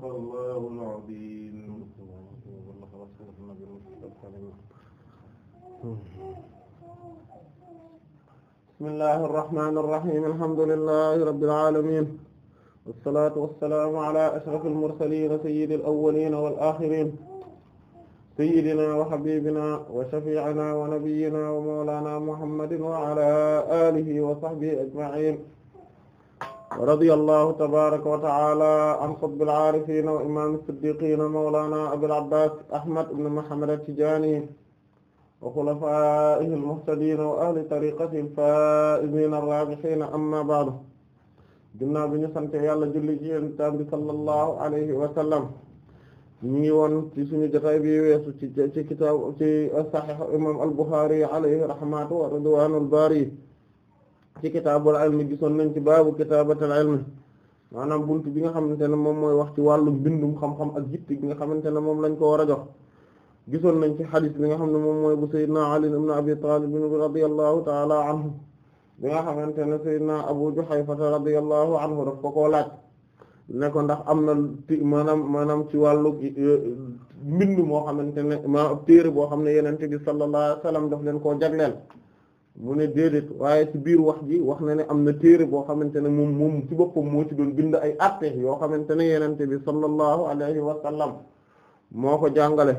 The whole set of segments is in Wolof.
sadaqa Allahul aziim bismillahi irrahmani irrahim alhamdulillahi rabbil aalamiin wassalaatu wassalaamu alaa ashrafil mursaliin sayyidil awwaliin wal aaxiriin sayyidinaa wa habiibinaa wa shafiicinaa wa nabiyinaa wa mawlaanaa muhammadin wa alaa aalihi wa sahbihi ajmaciin radiyallahu tabaraka wa ta'ala an qutbil aarifin wa imam siddiqin mawlana abil abbas ahmad ibn muhammad at-tijani wa khulafaa'ihi al-muhtadin wa ahli tariqatihi al-faa'izin ar-raabihin amma ba'du ginnaaw bi ñu sant yàlla julli ci yéen tambi sallallahu alayhi wa sallam ñu ngi woon ci suñu jotaay bi weesu ci ci kitaab ci sahih imam al-Bukhari alayhi rahmatu wa ridwanul baari ci kitaabul ilmi gisoon nañ ci baabu kitaabatul ilmi maanaam bunt bi nga xamante ne moom mooy wax ci wàllu bindum xam-xam ak jitti bi nga xamante ne moom lañ ko war a jox gisoon nañ ci xadis bi nga xam ne moom mooy bu sayyidina Ali ibn Abi Talib radiyallahu ta'ala anhu bi nga xamante ne sayyidina Abu Juhayfa radiyallahu anhu daf ko koo laaj ne ndax am na maanaam maanaam ci wàllu e, mbind moo xamante ne ma téere boo xam ne yenente bi sallallahu alayhi wasallam daf leen koo jagleel mu ne déedéet waaye ci biir wax ji wax na ne am na téere boo xamante ne moom moom ci boppam mu ci doon bind ay atte yoo xamante ne yenente bi sallallahu alayhi wa sallam moo ko jàngale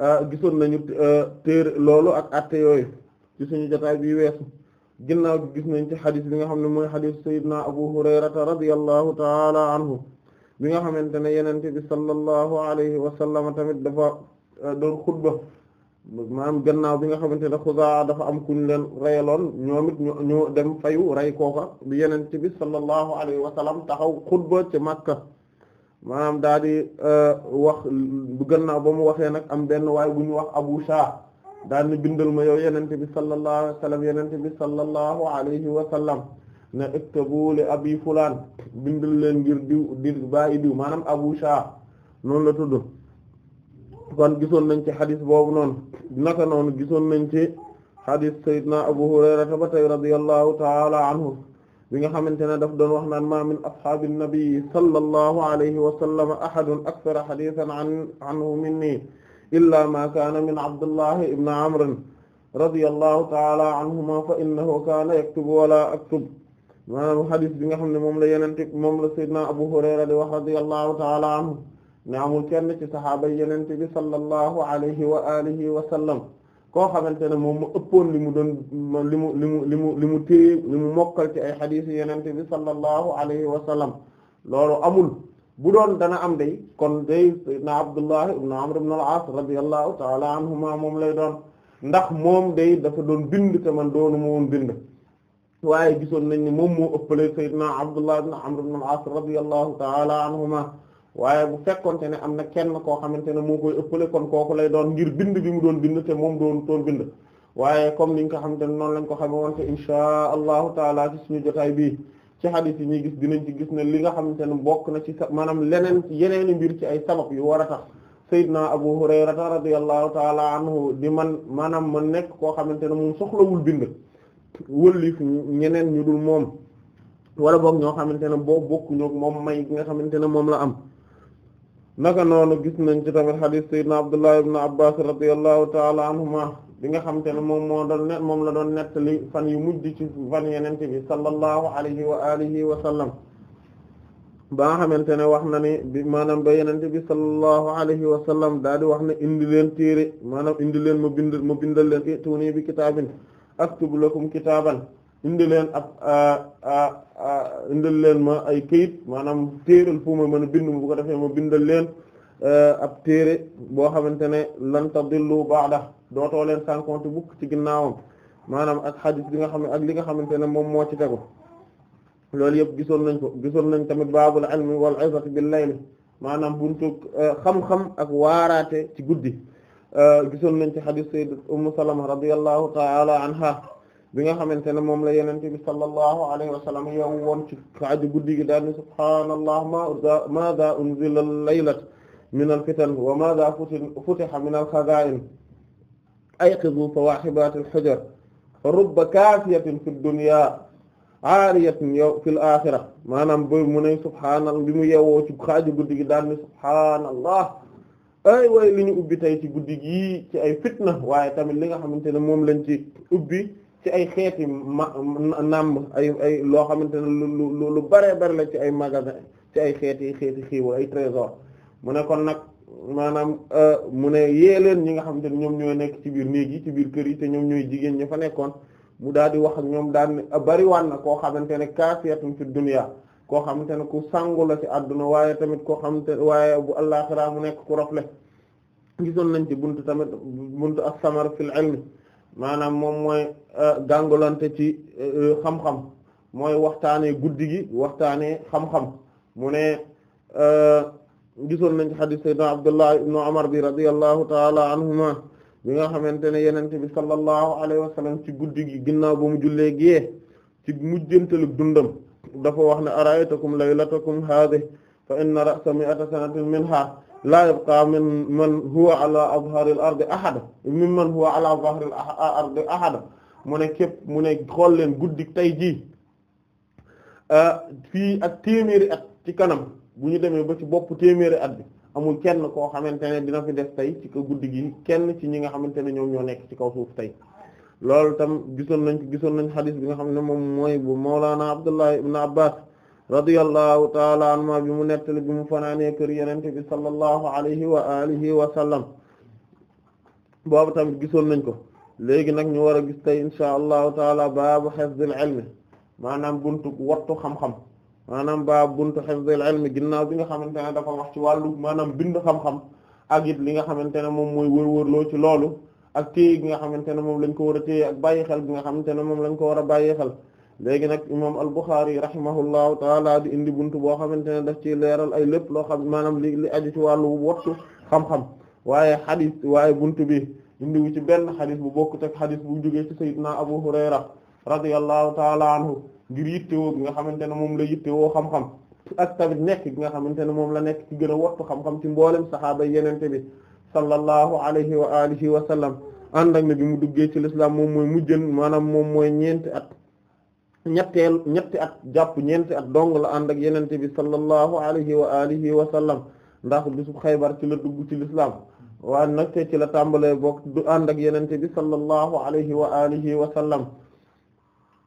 euh, gisoon nañu euh, téere loolu ak atte yooyu ci suñu jotaay bi weesu ginnaaw gis nañ ci xadis bi nga xam ne mooy xadis sayidna abu hurayrata radiyallahu taala anhu bi nga xamante ne yenente bi sallallahu alayhi wa sallam tamit dafa euh, doon xutba maanaam gannaaw bi nga xamante ne Xusaa dafa am kuñ leen reyaloon ñoom it ñoo dem fayu rey kooka bi yenente bi sallallahu alayhi wa sallam taxaw xutba ci Makka maanaam daa di uh, wax gannaaw ba mu waxee nag am benn waay bu ñu wax Abu Sha daal bindal ma yow yenente bi sallallahu alayhi wa sallam yenente bi sallallahu alayhi wa sallam ne iktabu li abi fulaan bindal leen ngir diw di bàyyi diw maanaam Abu Sha noonu la tudd kon gisoon nañ ci xadis boobu noonu naka noonu gisoon nañ ci xadis sayyidina Abu Hurayra ba tey radiyallahu ta'ala anhu bi nga xamante ne daf doon wax naan ma min ashaabi nabi sallallahu alayhi wa sallam ahadun akthara xadisan an anhu minni illa ma kaana min Abdullahi ibn Amr radiyallahu ta'ala anhuma fa innahu kaana yaktubu wa laa aktub maanaam xadis bi nga xam ne moom la yenente moom la sayyidina Abu Hurayra di wax radiyallahu ta'ala anhu ne amul kenn ci saxaaba yenente bi sallallahu alayhi wa alihi wa sallam koo xamante ne moom mu ëppoon li mu doon li mu li li mu li mu téye mu mokkal ci ay xadiis yenente bi sallallahu alayhi wa sallam loolu amul bu doon dana am day kon day na Abdullah ibn Amr ibn al-As radiyallahu ta'ala anhuma moom lay doon ndax moom day dafa doon bind te man doonu ma woon waaye gisoon nañ ne moom moo ëppale Seydina Abdullah ibn Amr ibn al-As radiyallahu ta'ala anhuma waaye bu fekkonte ne am na kenn koo xamante ne moo koy ëppale kon kooku lay doon ngir bind bi mu doon bind te moom doon toon bind waaye comme ni nga ko xamante ne noonu lañ ko xame woon te inshaa allahu suñu jotaay bii ci xadis yi ñuy gis dinañ ci gis ne li nga xamante ne bokk na ci maanaam leneen yeneeni mbir ci ay sabab yu war a tax sayyidna abu hurayrata radiyallahu taala anhu di man maanaam man nekk koo xamante ne moom soxlawul bind wëlif ñeneen ñu dul moom walla boog ñoo xamante ne boo bokk ñoog moom may gi nga xamante ne moom la am naka noonu gis nañ ci tamit xadis sayyidina abdullah ibn abbas radiyallahu taala anhuma bi nga xam te ne moom moo doon moom la doon nettali fan yu mujj ci fan yeneen bi sallallahu alayhi wa alihi wa sallam baa nga xamante ne wax na ni bi maanaam ba yenente bi sallallahu alayhi wa sallam daal di wax na indi leen téere maanaam indi leen mu bind mu bindal leen ituni bi kitaabin aktub lakum kitaaban indi leen ab Ah, indil leen ma ay këyit maanaam téeral fu ma mën a bind bu ko defee ma bindal leen eh, ab téere boo xamante ne lan tadillu ba'da dootoo leen sànkonte bukk ci ginnaawam maanaam ak xadis bi nga xam ne ak li nga xamante ne moom moo ci tegu loolu yëpp gisoon nañ ko gisoon nañ tamit baabul ilmi wal izati bil layl maanaam buntu eh, xam-xam ak waaraate ci guddi eh, gisoon nañ ci xadis sayyidat ummu salama radiyallahu ta'ala anha bi nga xamante ne moom la yenente bi sallallahu alayhi wa sallam yow woon ci xaaju guddi gi daal ni subhaanallah mada mada unzila laylat min al fitan wa mada futi min al xaza'in ayqizu fawahibat al rubba kaafiyatin fi dunya aariyatin yow fi l axira maanaam mu ne subhaanallah bi mu yewwoo ci xaaju guddi gi daal ni subhaanallah ay waaye li ñu ubbi tey ci guddi gi ci ay fitna waaye tamit li nga xamante ne moom lañ ci ubbi ci ay xeeti ma namm ay ay loo xamante ne lu lu lu bare bare la ci ay magasin ci ay xeeti xeeti xiiwa ay trésor mu ne kon nag maanaam euh, mu ne yee leen ñi nga xamante ne ñoom ñoo nekk ci biir néeg yi ci biir kër yi te ñoom ñooy jigéen ñi fa nekkoon mu daal di wax ak ñoom daal ne bariwaan na koo xamante ne kaasiyatun fi dunya koo xamante ne ku sangu la ci àdduna waaye tamit koo xam ne waaye bu àllaaxira mu nekk ku rafle gisoon nañ ci bunt tamit buntu ak samar fil ilmi maanaam moom mooy euh, gàngolante ci euh, xam-xam mooy waxtaane guddi gi waxtaanee xam-xam mu ne euh, gisoon nañ ci xadiis sayyidina Abdullah ibnu Umar bi radiyallahu taala anhuma bi nga xamante ne yenente bi sallallahu alayhi wa sallam ci guddi gi ginnaaw ba mu jullee giyee ci mujjantalu dundam dafa wax ne ara'aytakum laylatakum haadhihi fa inna ra'sa mi'ata sanatin minha laa yabqa man huwa ala azharil ardi ahada min man huwa ala azharil ah, ah, ardi ahada mu ne képp mu ne xool leen guddik tey jii ah, fii ak téeméeri at ci kanam bu ñu demee ba ci bopp téeméeri at bi amul kenn koo xamante ne dina fi def tey ci ko guddi gi kenn ci ñi nga xamante ne ñoom ñoo nekk ci kaw suuf tey loolu tam gisoon nañ gisoon nañ xadis bi nga xam ne moom mooy bu Mawlana Abdullah ibn Abbas radiyallahu taala anhuma bi mu nettali bi mu fanaanee kër yenente bi sallallahu alayhi wa alihi wa sallam boobu tamit gisoon nañ ko léegi nag ñu war a gis tey insha allahu taala baabu hifzil ilmi maanaam buntu wattu xam-xam maanaam baabu buntu hifzil ilmi ginnaaw bi nga xamante ne dafa wax ci wàllu maanaam bind xam-xam ak it li nga xamante ne moom mooy wër-wërloo ci loolu ak téye gi nga xamante ne moom lañ ko war a téye ak bàyyi xel bi nga xamante ne moom lañ ko war a bàyyi xel léegi nag imam al-Bukhari rahimahullahu taala di indi buntu boo xamante ne daf ci leeral ay lépp loo xam maanaam li li aju ci wàllu wattu xam-xam waaye xadis waaye buntu bi indi wu ci benn xadis bu bokkut ak xadis bu jógee ci sayyidina Abu Hurayra radiyallahu taalaa anhu ngir yittewoo gi nga xamante ne moom la yittewoo woo xam ak tamit nekk gi nga xamante ne moom la nekk ci gën a wattu xam-xam ci mboolem saxaaba yenente bi sallallahu alayhi wa alihi wa sallam ànd ak ne bi mu duggee ci l'islam moom mooy mujjën maanaam moom mooy at ñetteel ñetti at jàpp ñeenti at dong la ànd ak yenente bi sallallahu alayhi wa alihi wa sallam ndax bisub xaybar ci la dugg ci lislaam waaye nag te ci la tàmbalee book du ànd ak yenente bi sallallahu alayhi wa alihi wa sallam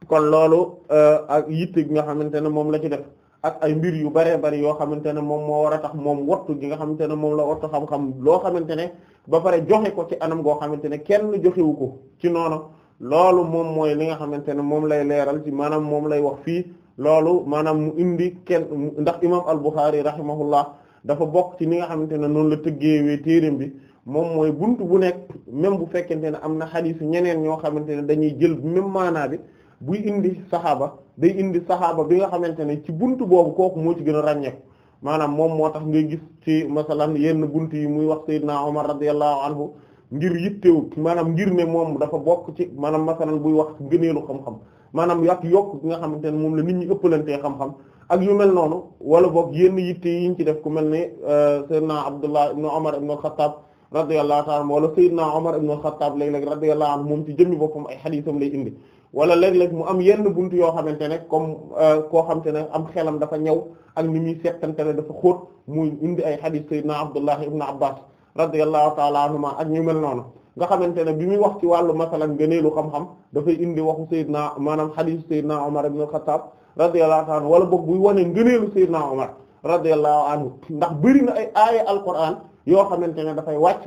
kon loolu eh, ak yitte gi nga xamante ne moom la ci def ak ay mbir yu bare bari yoo xamante ne moom moo war a tax moom wattu gi nga xamante ne moom la wattu xam-xam loo xamante ne ba pare joxe ko ci anam goo xamante ne kenn joxewu ko ci noonu loolu moom mooy li nga xamante ne moom lay leeral ci maanaam moom lay wax fii loolu maanaam mu indi kenn ndax imam al-Bukhari rahimahullah dafa bokk ci ni nga xamante ne noonu la tëggee tëggeewee téereem bi moom mooy bunt bu nekk même bu fekkente ne am na xadiis ñeneen ñoo xamante ne dañuy jël même maanaa bi buy indi saxaaba day indi saxaaba bi nga xamante ne ci bunt boobu kooku moo ci gën a ràññeeku maanaam moom moo tax ngay gis ci masalan yenn bunt yi muy wax Seydina Omar radiyallahu anhu ngir yittewu maanaam ngir ne moom dafa bokk ci maanaam masalan buy wax ngëneelu xam-xam maanaam yàq yokk bi nga xam ne moom la nit ñi ëppalantee xam-xam ak yu mel noonu wala boog yenn yitte yi ñu ci def ku mel ne euh, Seydina Abdullah ibn Umar ibn al-Khattab radiyallahu ta'ala anhu wala Seydina Umar ibn al-Khattab léeg-léeg radiyallahu anhu moom ci jëmmi boppam ay xadiisam lay indi wala léeg mu am yenn bunt yoo xamante ne comme euh, koo xamante ne am xelam dafa ñëw ak ni muy seetante ne dafa xóot muy indi ay xadiis Seydina Abdullah ibn Abbas radiyallahu taala anhuma ak ñu mel noonu nga xamante ne bi muy wax ci wàllu masalan ngëneelu xam-xam dafay indi waxu Seydina maanaam xadiis Seydina Omar ibn al-Khattab radiyallahu taala wala boog buy wane ngëneelu Seydina Omar radiyallahu anhu ndax bëri na ay aaya alquran yoo xamante ne dafay wàcc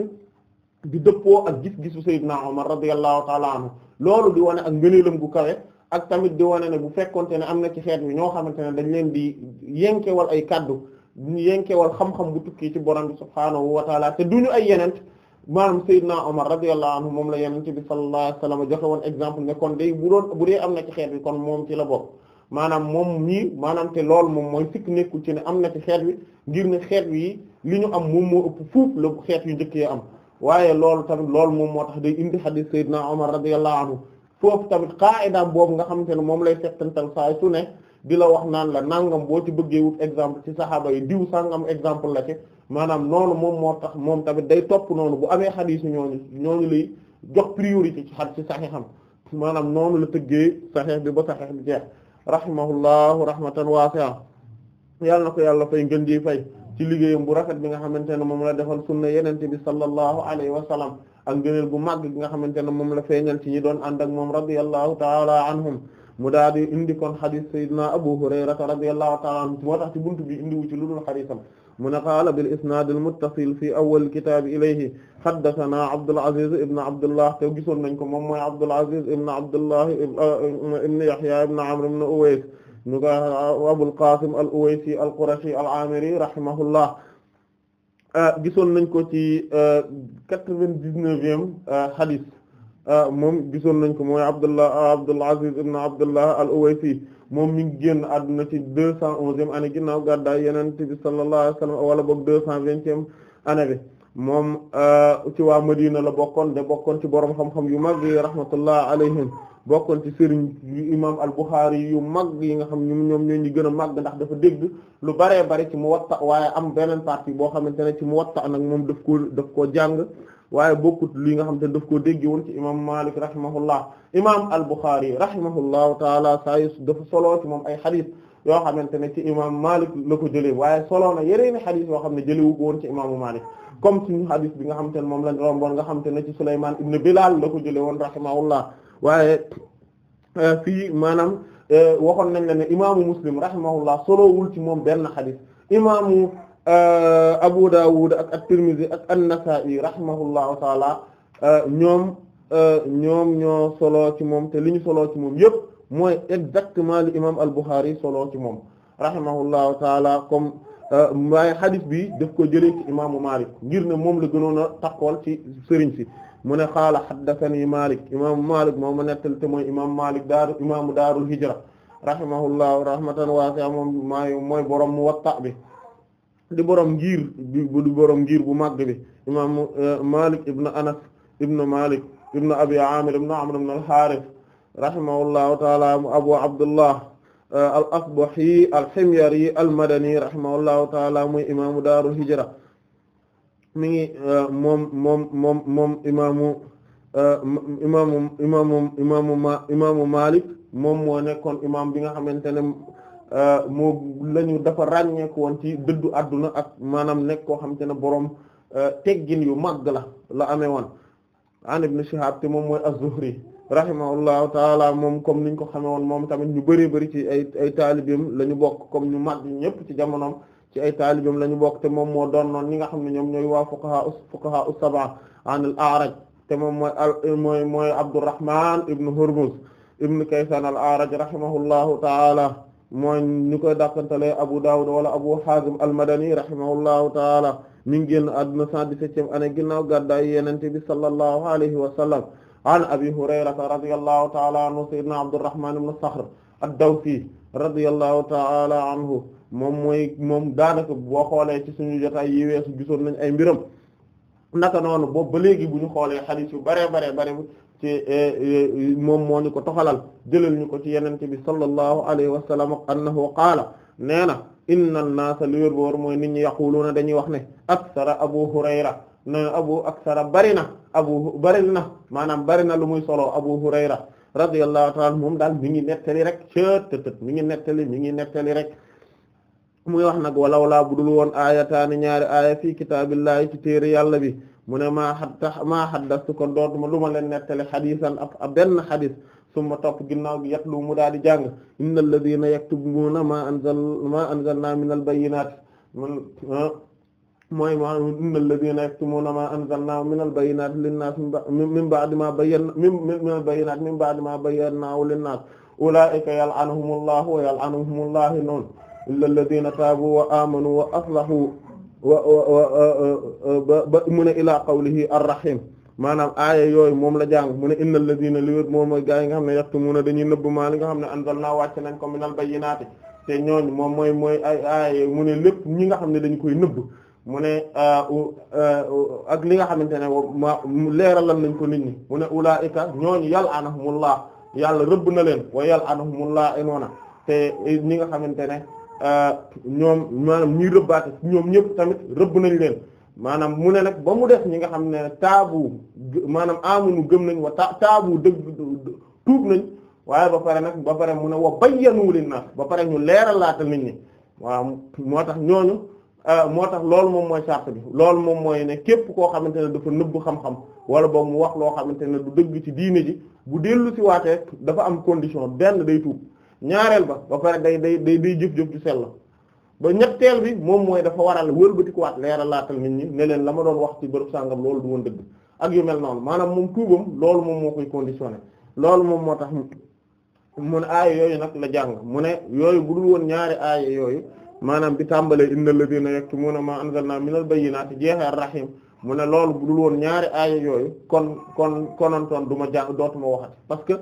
di dëppoo ak gis-gisu Seydina Omar radiyallahu taala anhu loolu di wane ak ngëneelam gu kawe ak tamit di wane ne bu fekkonte ne am na ci xeet mi ñoo xamante ne dañ leen di yenkewal ay kàddu yenkewal xam-xam bu tukkee ci borom bi subhaanahu wa taala te duñu ay yenent maanaam Seydina Omar radiyallahu anhu moom la yenent bi sallallahu alayhi wa sallam joxe woon exemple ne kon day bu bu dee am na ci xeet bi moom ci la bokk maanaam moom mii maanaam te loolu moom mooy sikk ci ne am na ci xeet wi ngir ne xeet wi li ñu am moom moo xeet yu njëkkee am waaye loolu tamit loolu moom moo tax day indi xadiis Seydina Omar radiyallahu anhu foofu tamit qaa'ida boobu nga xamante ne moom lay settantal saa su ne di la wax naan la nangam boo ci bëggee wut exemple ci saxaaba yi diw sangam exemple la ci maanaam noonu moom moo tax moom tamit day topp noonu bu amee xadiis ñooñu ñooñu lay jox priorité ci xadiis ci saxiixam maanaam noonu la tëggee saxiix bi ba saxiix bi jeex rahimahullahu rahmatan waasi'a yàlla na ko yàlla fay ngën ji fay ci liggéeyam bu rafet bi nga xamante ne moom la defal sunna yenente bi sallallahu alayhi wa sallam ak ngëneel bu màgg bi nga xamante ne moom la feeñal ci ñi doon ànd ak moom radiyallahu ta'ala anhum mu daal di indi kon xadis sayyidina Abu Hurayrata radiyallahu ta'ala anhu moo tax ci buntu bi indi wu ci lu dul xadisam mu ne qaala bil isnaad al muttasil fi awwal kitaab ilayhi haddasanaa Abdul Aziz ibn Abdullah te gisoon nañ ko moom mooy Abdul Aziz ibn Abdullah ibn Yahya ibn Amr ibn Uways ñu ko Abul Qaasim al Uwaysi al Qurashi al Aamiri rahimahullah gisoon nañ ko ci quatre-vingt-dix-neuvième xadis Ah, moom gisoon nañ ko mooy Abdullah ah, Abdul Aziz ibn Abdullah al-Uwaysi moom mi ngi génn àdduna ci deux cent onzième année ginnaaw gàddaay Yonent bi sallallahu alayhi wa sallam wala boog deux cent vingtième année bi moom ah, ci waa Madina la bokkoon de bokkoon ci boroom xam-xam yu mag yi rahmatullah alayhim bokkoon ci sëriñ yu imam al-Bukhari yu mag yi nga xam ñu ñoom ñoo ñu gën a màgg ndax dafa dégg lu baree bari ci Muwatta waaye am beneen partie boo xamante ne ci mu Muwatta nag moom daf koo daf koo jàng waaye bokkut lii nga xam te ne daf koo dégg woon ci imam Malik rahimahullah imam al-Bukhari rahimahullahu taala saa yu dafa solo ci moom ay xadis yoo xamante ne ci imam Malik la ko jëlee waaye solo na yeneeni xadis yoo xam ne jëlewu ko woon ci imaamu Malik comme suñu xadis bi nga xam te ne moom lañ romboon nga xam te ne ci Sulaymaan ibn Bilaal la ko jëlee woon rahimahullah waaye euh, fii maanaam euh, waxoon nañ la ne imaamu Muslim rahimahullah solowul ci moom benn xadis Euh, Abu Dawud ak at-Tirmidhi ak an-Nasa'i rahimahullahu taala euh, ñoom euh, ñoom ñoo solo ci moom te li ñu solo ci moom yépp mooy exactement li imam al-Bukhari solo ci moom rahimahullahu taala comme waaye hadith bi def ko jëlee ci imaamu Malik ngir ne moom la gënoon a takkool ci sëriñ si mu ne qaala haddathani Malik imaamu Malik moom ma nettal te mooy imaamu Malik daaru imaamu daarul hijra rahimahullahu rahmatan waasi'a moom mooy borom mu Muwatta bi. di borom ngir di bu màgg bi imam eh, Malik ibn Anas ibn Malik ibn Abi Amir ibn Amr ibn al-Harith Abu Abdullah eh, al-Asbahi al-Himyari al-Madani rahimahullahu ta'ala muy imaamu daarul hijra mi ngi eh, moom moom moom moom imaamu imaamu imaamu Malik moom moo nekkoon imaam bi nga xamante ne Euh, moo lañu dafa ràññeeku woon ci dëddu àdduna ak maanaam nekk koo xam te ne boroom euh, teggin yu màgg la la amee woon an ibn Shihab te moom mooy az-Zuhri rahimahullahu taala moom comme niñ ko xamee woon moom tamit ñu bëree bëri ci ay ay taalibeem la ñu bokk comme ñu màgg ñëpp ci jamonoom ci ay taalibeem la ñu bokk te moom moo doon noon ñi nga xam ne ñoom ñooy waa fuqaha fuqaha as-sab'a an al-A'raj te moom mooy al mooy mooy Abdurrahman ibn Hurmuz ibn Kaysan al-A'raj rahimahullahu taala mooy ni koy dàqantale Abu Dawud wala Abu Hazim al-Madani rahimahullahu taala mi ngi génn àdduna 117e année ginnaaw gàddaay Yonent bi sallallahu alayhi wa sallam an Abi Hurayrata radiyallahu taala anhu sayyidina Abdurrahman ibn Sakhr ad-Dawsi radiyallahu taala anhu moom mooy moom daanaka boo xoolee ci suñu jotaay yi weesu gisoon nañ ay mbiram naka noonu bo ba léegi bu ñu xoolee xadiis yu baree baree bare ci e, e, moom moo ñu ko toxalal jëlal ñu ko ci yenente bi sallallahu alayhi wa sallam annahu qaala nee na inna an-naasa liwér boor mooy nit ñi yaquluuna dañuy wax ne aksara abu hurayra na abu aksara bari na abu bari na maanaam bari na lu muy solo abu hurayra radiyallahu ta'ala moom daal mi ngi nettali rek cët tët mi ngi nettali mi ngi rek muy wax nag walaa bu dul woon aayataani ñaari aaya fii kitaabillahi ci téere yàlla bi mu ne maa xatta maa xaddastu kon dootuma lu ma leen nettali xadisan ab benn xadis summa topp ginnaaw gi yatlu mu daal di jàng inna alladina yaktubuna maa anzal maa anzalna min albayinat ah, mooy ma inna alladina yaktumuna maa anzalna min albayinat linnaas min ba'di ma bayyana min albayinat min ba'di ma bayyanahu linnaas ulaa'ika yal'anuhumullahu wa yal'anuhumullahu noon illa alladina taabu wa amanu wa aslahu wa ba mu ne ilaa qawlihi arrahim maanaam aaya yooyu moom la jàng mu ne innal ladina liwét moom mooy gaa yi nga xam ne yaktumuna dañuy nëbb maa li nga xam ne anzalna wàcc nañ ko minal bayyinaati te ñooñ moom mooy mooy ay aaya mu ne lépp ñi nga xam ne dañ koy nëbb mu ne ak li nga xamante ne ma leeralal nañ ko nit ñi mu ne ulaa'ika ñooñ yal'anuhumullah yàlla rëbb na leen wa yal'anuhumul laa'inuuna te ñi nga xamante ne Euh, ñoom maanaam ñuy rëbbaate ñoom ñëpp tamit rëbb nañ leen maanaam mu ne nag ba mu def ñi nga xam ne taabu maanaam amunu gëm nañ wa ta taabu dëgg nañ waaye ba pare nag ba pare mu ne wa bayyanu linnaas ba pare ñu leeralaatal nit ñi waaw moo tax ñooñu euh, moo tax loolu moom mooy sart bi loolu moom mooy ne képp koo xamante ne dafa nëbb xam-xam wala boog mu wax loo xamante ne du dëgg ci diine ji bu dellu si waatee dafa am condition benn day tuub ñaareel ba ba pare day day day day jëf-jëf ju sell ba ñetteel bi moom mooy dafa waral wëlbatikuwaat leera laatal nit ñi ne leen la ma doon wax ci bërëb sàngam loolu du woon dëgg ak yu mel noonu maanaam moom tuubam loolu moom moo koy conditionné loolu moom moo tax mu ne aaya yooyu nag la jàng mu ne yooyu bu dul woon ñaari aaya yooyu maanaam bi tàmbalee innal ladina yaktumuna ma anzalna minal bayyinati jeexe ar-rahim mu ne loolu bu dul woon ñaari aaya yooyu kon kon konantoon du ma jàng dootuma waxat parce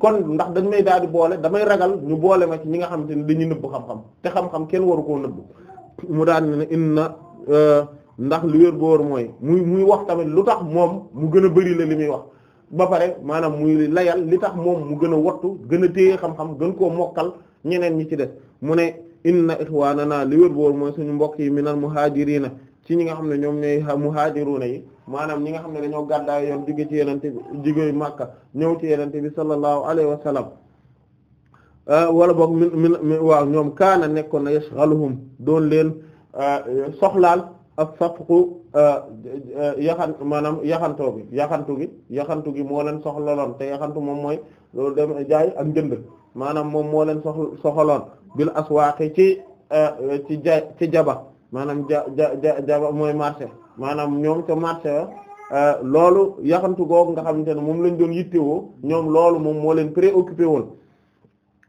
kon ndax dañ may daal di boole damay ragal ñu boole ma ci ñi nga xamante ne dañuy nëbb xam-xam te xam-xam kenn waru koo nëbb mu daal ne inna euh, ndax lu wér boor mooy muy muy wax tamit lu tax moom mu gën a bari la li muy wax ba pare maanaam muy layal li tax moom mu gën a wottu gën a téye xam-xam gën koo mokkal ñeneen ñi ci des mu ne inna ixwaanana li wér boor mooy suñu mbokk yi minal muhaajiriina ci ñi nga xam ne ñoom mu ñooy muhaajiruna yi maanaam ñi nga xam ne dañoo gàddaay yoon jóge ci yenente bi jóge Makka ñëw ci yenente bi sallallahu alayhi wa sallam euh, wala boog min waaw ñoom kaana nekkoon na yashghaluhum doon leen euh, soxlaal a safku euh, yaxan maanaam yaxantoo bi yaxantu gi yaxantu gi moo leen soxlaloon te yaxantu moom mooy loolu dem jaay ak njënd maanaam moom moo leen sox soxaloon bil aswaaqi ci ci ja ci jaba maanaam ja ja ja ja mooy marché maanaam ñoom ca marché wa euh, loolu yaxantu googu nga xam ne moom lañ doon yittewoo ñoom loolu moom moo leen préoccupé woon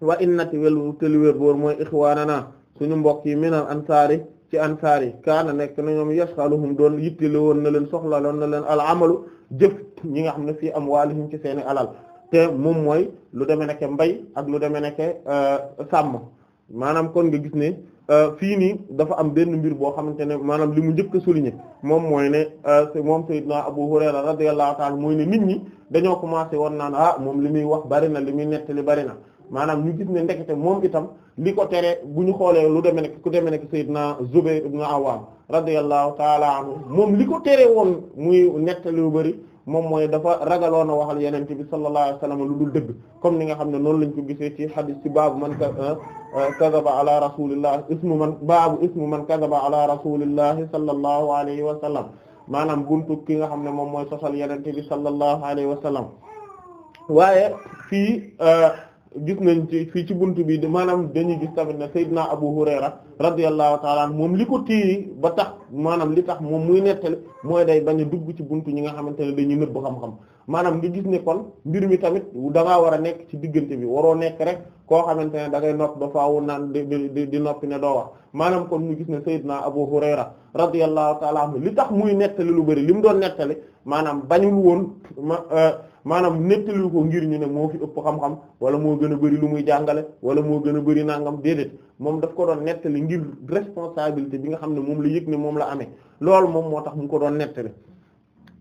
wa innati wel teliwér boor mooy ixwaanana suñu mbokk yi minal ansaari ci ansaar yi kaana nekk na ñoom yasxaluhum doon yittile woon na leen soxlaloon na leen al amalu jëf ñi nga xam ne fii am waalihim ci seeni alal te moom mooy lu deme nekke mbay ak lu deme nekke euh, sàmm maanaam kon nga gis ne Euh, fii nii dafa am benn mbir boo xamante ne maanaam li mu njëkk a moom mooy ne euh, moom Seydina Abu Hurayra radiyallahu ta'ala mooy ne nit ñi dañoo commencé woon naan ah moom li muy wax bari na li muy nettali bari na maanaam ñu gis ne ndekete moom itam li ko bu ñu xoolee lu demee nekk ku demee nekk Seydina Zubayr ibn Awwam radiyallahu ta'ala anhu moom li ko tere woon muy nettali lu bari moom mooy dafa ragaloon a waxal yenente bi sallallahu alayhi wasallam lu dul dëgg comme ni nga xam ne noonu lañ ko gisee ci hadith ci baabu man kadaba ah, ah, ala rasulillah ismu man baabu ismu man kadaba ala rasulillah sallallahu alayhi wa sallam maanaam buntu ki nga xam ne moom mooy sosal yenente bi sallallahu alayhi wa sallam waaye fii ah, gis nañ ci fii ci buntu bi maanaam dañuy gis tamit ne Seydina Abu Hurayra radiyallahu ta'ala anhu moom li ko téye ba tax maanaam li tax moom muy nettali mooy day bañ dugg ci buntu ñi nga xamante ne dañuy nëbb xam-xam maanaam nga gis ne kon mbir tamit da war a nekk ci diggante bi waroo nekk rek koo xamante ne da ngay noppi ba naan di di di noppi ne maanaam kon ñu gis ne Seydina Abu Hurayra radiyallahu ta'ala anhu li tax muy nettali lu bari li mu doon nettali maanaam bañul woon euh, maanaam nettali ko ngir ñu ne moo fi ëpp xam-xam wala moo gën a bari lu muy jàngale wala moo gën a bari nangam déedéet moom daf ko doon nettali ngir responsabilité bi nga xam ne moom la yëg ne moom la amee loolu moom moo tax mu ko doon nettali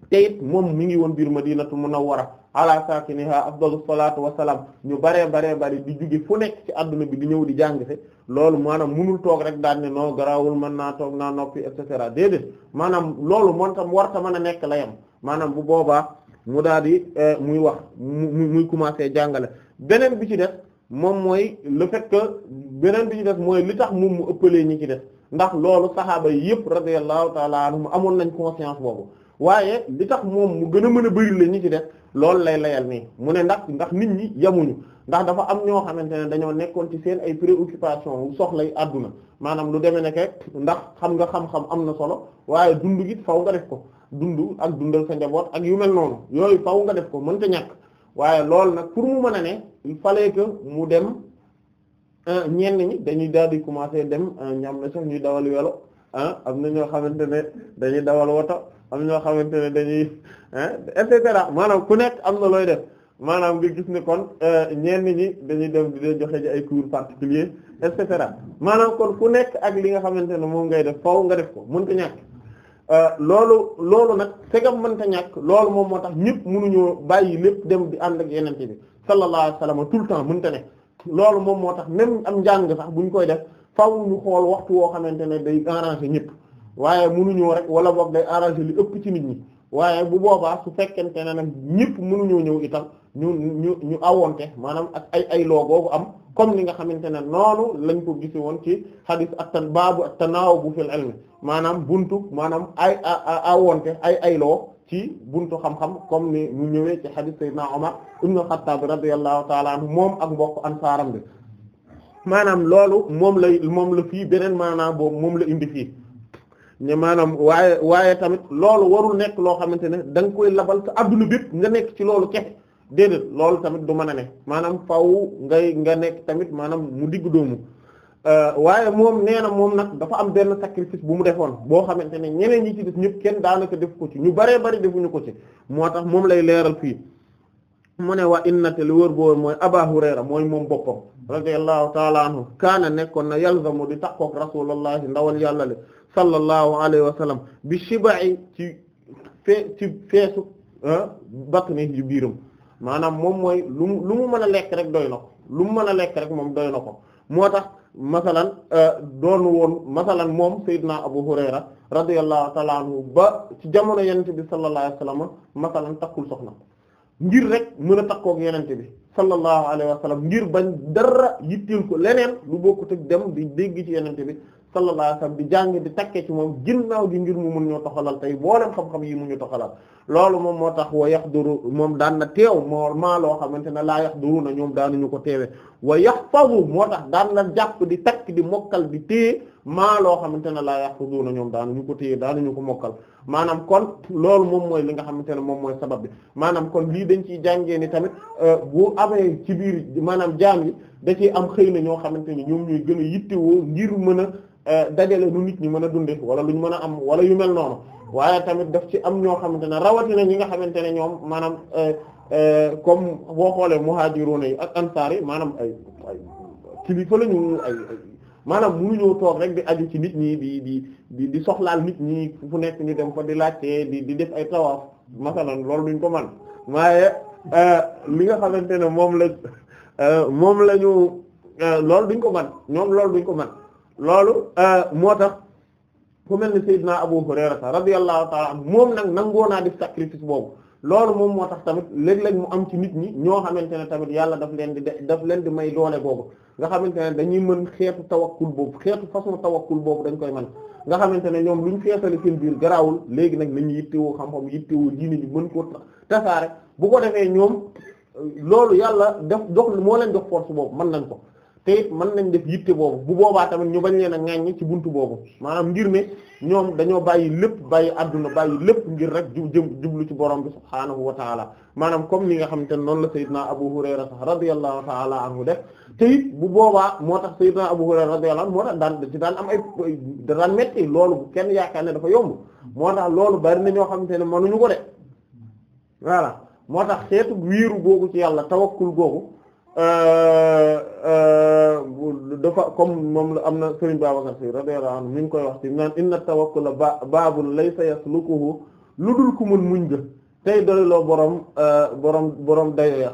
te moom mu ngi woon biir ma a a war Madinatu Munawwara ala saakiniha afdalu salaatu wasalaam ñu baree baree bari di jóge fu nekk ci adduna bi di ñëw di jàng fi loolu maanaam munul toog rek daan ne noo garaawul mën naa toog naa noppi et cetera déedéet maanaam loolu moom tam war ta mën a nekk la yem maanaam bu boobaa mu daal di euh, muy wax mu muy commencer jàngale beneen bi ci def moom mooy la fait beneen bi ci def mooy li tax moom mu ëppalee ñi ci def ndax loolu saxaaba yi yëpp radiyallahu taala anhum amoon nañ conscience boobu waaye li tax moom mu gën a mën a bëri la ñi ci def loolu lay layal nii mu ne ndax ndax nit ñi yamuñu ndax dafa am ñoo xamante ne dañoo nekkoon ci seen ay préoccupation soxlay àdduna maanaam lu demee ne ndax xam nga xam-xam am na solo waaye dund gi faw nga def ko dund ak dundal sa njaboot ak yu mel noonu yooyu faw nga def ko mënta ñàkk waaye loolu nag pour mu mën a ne il fallait que mu dem euh, ñenn ñi dañuy daal di commencer dem euh, ñam na sax ñuy dawal welo ah am na ñoo xamante ne dañuy dawal woto am ñoo xamante ne dañuy et cetera maanaam ku nekk am na looy def maanaam nga gis ne kon euh, ñenn ñi dañuy dem di leen joxe ji ay cours particulier et maanaam kon ku nekk ak li nga xamante ne moom ngay def faw nga def ko mënta ñàkk. Euh, loolu loolu nag segam mënta ñàkk loolu moom moo tax ñëpp mënuñoo bàyyi lépp dem bi ànd ak yenente bi sallallahu alayhi wasallam tout le temps mënta ne loolu moom moo tax même am njàng sax buñ koy def faaw ñu xool waxtu woo xamante ne day arranger ñëpp waaye mënuñoo rek wala boog day arranger li ëpp ci nit ñi waaye bu boobaa su fekkente ne na ñëpp mënuñoo ñëw itam ñu ñu ñu awonte maanaam ak ay ay googu am comme ni nga xamante ne noonu lañ ko gisi woon ci hadith attan baabu at-tanawub fil ilm maanaam buntu maanaam ay awonte ay ay ci buntu xam-xam comme ni mu ñëwee ci hadith sayyidina Umar ibn Khattab radiyallahu ta'ala anhu moom ak mbokk ansaaram bi maanaam loolu moom lay moom la fii beneen maanaam boobu moom la indi fii ne maanaam waaye waaye tamit loolu warul nekk loo xamante ne da koy labal sa adduna bépp nga nekk ci loolu kexe déedéet loolu tamit du mën a ne maanaam faw ngay nga nekk tamit maanaam mu digg doomu euh, waaye moom nee na moom nag dafa am benn sacrifice bu mu defoon boo xamante ne ñeneen ñi ci def ñëpp kenn daanaka def ko ci ñu baree bari ñu ko ci moo tax moom lay leeral fii mu ne waa inna te li wër boobu mooy Aba Hurayra mooy moom boppam radiyallahu ta'ala anhu na nekkoon na yalzamu di takkook rasulullahi ndawal yàlla le sallallahu alayhi wa sallam bi shibai ci fee ci feesu ah, batni ci biiram maanaam moom mooy lu mu lu mu mën a lekk rek doy na lu mu mën a lekk rek moom doy na ko moo tax masalan euh, doonu woon masalan moom Seydina Abu Hurayra radiyallahu ta'ala anhu ba ci jamono yenente bi sallallahu alayhi wa sallam masalan takkul soxna ngir rek mën a takkook yenente bi sallallahu alayhi wa sallam ngir bañ dara yitteel ko leneen lu bokkut ak dem bi dégg ci yenente bi sallallahu alayhi wasallam di jàng di takkee ci moom ginnaaw gi ngir mu mun ñoo toxalal tey boolem xam-xam yi mu ñu toxalal loolu moom moo tax wa yaxduru moom daan na teew moo maa loo xamante ne laa yaxduru na ñoom daanuñu ko teewee wa yax yaxfazu moo tax daan na jàpp di takk di mokkal di téye maa loo xamante ne laa yaxfazu na ñoom ñu ko téye daanuñu ko mokkal maanaam kon loolu moom mooy li nga xamante ne moom mooy sabab bi maanaam kon lii dañ ciy jàngee ni tamit euh, bu amee ci biir maanaam jaam da ciy am xëy na ñoo xamante ni ñoom ñooy gën a yittewoo ngir mën a euh, dajale nu nit mën a dunde wala lu ñu mën a am wala yu mel noonu waaye tamit daf ci am ñoo xamante ne rawatina ñi nga xamante ne ñoom maanaam euh, comme boo xoolee muhaajiruuna yi ak ansaar yi maanaam ay ay kilifa lañu maanaam munuñoo toog rek di aju ci nit ñi di di di di soxlaal nit ñi fu nekk ñu dem fa di laajte di di def ay tawaaf masalan loolu duñ ko man waaye euh, li nga xamante ne moom la euh, moom la ñu euh, loolu duñ ko man ñoom loolu duñ ko man loolu moo tax ku mel ni Seydina Abu Hurayra radiyallahu ta'ala moom nag nangoo naa def sacrifice boobu loolu moom moo tax tamit léeg-léeg mu am ci nit ñi ñoo xamante ne tamit yàlla daf leen di daf leen di may doole boobu nga xamante ne dañuy mën xeetu tawakkul boobu xeetu façon tawakkul boobu dañ koy man nga xamante ne ñoom lu ñu feesale seen biir garaawul léegi nag nañu yittewoo xam-xam yittewoo diine ji mën koo tasaare bu ko defee ñoom loolu yàlla def jox moo leen jox force boobu mën nañ ko te mën nañ def yitte boobu bu boobaa tamit ñu bañ leen a ŋaññi ci buntu boobu maanaam ngir ne ñoom dañoo bàyyi lépp bàyyi adduna bàyyi lépp ngir rek jub jublu ci borom bi subhaanahu wa taala maanaam comme ni nga xamante ne noonu la Seydina Abu Hurayra sax radiyallahu taala anhu def te it bu boobaa moo tax Seydina Abu Hurayra radiyallahu anhu moo tax daan ci daan am ay da daan metti loolu bu kenn yaakaar ne dafa yomb moo tax loolu bari na ñoo xamante ne mënuñu ko de voilà moo tax xeetu wiiru googu ci yàlla tawakkul googu Euh, euh, euh, dafa comme moom la am na Serigne Babacar Sy radiyallahu anhu mi ngi koy wax ci na inna tawakkula ba baabul laysa yaslukuhu lu dul ku mën muñ ga tey doyloo borom borom borom dayo ya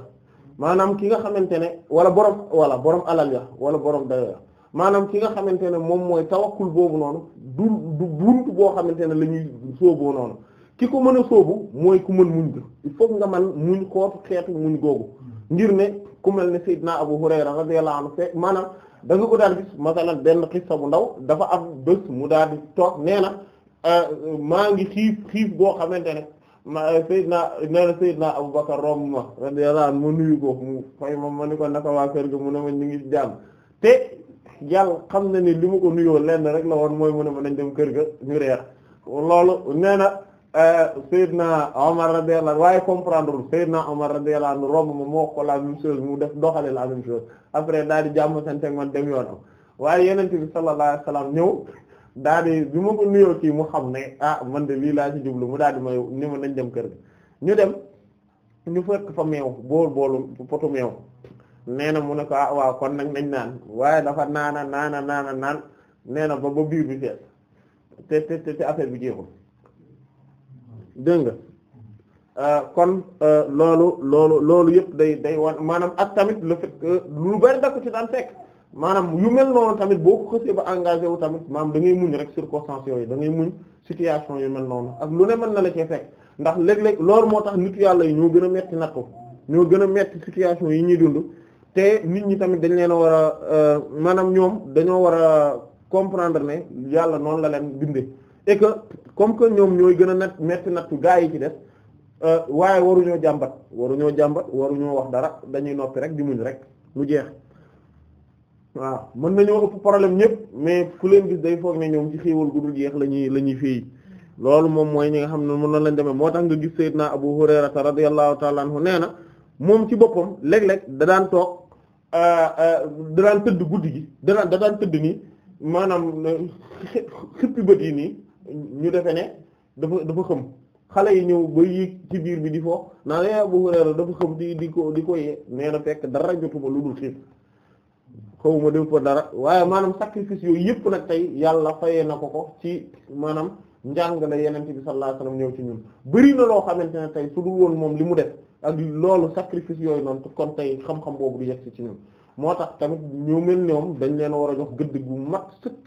maanaam ki nga xamante ne wala borom wala borom alal ya wala borom dayo ya maanaam ki nga xamante ne moom mooy tawakkul boobu noonu du du buntu boo xamante ne lañuy ñuy noonu ki ko mën a sóobu mooy ku mën muñ ga il faut nga man muñ xootu xeetu muñ googu ngir ne ku mel ne Seydina Abu Hurayra radiyallahu anhu fe maanaam da nga ko daan gis masalan benn xissa bu ndaw dafa am bés mu daal di toog nee na euh, maa ngi xiif xiif boo xamante ne ma euh, Seydina nee na Seydina Abu Bakar romb ma radiyallahu anhu ma nuyu ko mu fay ma ma ni ko naka waa kër ga mu ne ma ñu ngi ci jàmm te yàlla xam na ni li ma ko nuyoo lenn rek la woon mooy mu ne ma nañ dem kër ga ñu reer loolu nee Euh, Seydina Omar radiyallahu anhu waaye comprendre Seydina Omar radiyallahu anhu romb ma moo ko la même chose mu def doxale la même chose après daal di jàmm sante man dem yoonam waaye yenente bi sallallahu alayhi wasallam ñëw daal di bi kii mu xam ne ah man de lii laa ci jublu mu daal di may ni ma nañ dem kër gi ñu dem ñu fekk fa meew bool boolu na mu ne ko ah, waaw kon nag nañ naan waaye dafa naana naana naana naan nee na ba ba biir bi fees te te te affaire bi jeexul dégg nga euh, kon euh, loolu loolu loolu yëpp day day wan maanaam ak tamit le lu bari da ci daan fekk maanaam yu mel noonu tamit boo ko xësee ba engagé tamit maanaam da ngay muñ rek circonstances yooyu da ngay muñ situation yu mel noonu ak lu ne mën na la cee fekk ndax léeg-léeg loolu moo tax nit yàlla yi ñoo gën a metti nattu ñoo gën a metti situation yi ñuy dund te nit ñi tamit dañ leen a war a euh, maanaam ñoom dañoo war a comprendre ne yàlla noonu la leen bindee et comme que ñoom ñooy gën a nat metti nattu gaa yi ci def euh, waaye waruñoo jàmbat waruñoo jàmbat waruñoo wax dara dañuy noppi rek di muñ rek mu jeex waaw mën nañoo ëpp problème ñëpp mais ku leen gis day foog ne ñoom ci xéewal gu dul ñuy la ñuy féey loolu moom mooy ñi nga xam ne mën na lañ demee moo tax nga gis Seydina Abu Hurayrata radiyallahu ta'ala anhu nee na moom ci boppam léeg-léeg da daan toog euh, euh, da daan tëdd guddi gi da daan da daan tëdd nii maanaam xippi bët yi nii ñu defe ne dafa dafa xëm xale yi ñëw ba yéeg ci biir bi di foofu naan yaa eh, Abu Hurayra dafa xëm di di ko di ko yee nee na fekk dara jotuma lu dul xiif xawma def ko dara waaye maanaam sacrifice yooyu yëpp nag tey yàlla fayee na ko ko ci maanaam na yeneen bi sallallahu alayhi ñëw ci ñun bëri na loo xamante ne tey su dul woon moom li mu def ak loolu sacrifice yooyu noonu kon tey xam-xam boobu du yegg ci ñun moo tax tamit ñu mel ñoom dañ leen war a jox gëdd gu mag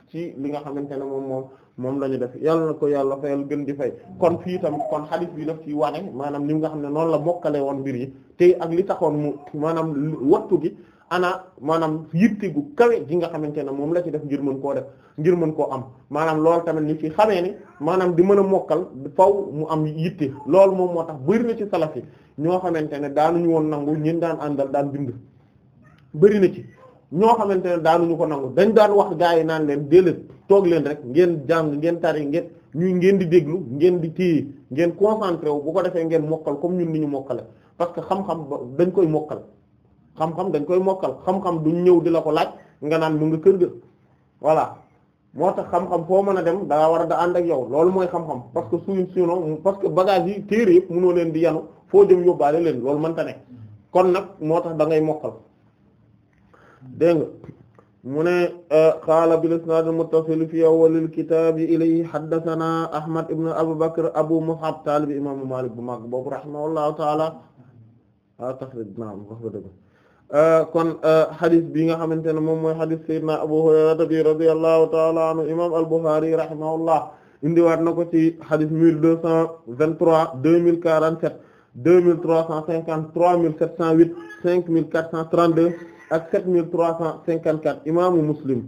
ci li nga xamante ne moom moom moom la ñu def yàlla na ko yàlla fayal gën di fay kon fii tam kon xadis bi daf ci wane maanaam ni nga xam ne noonu la mokkale woon mbir yi te ak li taxoon mu maanaam wattu gi anaa maanaam yitte gu kawe gi nga xamante ne moom la ci def ngir mën koo def ngir mën koo am maanaam lool tamit ni ci xamee ni maanaam di mën a mokkal faw mu am yitte lool moom moo tax bëri na ci salaf yi ñoo xamante ne daanuñu woon nangu ñin daan àndal daan bind bëri na ci ñoo xamante ne daanuñu ko nangu dañ daan wax gaa yi naan leen déedéet toog leen rek ngeen jàng ngeen tari ngeen ñu ngeen di déglu ngeen di téye ngeen concentré wu bu ko defee ngeen mokkal comme ñun ni ñu mokkale parce que xam-xam dañ koy mokkal xam-xam dañ koy mokkal xam-xam ñëw di la ko laaj nga naan mu nga kër gi voilà moo tax xam-xam foo mën a dem daa war a da ànd ak yow loolu mooy xam-xam parce que suñu sinon parce que bagage yi téere yëpp mënoo leen di yenu foo dem yóbbaale leen loolu mënta ne kon nag moo tax da ngay mokkal dégg nga mu ne e, qaala bil isnaad al muttasil fi awwalil kitaab ilayhi haddathana ahmad ibn abu bakr abu mus'ab taalib imaamu maalik bu mag boobu rahimahullahu taala a taxrij naam wax ba dëgg e, kon e, xadis bi nga xamante ne moom mooy xadis sayyidina abu hurayrata bi radiyallahu taala anhu imaam al buxaari rahimahullah indiwaat na ko ci xadis mille deux cent vingt trois deux mille quarante sept deux mille trois cent cinquante trois mille sept huit cinq mille quatre cent trente deux ak sept mille trois cent cinquante quatre imaamu muslim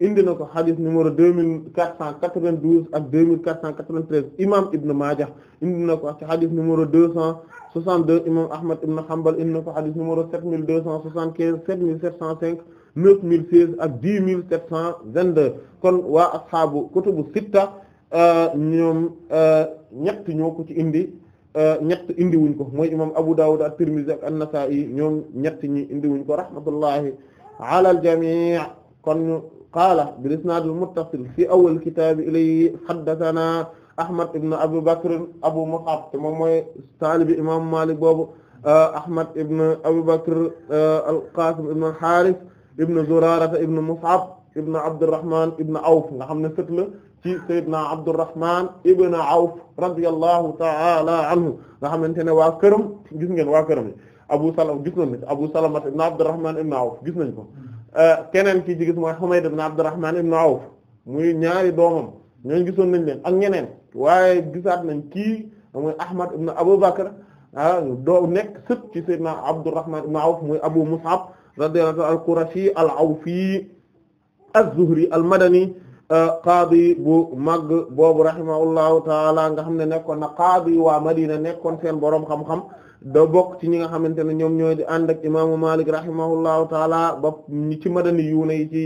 indi na ko xadis numéro deux mille quatre cent quatre vingt douze ak deux mille quatre cent quatre vingt treize imaam Ibn Maaja indi na ko ci xadis numéro deux cent soixante deux imaam Ahmad Ibn Hanbal indi na ko xadis numéro sept mille deux cent soixante quinze sept mille sept cent cinq neuf mille seize ak dix mil sept cent vingt deux kon waa asxaabu kutubu sitta euh, ñoom euh, ñett ñoo ko ci indi. Euh, ñett indiwuñ ko mooy imam Abu Dawud at-Tirmidhi ak an-Nasa'i ñoom ñett ñi indiwuñ ko rahmatullahi ala al-jami' kon qaala bil isnad al-muttasil fi awwal kitab ilayhi haddathana Ahmad ibn Abu Bakr Abu Mus'ab te moom mooy taalibi imam Malik boobu euh, Ahmad ibn Abu Bakr euh, al-Qasim ibn al-Harith ibn Zurara ibn Mus'ab ibn Abdurrahman ibn Awf nga xam ne sët la ci Seydina Abdurrahman ibn Awf radiyallahu ta'ala anhu nga xamante ne waa këram gis ngeen waa këram Abu Salama gis nañ ko Abu Salama ibn Abdurrahman ibn Awf gis nañ ko eh, keneen ki ci gis mooy Humayd ibn Abdurrahman ibn Awf muy ñaari doomam ñooñu gisoon nañ leen ak ñeneen waaye gisaat nañ kii mooy Ahmad ibn Abu Bakr ah doo nekk sët ci Seydina Abdurrahman ibn Awf muy Abu Mus'ab radiyallahu al-Qurashi al-Awfi al zuhri al-Madani qaadi bu mag boobu rahimahullahu taala nga xam ne nekkoon na qaadi waa Madina nekkoon seen borom xam-xam da bokk ci ñi nga xamante ne ñoom ñooy di ànd ak imaamu Malik rahimahullahu taala ba ñi ci madani yu ne ci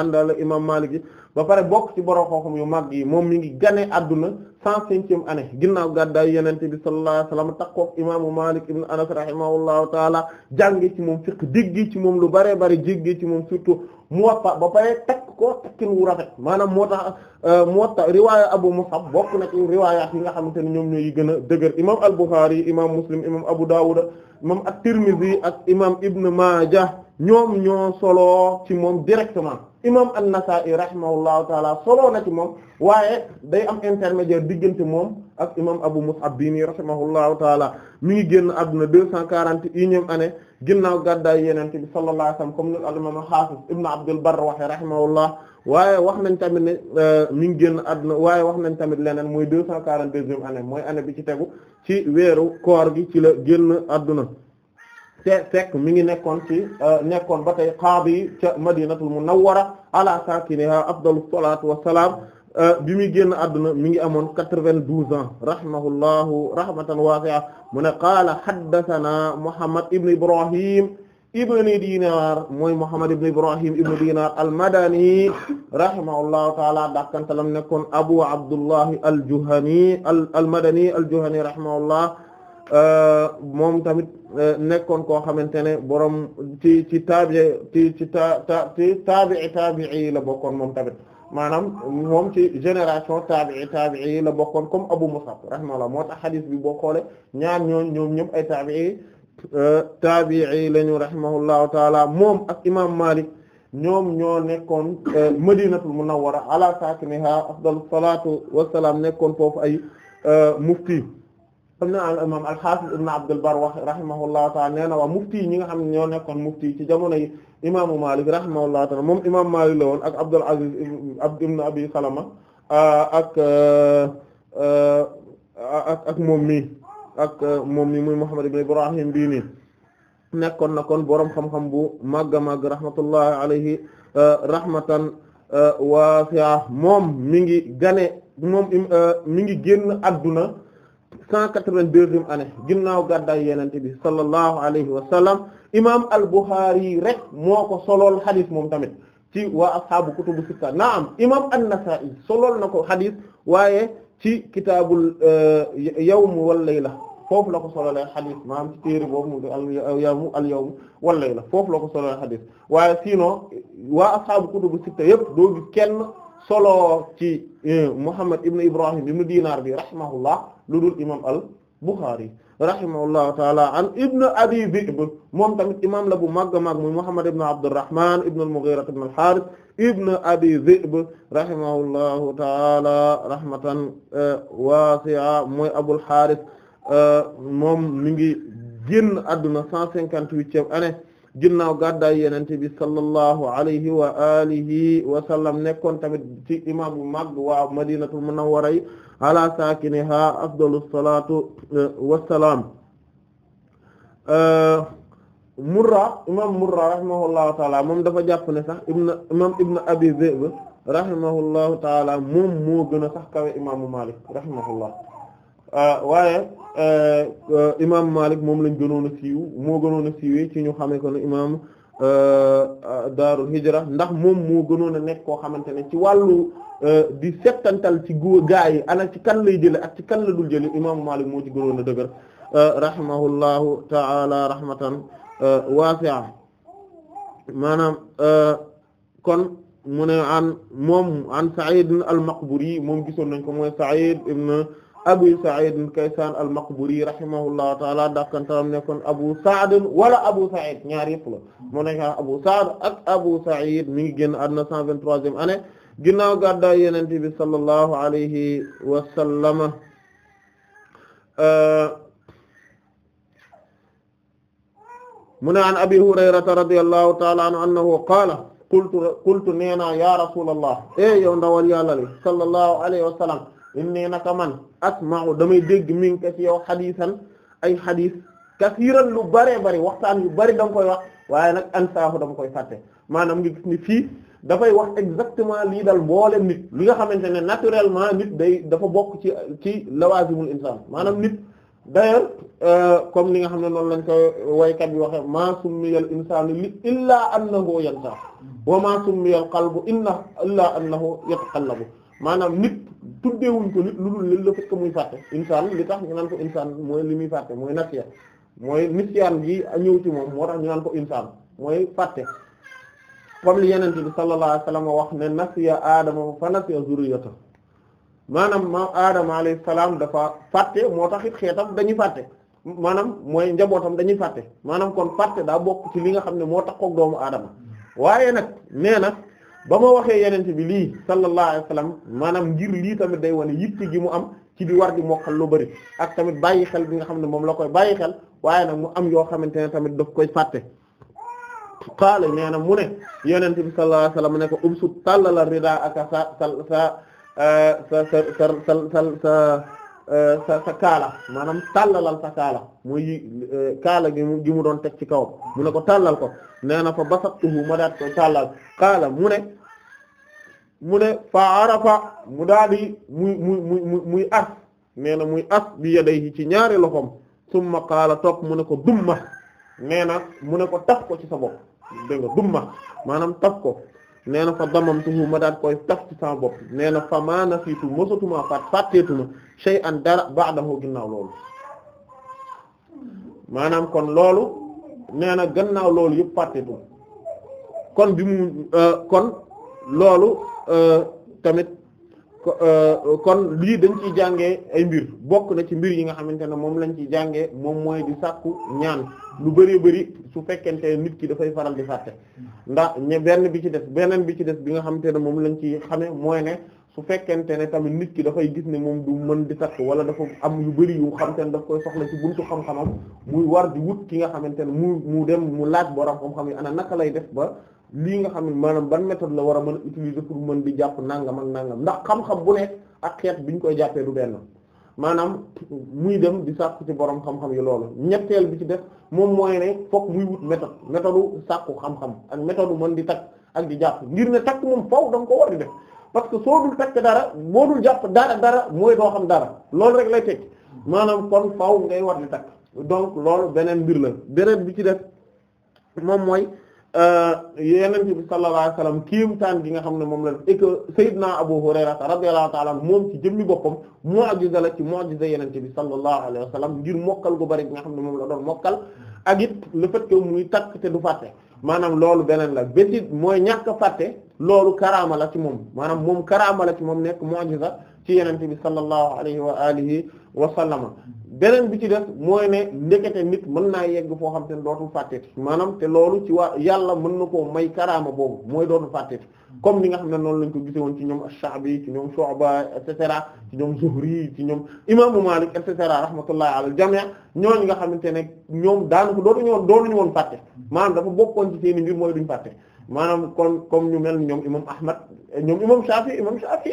àndal imam Malik yi ba pare bokk ci borom xam yu mag yi moom mi ngi gane adduna cent cinquième année ginnaaw gàddaay yonent bi sallallahu alayhi wasallam takkoog imaamu Malik ibn Anas rahimahullahu taala jànge ci moom fiqh dégg ci moom lu bare bare jégge ci moom surtout mu Muwatta ba pare takk ko takkin wu rafet maanaam moo tax euh, Muwatta riwaaya Abu Mus'ab bokk na ci riwaayaat yi nga xamante ne ñoom ñoo gën a dëgër imam al-Bukhari imam Muslim imam Abu Dawud imam at-Tirmidhi ak imam Ibn Maaja ñoom ñoo solo ci moom directement imam an-Nasa'i rahimahullahu taala soloo na ci moom waaye day am intermédiaire diggante moom ak imam Abu Mus'ab bii nii rahimahullahu taala mi ngi génn àdduna deux cent quarante et unième ginnaaw gàddaay Yonent bi sallallahu alayhi wasallam comme ni al-imam al-hafiz Ibn Abdul Barr waxe rahimahullah waaye wax nañ tamit ne euh, mi ngi génn àdduna waaye wax nañ tamit leneen mooy deux cent quarante deuxième année mooy année bi ci tegu ci weeru koor gi ci la génn àdduna fekk mi ngi nekkoon ci euh, nekkoon ba tey qaadi ca madinatul munawwara ala saakiniha afdalu salaatu wa salaam euh, bi muy génn àdduna mi ngi amoon quatre-vingt-douze ans rahimahullahu rahmatan waasi'a mu ne qaala haddathana Muhammad ibn Ibrahim ibn Dinar mooy Muhammad ibn Ibrahim ibn Dinar al-Madani rahimahullahu ta'ala dakkantalam nekkoon Abu Abdullah al-Juhani al-Madani al-Juhani rahimahullah Euh, moom tamit euh, nekkoon koo xamante ne borom ci ci taabi ci ci ta ta ci taabii taabii la bokkoon moom tamit maanaam moom ci génération taabii taabii la bokkoon comme Abu Mus'ab rahimahullah moo tax xadis bi boo xoolee ñaar ñooñ ñoom ñëpp ay taabii euh, taabii lañu rahimahullahu taala moom ak imam Malik ñoom ñoo nekkoon Madinatul Munawwara ala saakiniha afdalu salaatu wassalaam nekkoon foofu ay mufti xam na al imam al nee na waa ñi nga xam ne ñoo nekkoon mufti yi ci jamono yi moom imam Malik la woon ak Abdul Aziz Abd ibn Abi ak moom mi ak moom Muhammad ibn Ibrahim bii nii nekkoon na kon boroom xam-xam bu màgg a màgg rahmatullahi alayhi rahmatan wasi'a moom mi ngi gane mi ngi génn adduna cent quatre-vingt-deuxième année ginnaaw gàddaay yenente bi sallallahu alayhi wa sallam imam al-Bukhari rek moo ko solool xadis moom tamit ci waa ashaabu kutubu sitta naam imam an-Nasa'i solool na ko xadis waaye ci kitabu euh, yawm wal layla foofu la ko la xadis maanaam ci téere boobu mu al-yawm al-yawm wal la ko soloolee xadis waaye sinon waa ashaabu kutubu sitta yëpp doo gis kenn solo ci euh, Muhammad ibn Ibrahim ibn Dinar bi rahimahullah lu dul imam al abi Dhi'b moom tamit imam la bu màgg a màgg muy Muhammad ibn Abdurrahman ibn al-Mughira abi Dhi'b rahimahullahu taala rahmatan eh, wasi'a mooy Abul Harith eh, moom mi ngi génn àdduna cent cinquante-huitième année ginnaaw gàddaay yenente bi sallallahu alayhi wa alihi wa sallam nekkoon tamit ci imam bu mag waa madinatul munawwara yi ala saakiniha afdalu salatu eh, wassalaam eh, murra imam murra rahimahullahu taala moom dafa jàpp ne sax ibn imam ibn abi zib rahimahullahu taala moom moo gën a sax kawe imaamu malik rahimahullah eh, waaye Euh, euh, imaam Malik moom lañ gënoon a siiw moo gënoon a siiwee ci ñu xamee ko ne imaam euh, daaru hijra ndax moom moo gënoon a nekk koo xamante ne ci wàllu di settantal ci gu gaa yi ana ci kan lay jële ak ci kan la dul jële imaamu Malik moo ci gënoon a dëgër rahimahullahu taala rahmatan wasi'a kon mu ne an moom an Sa'id al moom gisoon nañ ko mooy Sa'id ibn Abu Sa'id Kaysan al-Maqburi rahimahullahu ta'ala dafkantaram nekkoon Abu Sa'd wala Abu Sa'id ñaar yëpp la mu Abu Sa'd ak Abu Sa'id mi ngi génn àdduna 123e année ginnaaw gàddaay Yonent bi sallallahu alayhi wa sallam euh, mu ne an Abi Hurayrata ta'ala anhu annahu ya Rasulallah e yow ndawal Yàlla sallallahu alayhi wa sallam inni naka man asma'u damay dégg min ka ci yow xadisan ay xadis kasiiran lu bëree bëri waxtaan yu bëri da koy wax waaye nag ansaahu dama koy fàtte maanaam nga gis fii dafay wax exactement lii dal boole nit li nga xamante ne naturellement nit day dafa bokk ci ci lawazimul insaan maanaam nit d'ailleurs euh, comme ni nga xam ne noonu lañ koy waykat bi waxe ma summiyal insaanu li illaa annahu yansa wa ma summiyal qalbu inna illaa annahu yataqallabu maanaam nit tuddeewuñ ko nit lu dul lil la fekk muy fàtte insaan li tax ñu naan ko insaan mooy li muy fàtte mooy nasiya mooy nisyaan gi ñëw ci moom moo tax ñu naan ko insaan mooy fàtte comme li yenente bi sallallahu alayhi wasallam wax ne nasiya aadama fa nasiya zurriyata maanaam ma aadama alayhi salaam dafa fàtte moo tax it xeetam dañuy fàtte maanaam mooy njabootam dañuy fàtte maanaam kon fàtte daa bokk ci li nga xam ne moo tax koog doomu aadama waaye nag nee ba ma waxee yenente bi lii sallallahu alayhi wa sallam maanaam ngir lii tamit day wane yitte gi mu am ci di war di mokkal lu bari ak tamit bàyyi xel bi nga xam ne moom la koy bàyyi xel waaye nag mu am yoo xamante ne tamit daf koy fàtte qaala nee na mu ne yenente bi sallallahu alayhi wa ne ko ubsut tàllala rida aka sa sa sa sa sa sa Euh, sa sa kaala maanaam tàllalal sa kaala muy euh, kaala gi mu gi mu doon teg ci kawam mu ne ko tàllal ko nee na fa basattuhu ma daat ko tàllal kaala mu ne mu ne fa arafa mu daal muy muy muy muy as nee na muy as bi yadayhi ci ñaari loxoom summa kaala topp mu ne ko dumma nee na mu ne ko taf ko ci sa bopp dégg nga dumma maanaam taf ko nee na fa damamtuhu ma daat koy taf ci sama bopp nee fa maa nasiitu mosatuma faat fàtteetuma shay'an dara ba'dahu ginnaaw loolu maanaam kon loolu nee na gannaaw loolu yëpp fàtteetuma kon bi mu euh, kon loolu euh, tamit Euh, kon lii dañ ci jàngee ay mbir bokk na ci mbir yi nga xamante ne moom lañ ciy jàngee moom mooy di sàkku ñaan lu bëree bëri su fekkente nit ki dafay faral di fàtte ndax ñe benn bi ci des beneen bi ci des bi nga xamante ne moom lañ ci xame mooy ne su fekkente ne tamit nit ki dafay gis ne moom du mën di sàkku wala dafa am yu bëri yu xam te ne daf koy soxla ci buntu xam-xamam muy war di wut ki nga xamante ne mu mu dem mu laaj borom xam-xam yi a naka lay def ba lii nga xam ne maanaam ban méthode la war a mën a utiliser pour mën di jàpp nangam ak nangam ndax xam-xam bu nekk ak xeet bi ñu koy jàppee du benn maanaam muy dem di sàkku ci borom xam-xam yi loolu ñetteel bi ci def moom mooy ne fokk muy wut méthode méthode sàkku xam-xam ak méthode mën di takk ak di jàpp ngir ne takk moom faaw da nga ko war di def parce que soo dul takk dara boo dul jàpp dara dara mooy doo xam dara loolu rek lay teg maanaam kon faaw ngay war di takk loolu beneen mbir la beneen bi ci def moom mooy. Euh, yeneen bi sallallahu alayhi wasallam kéemtaan gi nga xam ne moom la def et que Seydina Abu Hurayra radiyallahu ta'ala moom ci jëmmi boppam mu'jiza la ci mu'jiza yeneen bi sallallahu alayhi wasallam ngir mokkal gu bari gi nga xam ne moom la doon mokkal ak it le fait que muy takk te du fàtte maanaam loolu beneen la bési mooy ñàkk a fàtte loolu karaama la ci moom maanaam moom karaama la ci moom nekk mu'jiza ci yeneen bi sallallahu alayhi wa alihi wa sallama beneen bi ci def mooy ne ndekete nit mën naa yegg foo xam te ne dootul fàtteeti maanaam te loolu ci waa yàlla mën na koo may karaama boobu mooy dootul fàtteeti comme ni nga xam ne noonu lañ ko gise woon ci ñoom Ash-Sha'bi ci ñoom Shu'ba et cetera ci ñoom Zuhri ci ñoom imaamu Malik et cetera rahmatullahi ala al-jami' ñooñu nga xamante ne ñoom daanaka ñu woon dootuñu woon fàtte maanaam dafa bokkoon ci seen i mbir mooy duñ fàtte maanaam kon comme ñu mel ñoom imam Ahmad ñoom imam Shafi imam Shafi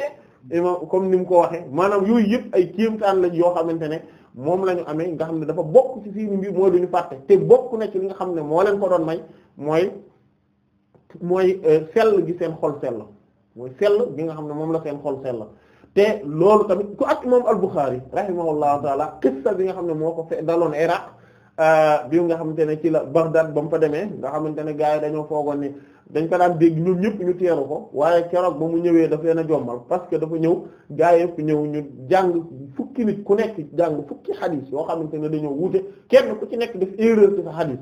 imam comme ni mu ko waxee maanaam yooyu yëpp ay kéemtaan lañ yoo xamante ne moom la ñu amee nga xam ne dafa bokk ci seeni mbir mooy ñu fàtte te bokk na ci li nga xam ne moo leen ko doon may mooy mooy euh, sell gi seen xol sell mooy sell gi nga xam ne moom la seen xol sell te loolu tamit ku ak imam al-Bukhari rahimahullahu taala qissa bi nga xam ne moo ko fe daloon Iraq Euh, bi nga xamante ne ci la Bagdad ba mu fa demee nga xamante ne gars yi dañoo foogoon ni dañ ko daan dégg ñoom ñëpp ñu teeru ko waaye keroog ba mu ñëwee dafa leen a jommal parce que dafa ñëw gars yëpp ñëw ñu jàng fukki nit ku nekk jàng fukki xadis yoo xamante ne dañoo wuute kenn ku ci nekk def erreur ci sa xadis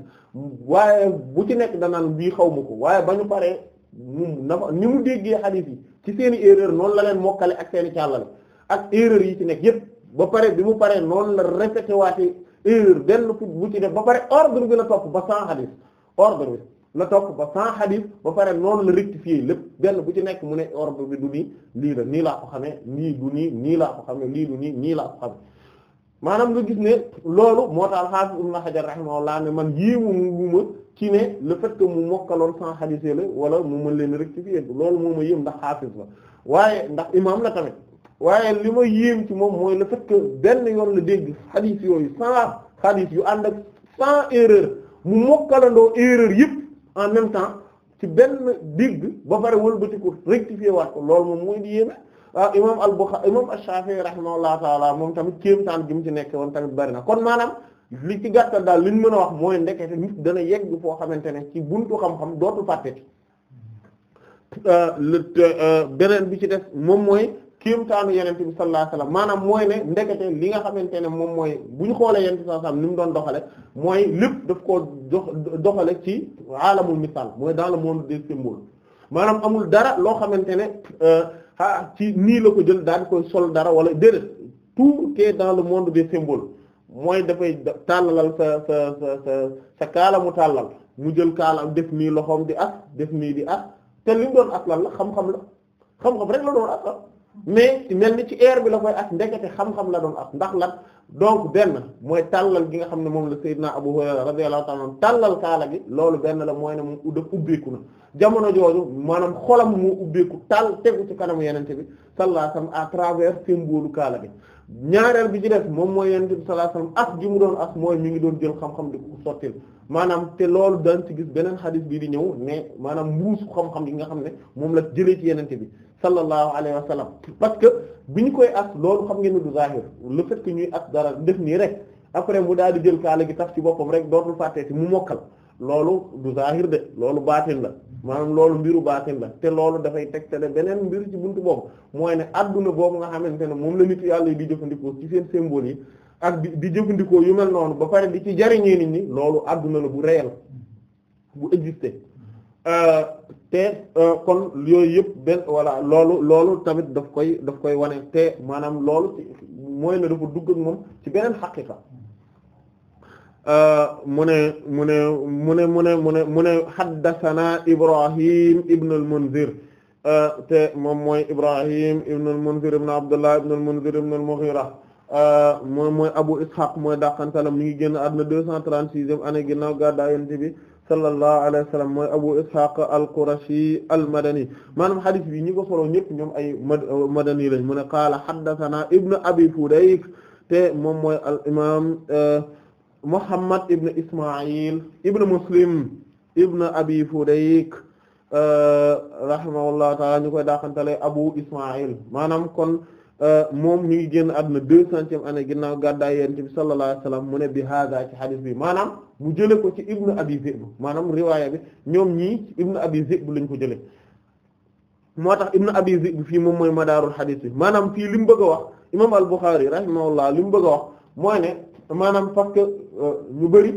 waaye bu ci nekk danaan bii xaw ma ko waaye ba ñu paree mu nafa ni mu déggee xadis yi ci seen i erreur la leen mokkale ak seen i càllale ak erreur yi ci nekk yëpp ba pare bi mu paree noonu la répété waate erreur benn bu ci def ba pare ordre bi la topp ba cent hadith ordre bi la topp ba cent hadith ba pare noonu la rectifier lépp benn bu ci nekk mu ne ordre bi du nii lii la nii laa ko xamee lii du nii nii laa ko xamee lii du nii nii la ko xamee maanaam nga gis ne loolu moo tax al-Hafiz Ibn Hajar rahimahullah ne man yéemu mu ci ne le fait que mu mokkaloon cent hadith la wala mu mën leen rectifier loolu moo ma yéem ndax Hafiz la waaye ndax imam la tamit. waaye li ma yéem ci moom mooy le fait que benn yoon la dégg xadiis yooyu cent xadiis yu ànd ak cent erreur mu mokkalandoo erreur yëpp en même temps ci benn dégg ba pare wëlbatiku rectifier wax ko loolu moom mooy di yéeme waaw ah, imaam al-Bukhari imaam ash-Shafi'i rahimahullahu ta'ala moom tamit kéemtaan gi mu ci nekk woon tamit bari na kon maanaam li ci gàttal daal li ñu mën a wax mooy ndekete nit dana yegg foo xamante ne ci buntu xam-xam dootu fàtte euh, euh, beneen bi ci def moom mooy kéemtaanu yenente bi sallallahu alayhi wasallam maanaam mooy ne ndekete li nga xamante ne moom mooy bu ñu xoolee yenente sallallahu alayhi wasallam ni mu doon doxale mooy lépp daf koo dox doxale ci alamul misaal mooy dans le monde des symboles maanaam amul dara loo xamante ne ah ci nii la ko jël daal di sol dara wala déedéet tout est dans le monde des symboles mooy dafay tàllalal sa sa sa sa sa kaala mu tàllal mu jël kaala def nii loxoom di as def nii di as te li mu doon as la xam-xam la xam-xam rek la doon as ah. mais mel ni ci air bi la koy ak ndekete xam-xam la doon ak ndax lan donc benn mooy tàllal gi nga xam ne moom la Seydina Abu Hurayra radiyallahu ta'ala anhu tàllal kaala gi loolu benn la mooy ne moom daf ubbeeku na jamono jooju maanaam xolam moo ubbeeku tàll tegu ci kanamu yenente bi sallallahu alayhi wasallam à travers symbole kaala gi ñaareel bi ci def moom mooy yenente bi sallallahu alayhi as ji mu doon as mooy mi ngi doon jël xam-xam di ku sottil maanaam te loolu dañ ci gis beneen xadis bii di ñëw ne maanaam mbuusu xam-xam yi nga xam ne moom la jëlee ci yenente bi sallallahu alayhi wa sallam parce que bi ñu koy as loolu xam ngeen ne du zahir le fait ñuy as dara def nii rek après mu daal di jël kaala gi taf ci boppam rek dootul fàttee ci mu mokkal loolu du zahir de loolu baatin la maanaam loolu mbiru baatin la te loolu dafay teg te tegtale beneen mbir ci buntu boobu mooy ne adduna boobu nga xamante ne moom la nit yàlla di jëfandikoo ci seen symbole yi ak di di jëfandikoo yu mel noonu ba pare di ci jariñee nit ñi loolu adduna la bu réel bu exister te euh, kon yooyu yëpp benn voilà loolu loolu tamit daf koy daf koy wane te maanaam loolu mooy ne dafa dugg ak moom ci beneen xaqiqa euh, mu ne mu ne mu ne mu ne mu ne mu ne xaddasana ibrahim ibn al-Munzir euh, te moom mooy ibrahim ibn al-Munzir ibn abdullah ibn al-Munzir ibn al-Mughira moom mooy abu ishaq mooy dàqantalam mi ngi génn na deux cent trente-sixième année ginnaaw gàddaay Yonent bi sallallahu alayhi wa sallam mooy Abu Ishaq al-Qurashi al-Madani maanaam hadith bi ñi ko solo ñëpp ñoom ay madani lañ mu ne qaala haddathana Ibn Abi Fudayk te moom mooy al imaam eh, Muhammad Ibn Isma'il Ibn Muslim Ibn Abi Fudayk eh, rahimahullahu ta'ala ñu koy daaxantale Abu Isma'il maanaam kon. Euh, moom mi ngi génn àdduna deux centième année ginnaaw gàddaay yonent bi sallallahu alayhi wasallam mu ne bi hada ci xadis bi maanaam mu jële ko ci ibnu abi Zib maanaam riwaaya bi ñoom ñii ibnu abi Zib lañ ko jële moo tax ibnu abi Zib fii moom mooy madaarul xadis bi maanaam fii li mu bëgg a wax imam al-Bukhari rahimahullah li mu bëgg a wax mooy ne maanaam parce euh, ñu bari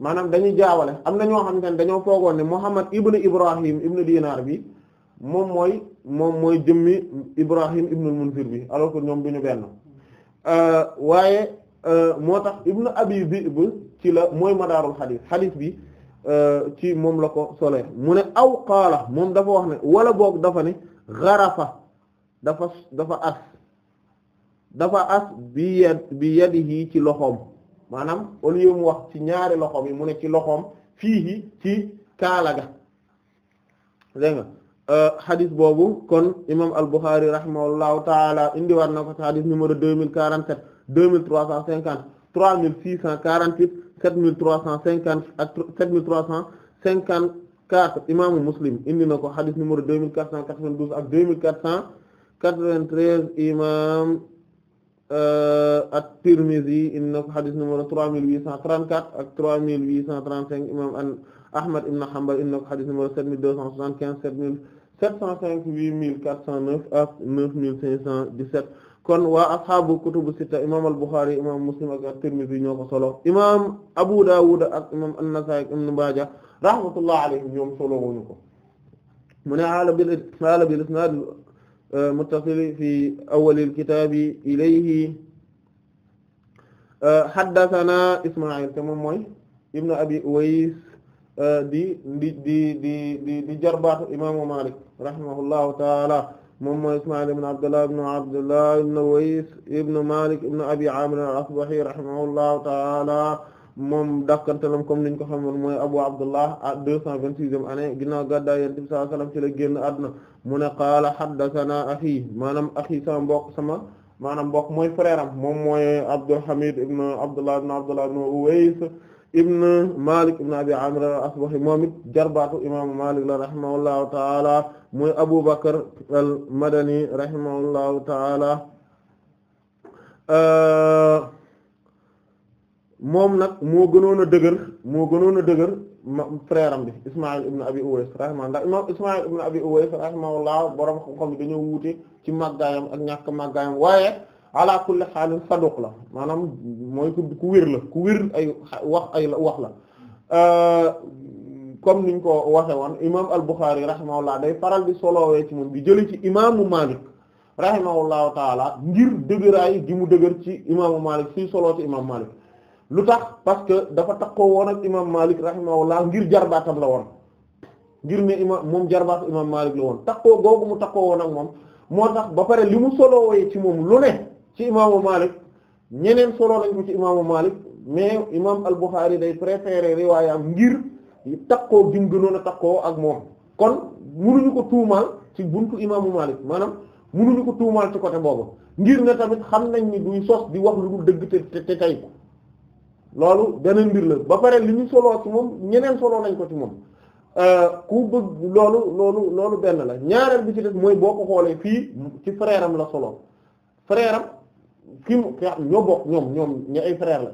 maanaam dañuy jaawale am na ñoo xam ne dañoo foogoon ne Muhammad ibnu Ibrahim ibnu Dinar bi moom mooy moom mooy jëmmi Ibrahim ibnul Munzir bi alors que ñoom du ñu benn euh, waaye euh, moo tax ibnu abi Dhi'b ci la mooy madaarul xadiis xadiis bi euh, ci moom la ko solee mu ne aw qaala moom dafa wax ne wala boog dafa ne xarafa dafa dafa as dafa as bi yad bi yadihi ci loxoom maanaam au lieu wax ci ñaari loxoom yi mu ne ci loxoom fii ci kaala ga nga xadis euh, boobu kon imam al-Bukhari rahimahullahu taala indiwaat na ko ci xadis numéro deux mille quarante-sept deux mille trois cent cinquante trois mille six cent quarante-huit sept mille trois cent cinquante ak sept mille trois cent indi na ko xadis numéro deux mille quatre cent quatre-vingt-douze ak deux mille euh, indi na ko xadis numéro trois mille huit cent trente-quatre ak trois Ahmad ibn Hanbal indi na ko xadis numéro sept mille 705 8409 ak 9517 kon waa ashaabu kutubu sitta imaam al-Bukhari imaam Muslim ak at-Tirmidhi ñoo ko solo imaam Abu Dawud ak imaam an-Nasa'i ak Ibn Maaja rahmatullah alayhim ñoom solo wuñu ko mu ne ala bil ala bil isnaad muttasil fi awwal al-kitaab ilayhi haddathana Isma'il te moom mooy ibn Abi Uways Eh, di di di di di di jarbaatu imaamu Malik rahimahullahu taala moom mooy Ismaïl ibn Abdullah ibn Abdullah ibn Uways ibn Malik ibn Abi Amir al-Asbahi rahimahullahu taala moom dakkantalam comme niñ ko xamoon mooy Abu Abdullah deux cent vingt-sixième année ginnaaw gàddaay Yonent bi sallallahu alayhi wasallam ci génn àdduna mu qaala haddathana axi maanaam axi sama mbok sama maanaam mbok mooy frère moom mooy Abdul Hamid ibn Abdullah ibn Abdullah ibn Uways ibn Malik ibn Abi Amr al-Asbahi moom it jarbaatu imaamu Malik la rahimahullahu taala muy Abu Bakr al-Madani rahimahullahu taala moom nag moo gënoon a dëgër moo gënoon a dëgër frère am bi Ismaïl ibn Abi Uways rahimahullah ndax imaam ibn Abi Uways rahimahullah borom xam-xam dañoo wuute ci màggaayam ak ñàkk màggaayam waaye. ala kulli xaalin saduq la maanaam mooy ku wér la ku wér ay wax ay wax la euh, comme niñ ko waxe woon imam al-Bukhari rahimahullah day faral bi solowee ci moom di jële ci imaamu Malik rahimahullahu taala ngir dëgëraay gi mu dëgër ci imaamu Malik suy lu tax parce que dafa takkoo woon ak imam Malik rahimahullah ngir jarbaatam la woon ngir ne imam moom jarbaatu imam Malik la woon takkoo googu mu takkoo woon ak moom moo tax ba pare li mu solowee ci moom lu ne ci imaamu Malik ñeneen solo nañ ko ci imaamu Malik mais imaam al-Bukhari day préférer riwaayam ngir takkoo gi mu gënoon a takkoo ak moom kon munuñu ko tuumaal ci buntu imaamu Malik maanaam munuñu ko tuumaal ci côté ngir ne tamit xam nañ ni duy sos di wax lu dul dëgg te te tey ko loolu beneen mbir la ba pare li ñu soloo ci moom ñeneen soloo nañ ko ci moom euh, ku bëgg loolu loolu loolu benn la ñaareel bi ci def mooy boo ko xoolee fii ci frère la solo frère ki mu ñoo bokk ñoom ñoom ñi ay frère la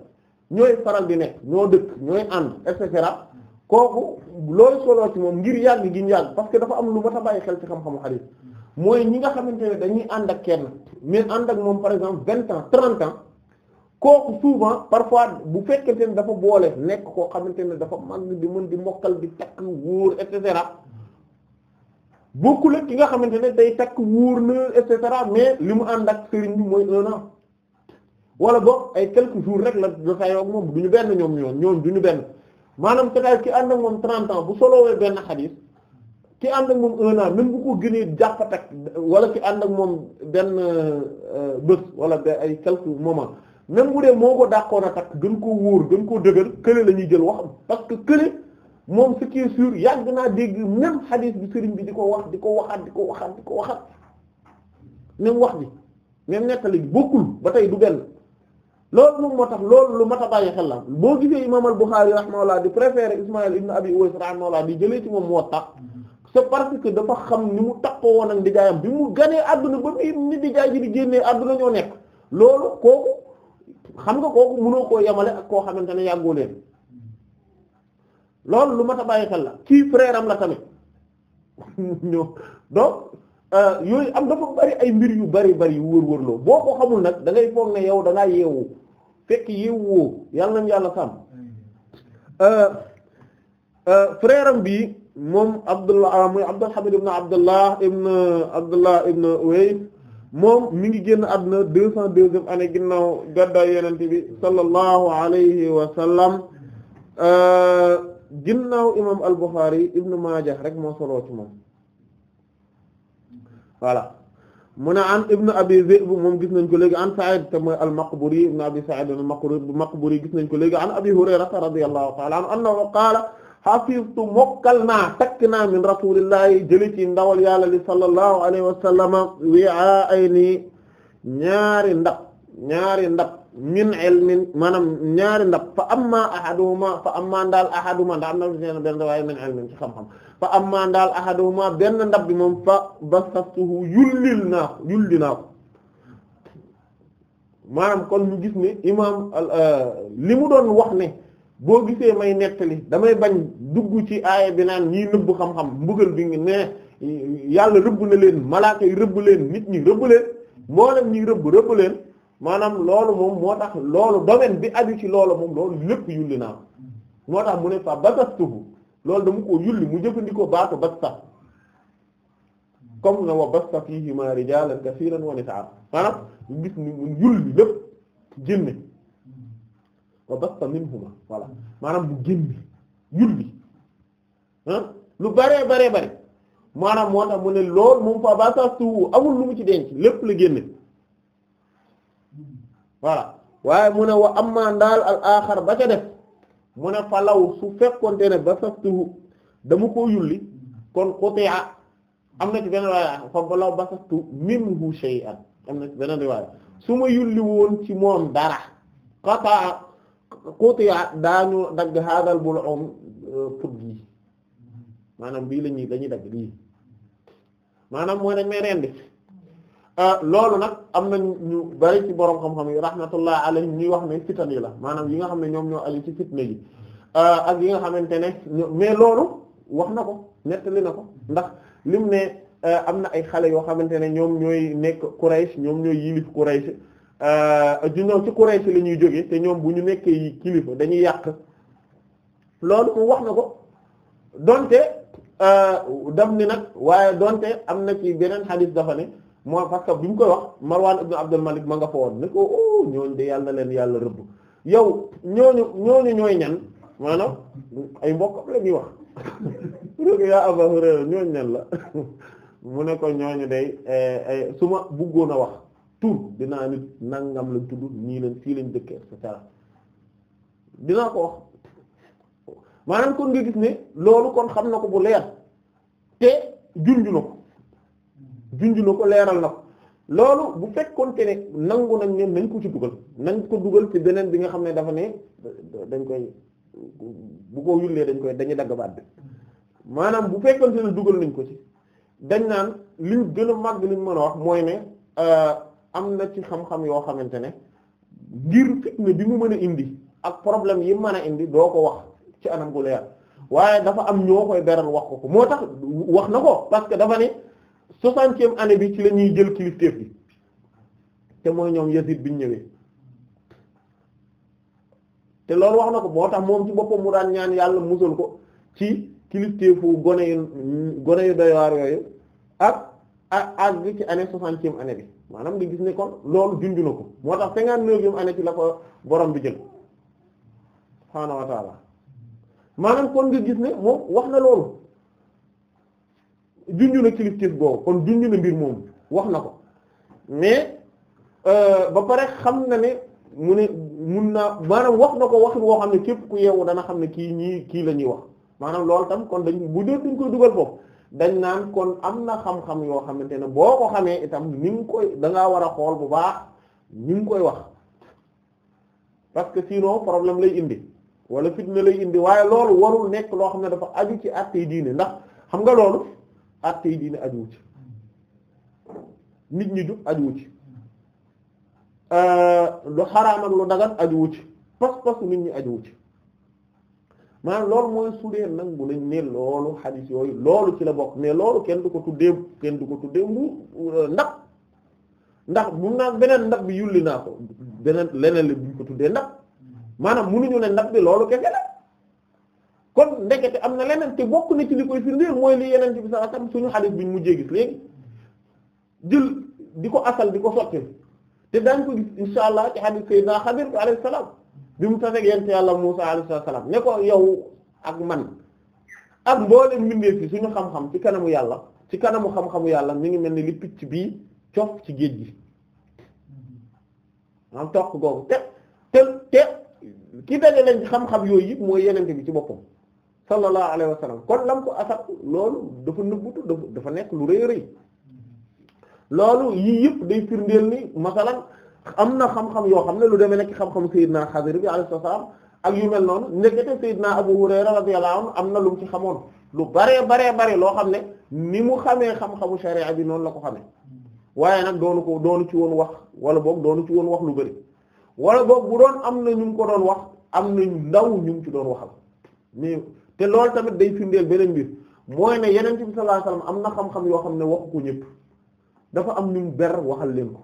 ñooy faral di nekk ñoo dëkk ñooy ànd et cetera kooku loolu solo ci moom ngir yàgg gi ñu yàgg parce que dafa am lu mat a bàyyi xel ci xam-xamu xadiis mooy ñi nga xamante ne dañuy ànd ak kenn mais ànd ak moom par exemple vingt ans trente ans kooku souvent parfois bu fekkente ne dafa boole nekk koo xamante ne dafa màgg di mën di mokkal di takk wóor et cetera bokkul ak ki nga xamante ne day takk wóor na et cetera mais li mu ànd ak sëriñ bi mooy un wala boo ay quelques jour rek la jotaayoo ak moom bu ñu benn ñoom ñoom ñoom du ñu benn maanaam c'est-à-dire ki ànd ak moom 30 ans bu solowee benn xadis ki ànd ak moom un an même bu ko wala ki ànd ak moom benn euh, bés wala ba ay quelques moments même bu dee moo ko dàqoon a takk gën koo wóor gën koo dëgër kële la ñuy jël waxam parce que kële moom ce suur yàgg naa dégg même xadis bi sëriñ bi di ko wax di ko waxaat di ko waxaat di ko waxaat même wax bi même nettali bokkul ba tey du benn. loolu moom moo tax loolu lu mat a bàyyi xel la boo gisee imaam al-Bukhari rahimahullah di préféré Ismaïl ibn Abi Uways rahimahullah di jëlee ci moom Muwatta c'est parce que dafa xam ni mu takkoo woon ak ndijaayam bi mu ganee àdduna ba ni ni ndijaay ji di génnee àdduna ñoo nekk loolu kooku xam nga kooku mënoo koo yamale ak koo xamante ne yàggoo leen loolu lu mat a bàyyi xel la kii frère am la tamit ñoo donc euh, yooyu am dafa bari ay mbir yu bari bari yu wër boo ko xamul nag da ngay foog ne yow da ngaa yeewu. fekk yiw woo yàlla nañ yàlla sàmm euh, euh, frère am bi moom Abdullah ah, muy Abdul Hamid ibn Abdullah ibn Abdullah ibn Uwais moom mi ngi génn àdduna deux cent deuxième année ginnaaw gàddaay yonent bi sallallahu alayhi wa sallam euh, ginnaaw imam al-Bukhari ibn Maaja rek moo soloo ci moom mu ne an ibnu abi Zi'b moom gis nañ ko léegi an Sa'id te mooy al-Maqburi ibnu abi Sa'id al-Maqburi gis nañ ko léegi an abi Hurayra radiyallahu ta'ala anhu annahu qaala hafiztu mokkal naa takk naa min rasulillahi jëli ci ndawal yàlla li sallallahu alayhi wa sallam wi'a'ayni ñaari ndab ñaari ndab min ilmin maanaam ñaari ndab fa amma ahaduhuma fa amma daal ahaduma ndax am na benn waaye min ilmin ci xam-xam am amma ndaal ahaduhuma benn ndab bi moom fa basaftuhu yullil naa ko yulli naa ko maanaam kon ñu gis ne imaam euh, li mu doon wax ne boo gisee may nettali damay bañ dugg ci aaya bi naan ñii nëbb xam-xam mbugal bi ngi ne yàlla rëbb na leen malaaka yi rëbb leen nit ñi rëbb leen mboolem ñi rëbb rëbb leen maanaam loolu moom moo tax loolu domaine bi aju ci loolu moom loolu lépp yulli naa ko moo tax mu ne fa basaftuhu loolu dama koo yulli mu jëfandikoo baatu basta comme na wa basta fiihimaa rijaalan kasiiran wa nisaa maanaam gis ni yulli lépp génne wa maanaam mu génne yulli ah, lu baree baree bare maanaam moo tax mu ne lool moom fa basa suwu amul lu mu ci denc lépp la génne voilà waaye mu ne wa amma ndaal al aaxar ba ca def mu ne falaw su fekkonte ne ba sastuhu dama koo yulli kon quti'a am na ci benn riwaaya fa falaw basastu minhu shay'an am na ci benn riwaaya su ma yulli woon ci moom dara qata'a quti'a daañu dagg hadal bul'um euh, put gi maanaam bii la ñuy dañuy dagg lii maanaam mooy dañ may rendi Euh, loolu nag am na ñu bari ci borom xam-xam yi rahmatullah alayhi ñuy wax ne fitan yi la maanaam yi nga xam ne ñoom ñoo ali ci fitna yi euh, ak yi nga xamante ne mais loolu wax na ko nettali na ko ndax lim ne euh, am na ay xale yoo xamante ne ñoom ñooy nekk Quraysh ñoom ñooy yilif Quraysh du ñoom ci Quraysh la ñuy jógee te ñoom bu ñu nekkee kilifa dañuy yàq loolu mu wax na ko donte dam ni nag waaye donte am na ci beneen xadis dafa ne mooy parce que bi mu koy wax Marwan ibn Abdul Malik ma nga fa woon ne ko oh ñooñu de yàlla leen yàlla rëbb yow ñooñu ñooñu ñooy ay mbokk la ñuy wax rek yaa Abaa Hurayra ñooñu ñan la day eh, eh, su ma bëggoon a wax tur dinaa nit nangam lañ tudd nii leen fii lañ dëkk et cetera dinaa ko wax maanaam kon nga gis ne loolu kon xam na ko bu leer te junju na junj na ko leeral na ko loolu bu fekkoonte ne nangu nañ ne nañ ko ci dugal nañ ko dugal ci beneen bi nga xam ne dafa ne dañ koy bu ko yullee dañ koy dañuy dagg baat bi maanaam bu fekkoonte ne dugal nañ ko ci dañ naan liñ gën a màgg liñ mën a wax mooy ne euh, am na ci xam-xam yoo xamante ne ngir fitna bi mu mën a indi ak problème yi mën a indi doo ko wax ci anam gu leer waaye dafa am ñoo koy beral wax ko ko moo tax wax na ko parce que dafa ne soixantième année bi ci la ñuy jël kilifteef bi te mooy ñoom Yazid biñ ñëwee te loolu wax na ko moo tax moom ci boppam mu daan ñaan yàlla musal ko ci kilifteefu gone yu gone yu doy waar yooyu ak ak àgg ci année soixantième année bi maanaam nga gis ne kon loolu junj ko moo tax cinquante-neuvième année ci la ko boroom bi jël subhaanahu wa maanaam kon nga gis ne moom wax na loolu. junju na kilifteef boobu kon junj na mbir moom wax na ko mais euh, ba pare xam na ne mu ne mun naa maanaam wax na ko wax woo xam ne képp ku yeewu dana xam ne kii ñii kii la ñuy wax maanaam loolu tam kon dañ bu dee duñ koy dugal foofu dañ naan kon am na xam-xam yoo xamante ne boo ko xamee itam ni nga koy da war a xool bu baax ni nga koy wax parce que sinon problème lay indi wala fitna lay indi waaye loolu warul nekk loo xam ne dafa aju ci àttee diine ndax xam nga loolu attey diine ajuwu ci nit ñi jub ajuwu ci euh, lu xaraam ak lu dagan ajuwu ci pas-pasu nit ñi ajuwu ci maanaam loolu mooy su dee nangu nañ ne loolu xadiis yooyu loolu ci la bokk mais loolu kenn du ko tuddee kenn du ko tuddee mbuur euh, ndax ndax mun naa beneen ndab bi yulli naa ko beneen leneen la buñ ko tuddee ndab maanaam munuñu ne ndab bi loolu kese la kon ndekete am na leneen te bokk na ci li koy firndeel mooy li yeneen ci bi sax tam suñu xadis bi mujjee gis léegi jël di ko asal di ko sotti te dañ ko gis insha allah ci xadis sayyidina Xadir bi alayhi salaam bi mu taseeg yent yàlla Muusa alayhi salaam ne ko yow ak man ak mboolem mbindeef yi suñu xam-xam ci kanamu yàlla ci kanamu xam-xamu yàlla mu ngi mel ni li picc bii cof ci géej gi maanaam toq googu te te te ki daje leen xam-xam yooyu yëpp mooy yenente bi ci boppam sallallahu alayhi wa kon lam ko asab loolu dafa nëbbutu dafa dafa nekk lu rëy rëy loolu yii yëpp day firndeel ni masalan am na xam-xam yoo xam ne lu demee nekk xam-xamu Seydina Xadir bi alayhi salaam ak yu mel noonu nekkete Seydina Abu Hurayra radiyallahu anhu am na lu ci xamoon lu baree baree bare loo xam ne ni mu xamee xam-xamu sharia bi noonu la ko xame waaye nag doonu ko doonu ci woon wax wala boog doonu ci woon wax lu bari wala boog bu doon am na ñu ko doon wax am na ndaw ñu ci doon waxal te loolu tamit day firndeel beneen mbir mooy ne yeneen bi sallallahu am na xam-xam yoo xam ne waxu ko ñëpp dafa am ñu ber waxal leen ko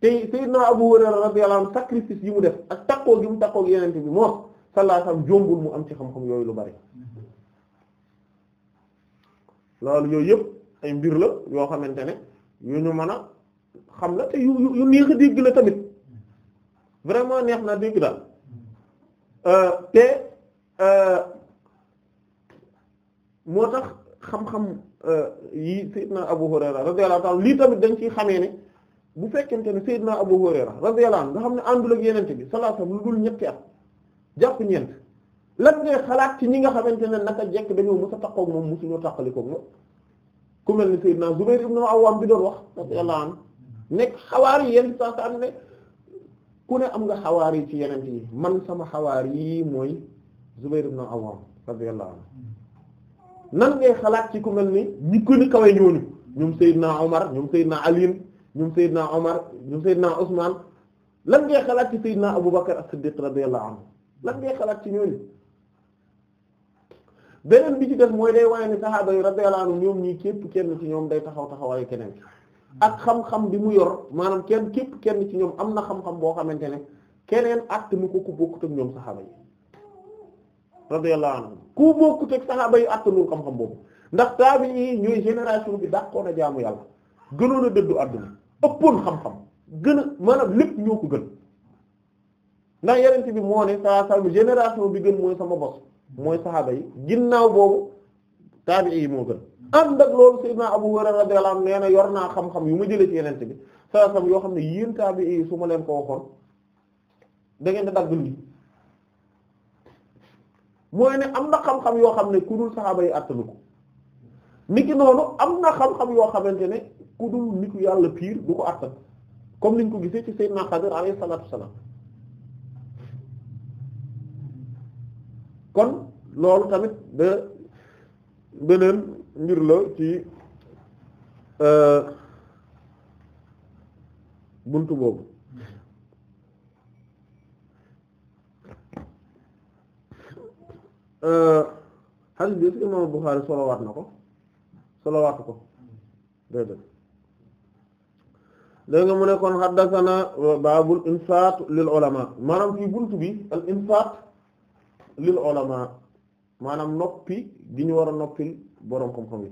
te naa Abu Hurayra radiyallahu anhu sacrifice yi mu def ak takkoo gi mu takkoo ak yeneen bi moom sallallahu alayhi wasallam jombul mu am ci xam-xam yooyu lu bari loolu yooyu yépp ay mbir la yoo xamante ne yu ñu mën a xam la te yu yu neex a dégg la tamit vraiment neex na dégg daal euh, te euh, moo tax xam-xam euh, yi Seydina Abu Hurayra radiyallahu ta'ala lii tamit dañ ciy xamee ne bu fekkente ne Seydina Abu Hurayra radiyallahu anhu nga xam ne àndul ak Yonent bi sallallahu alayhi wasallam lu dul ñetti at jàpp ñeent lan xalaat ci ñi nga xamante ne naka jekk dañoo mës a taqoog moom mosuñoo tàqalikoog moom ku mel ni Seydina Zubayr ibn Awwam bi doon wax radiyallahu anhu nekk xawaar yi yenn saa am ne ku ne am nga xawaar yi ci yeneen yi man sama xawaar yi mooy Zubayr ibn Awwam radiyallahu anhu nan ngay xalaat ci ku mel ni ñi gën a kawe ñooñu ñoom Seydina Omar ñoom Seydina Ali ñoom Seydina Omar ñoom Seydina Ousmane lan ngay xalaat ci Seydina Aboubacar as-Siddiq lan ngay xalaat ci ñooñu beneen bi ci def mooy day waaye ni sahaaba ñoom ñii képp kenn ci ñoom day taxaw taxawaayu keneen ki ak xam-xam bi mu yor maanaam kenn képp kenn ci ñoom am na xam-xam boo xamante ne keneen acte mu ko ku bokkut ak ñoom sahaaba yi radiyallahu anhu ku bokkut ak saxaaba yi attanul xam-xam boobu ndax taabi'i ñooy génération bi dàqoon a jaamu yàlla gënoon a dëddu àdduna ëppoon xam-xam gën a lépp ñoo ko gën ndax yenente bi moo ne saa saa bi gën mooy sama bos mooy saxaaba yi ginnaaw boobu taabi'i yi moo gën ànd ak loolu sayyidina Abu Hurayra radiyallahu am nee na yor naa xam-xam yu ma jëlee ci yenente bi saa saa yoo xam ne yéen taabi'i yi suma leen ko waxoon da ngeen da dagg mooy ne am na xam-xam yoo xam ne ku dul saxaaba yi attanu ko niki noonu am na xam-xam yoo xamante ne ku dul nitu yàlla piir du ko attan comme niñ ko gisee ci Seydina Xadir alayhi salaatu wasalaam kon loolu tamit da beneen mbir la ci euh, bunt boobu Euh, hadith bi imam Bukhari solowaat na ko solowaatu ko déedéet dégg nga mu ne kon haddathana baabul infaaq lil ulama maanaam fii buntu bi al infaaq lil ulama maanaam noppi gi ñu war a noppil boroom xam-xam yi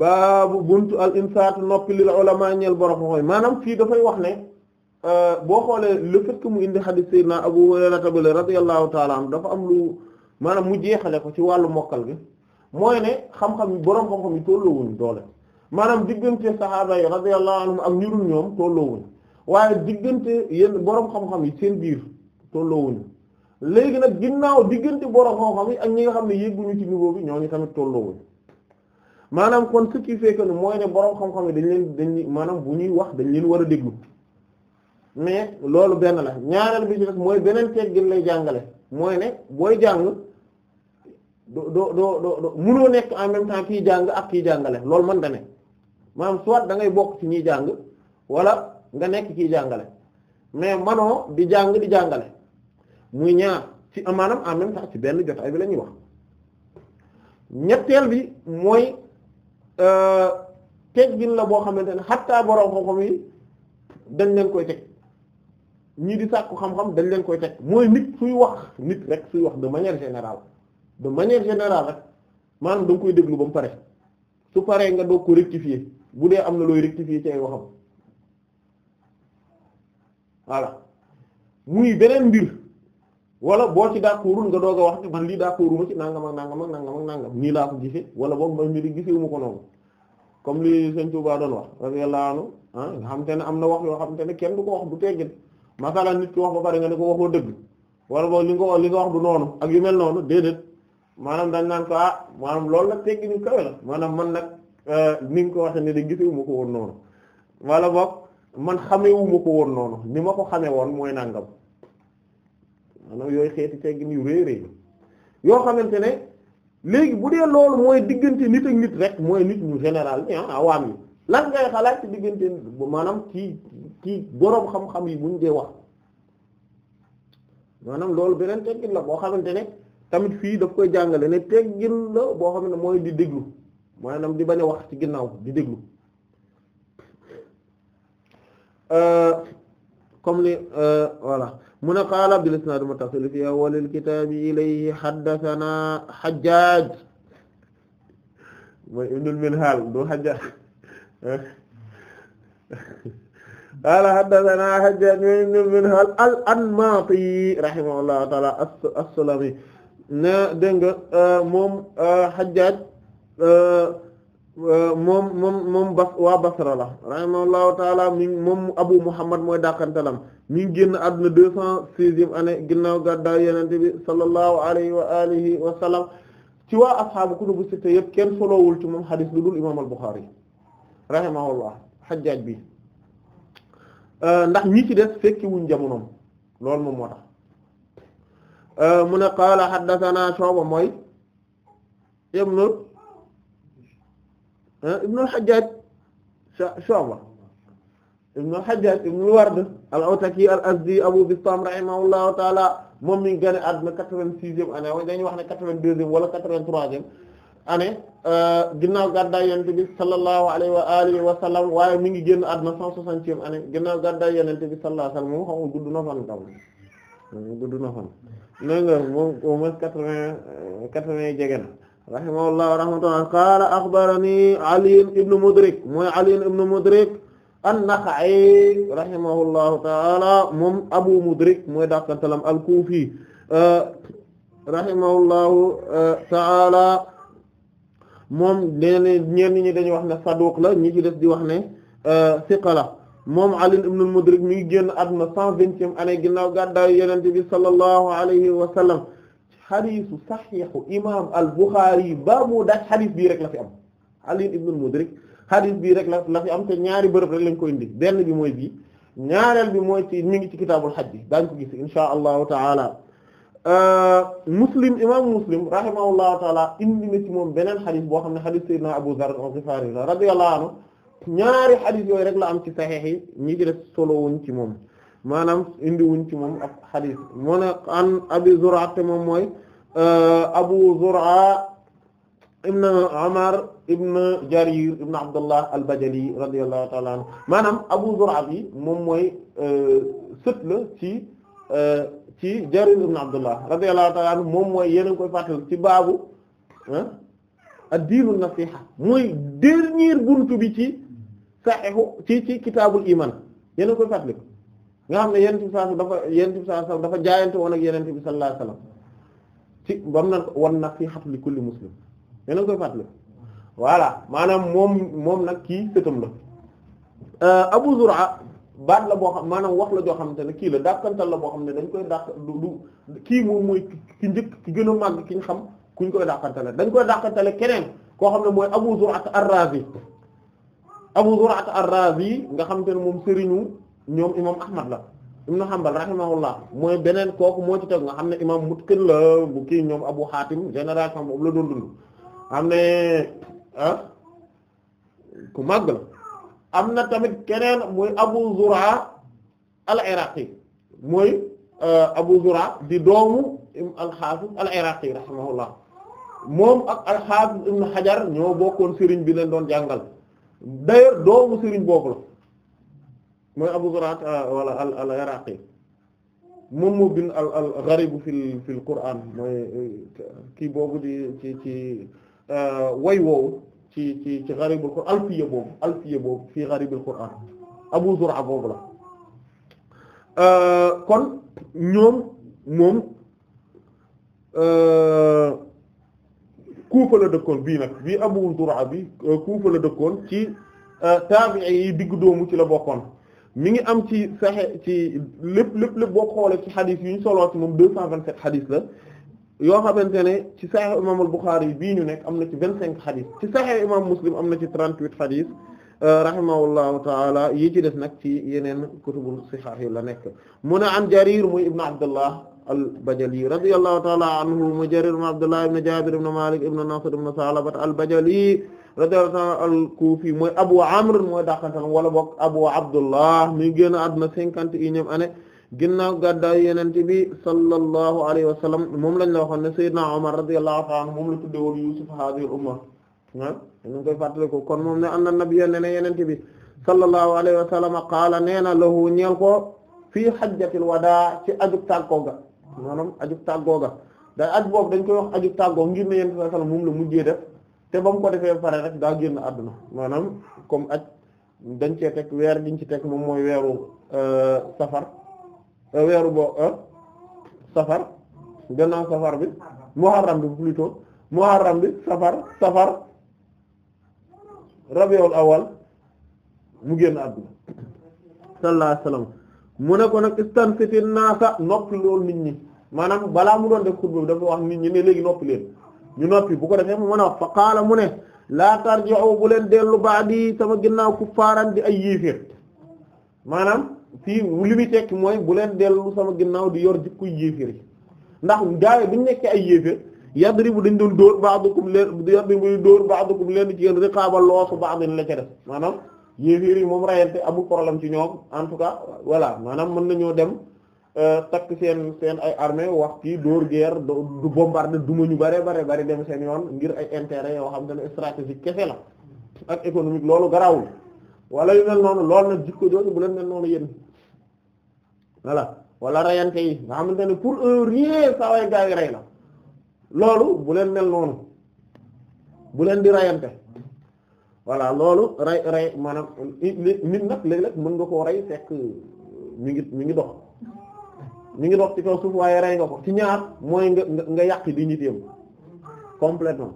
baabu buntu al infaaq noppi lil ulama ñeel boroom xam maanaam fii dafay wax ne Euh, boo xoolee le fait que mu indi xadis sayyidina Abu Hurayra bi radiyallahu ta'ala anhu dafa am lu maanaam mu jeexale ko ci wàllu mokkal gi mooy ne xam-xam yi boroom xam-xam yi tolloowuñu doole maanaam diggante sahaaba yi radiyallahu ak ñurul ñoom tolloowuñu waaye diggante yenn boroom xam yi seen biir tolloowuñu léegi nag ginnaaw diggante boroom xam-xam yi ak ñi nga xam ne yegguñu ci niveau bi ñooñu tamit tolloowuñu maanaam kon ce qui fait que mooy ne boroom xam-xam yi dañ leen dañ maanaam bu ñuy wax dañ leen war a déglu mais loolu benn la ñaareel bi ci def mooy beneen teggin lay jàngale mooy ne booy jàng doo doo doo doo mënoo nekk en même temps jàng ak kiy jàngale loolu man nga ne maanaam soit da ngay bokk ci ñuy jàng wala nga nekk kiy jàngale mais manoo di jàng di jàngale muy ñaar ci maanaam en même ci benn jotaay bi la ñuy wax ñetteel bi mooy euh, teggin la boo xamante ne xattaa borom xam-xam yi dañ leen koy teg ñii di sàkku xam-xam dañ leen koy teg mooy nit suy wax nit rek suy wax de manière générale de manière générale rek maanaam da nga koy déglu ba mu pare su paree nga doog ko rectifier bu dee am na looy rectifier ci ay waxam voilà muy beneen mbir wala boo ci d'accordul nga doog a wax ci man lii d'accorduma ci nangam ak nangam ak nangam ak nangam nii laa ko gisee wala boog ma mii di gisee wu ko noonu comme lii Sëñ Touba doon wax radiyallahu anhu ah nga xam te ne am na wax yoo xam te ne kenn du ko wax du teggin masalan nit ki wax ba pare nga ne ko waxoo dëgg wala boog li nga wax li nga wax du noonu ak yu mel noonu déedéet maanaam dañ naan ko ah maanaam lool nag teggi ñu kawe la maanaam man nag euh, ni nga ko waxee ne de gisewu ma ko woon noonu wala boog man xamewu ma ko woon noonu ni ma ko xamee woon mooy nangam yooyu xeeti teggin yu rëy rëy yoo xamante ne léegi bu dee lool mooy diggante nit ak nit rek mooy nit ñu général bi ah awaam yi lan ngay xalaat ci diggante maanaam kii kii boroom xam-xam yi buñ dee wax maanaam loolu beneen teggin la boo xamante ne tamit fii daf koy jàngale ne teggin la boo xam ne mooy di déglu maanaam di bañ a wax ci ginnaaw di déglu euh, comme ni euh, voilà mu ne qaala bil isnaad muttasil fi awwalil kitaabi ilayhi haddathana Hajjaaj mooy ibnul Minhaal du Hajjaaj qaala haddathanaa Hajjaaj ibn Minhaal al-Anmaati rahimahullahu ta'aala as-Sulami na dégg nga moom Hajjaaj moom moom moom bas waa Basra la rahimahullahu mi moom Abu Muhammad mooy dàqantalam mi ngi génn àdduna deux cent sixième année ginnaaw gàddaay Yonent bi sallallahu alayhi wa alihi wa sallam ci waa ashaabu kutubu sitta yëpp kenn solowul ci moom xadis lu imaam al-Bukhari rahimahullah xajjaaj bi euh, ndax ñi ci des fekki wuñ jamonoom loolu moom moo tax euh, mu ne qaala haddathana Shu'ba mooy ibnu ibnu al-Hajjaj Shu'ba ibnu al-Hajjaj ibnu al-Ward al-Awtaki al-Azdi Abu Bistam rahimahullahu ta'ala moom mi ngi gën a àdduna quatre-vingt-sixième année wax ne quatre-vingt-deuxième wala quatre-vingt-troisième année euh, ginnaaw gàddaay yonent bi sallallahu alayhi wa alihi waaye mi ngi génn àdduna cent soixantième année ginnaaw gàddaay sallallahu sallam moom xam gudd na fan gudd na fan na nga moom au moins quatre-vingts quatre-vingts ta'ala moom Abu Mudrik mooy dàqantalam al-Kufi euh, rahimahullahu euh, ta'ala moom ñenn ñenn ñi dañuy wax ne saduq la ñi ci des di wax ne euh, siqa la moom Ali ibn al-Mudrik mi ngi génn àdduna cent vingtième année ginnaaw gàddaayu Yonent bi sallallahu alayhi wa sallam xadiisu saxiixu imaam al-Bukhari ba mu daaj xadiis bii rek la fi am Ali ibn al-Mudrik xadiis bii rek la la fi am te ñaari bërëb rek lañ koy indi benn bi mooy bi ñaareel bi mooy ci mi ngi ci kitaabul xaj bi daañ ko gis insha allahu taala Euh, muslim imaamu muslim rahimahullahu taala indi na ci moom beneen xadis boo xam ne xadis sayyidina Abu Zarr al-Ghifari la radiyallahu anhu ñaari xadis yooyu rek la am ci saxiix yi ñi ci def solo wuñ ci moom maanaam indi wuñ ci moom ak xadis mu ne an Abi Zur'a te moom mooy euh, Abu Zur'a ibn Umar ibn Jarir ibn Abdullah al-Bajali radiyallahu taala anhu maanaam Abu Zur'a bi moom mooy euh, sët la ci. ci Jarir ibn Abdullah radiyallahu ta'ala anhu moom mooy yéen a ngi koy fàttali ci baabu ah ad-diinu nasiha mooy dernier buntu bi ci saxiixu ci ci kitaabul iman yéen a ngi koy fàttali nga xam ne yonent bi sallallahu dafa yonent bi sallallahu dafa jaayante woon ak yonent bi sallallahu alayhi wasallam ci bam na wan nasihatu li kulli muslim yéen koy fàttali wala maanaam moom moom nag kii sëtam la euh, Abu Zur'a baat la boo xam maanaam wax la joo xamante ne kii la dàqantal la boo xam ne dañ koy dàq du kii moom mooy ki njëkk ki gën màgg ki xam kuñ koy dàqantale dañ koy dàqantale keneen koo xam ne mooy Abu Zur'at ar-Razi Abu Zur'at ar-Razi nga xamante ne moom sëriñu ñoom imam Ahmad la Ibn Hanbal rahimahullah mooy beneen kooku moo ci teg nga xam ne imam kën la mu kii ñoom Abu Hatim génération boobu la doon dund am ne ah ku màgg la am na tamit keneen muy Abu Zur'a al-Iraqi mooy euh, Abu Zur'a di doomu al-Hafiz al-Iraqi rahimahullah moom ak al-Hafiz Ibn Hajar ñoo bokkoon sëriñ bi leen doon jàngal d'ailleurs doomu sëriñ boobu la mooy Abu Zur'a euh, wala al-Iraqi moom moo bind al gharib fil fil Qur'an mooy euh, kii boobu di ci ci way woowu ci ci ci gharibul Qur'an alfiya boobu alfiya boobu fii gharibul Qur'an Abu Zur'a boobu la euh, kon ñoom moom euh, Kufa la dëkkoon bii nag bii Abu Zur'a bi euh, Kufa la dëkkoon ci taabi'i yi diggu doomu ci la bokkoon mi ngi am ci saxe ci lépp lépp lépp boo xoolee ci xadis yu ñu soloo ci moom deux cent vingt la yoo xamante ne ci Sahih imaamul Bukhari yi bii ñu nekk am na ci vingt cinq xadis ci Sahih imam Muslim am na ci trente huit xadis euh, rahimahullahu taala yi ci des nag ci yeneen kutubul sihah yi la nekk mu ne an Jarir muy ibn Abdullah al-Bajali radiyallahu taala anhu mu Jarir ibn Abdullah ibn Jabir ibn Malik ibn Nasr ibn Salaba al-Bajali radiyallahu taala al-Kufi mooy Abu Amr mooy dàqantan wala bokk Abu Abdullah mi génn àdduna cinquante et unième année ginnaaw gàddaayu yenente bi sallallahu alayhi wa moom lañ la waxoon ne sayyidna Umar radiyallahu anhu moom la tudde woon Yusuf hadhihi al umma ah ñu koy fàttali kon moom ne anna nabiyya ne ne yenente bi sallallahu alayhi wa sallam qaala nee na lahu ñeel ko fii hajjatil wadaa ci ajug tàggoo ga maanaam ajug tàggoo ga da aj boobu dañ koy wax ajug tàggoo ngir ne yenente sallallahu moom la mujjee def te ba mu ko defee pare rek daa génn àdduna maanaam comme aj dañ cee teg weer giñ ci teg moom mooy weeru euh, safar Euh, weeru bo euh, safar gannaaw safar bi muharram bi plutôt muharram bi safar safar rabiul awal mu génn àdduna sallallahu alayhi wasallam mu ne ko nag istanfiti naasa noppi loolu nit ñi maanaam balaa mu doon def xutba bi dafa wax nit ñi ne léegi noppi leen ñu noppi bu ko defee mu mën a fa qaala mu ne laa tarji'u bu leen dellu ba'di sama ginnaaw kuffaaran di ay yiifir maanaam fii li muy tekki mooy bu leen dellu sama ginnaaw di yor jikkoy yéefér yi ndax gaawe bi ñu nekkee ay yéefér yadribu dañ doon dóor ba'dukum leen yadribu dóor ba'dukum leen ci yéen riqaaba loosu ba'din la ca def maanaam yéefér yi moom rayante amul problème ci ñoom en tout cas voilà maanaam mën nañoo dem euh, takk seen seen ay armée wax kii dóor guerre du bombarder duma ñu bare bare bari dem seen yoon ngir ay intérêt yoo xam te ne stratégique kese la ak économique loolu garawul wala yu mel noonu loolu nag jikko jooju bu leen mel noonu yéen voilà wala rayante yi nga xamante ne pour un rien saa waay gaa yi rey la loolu bu leen mel noonu bu leen di rayante voilà loolu rey rey maanaam nit nag léeg-léeg mën nga koo rey fekk euh, mi ngi mi ngi dox mi ngi dox ci kaw suuf waaye rey nga ko ci ñaar mooy nga nga yàq di nit yam complètement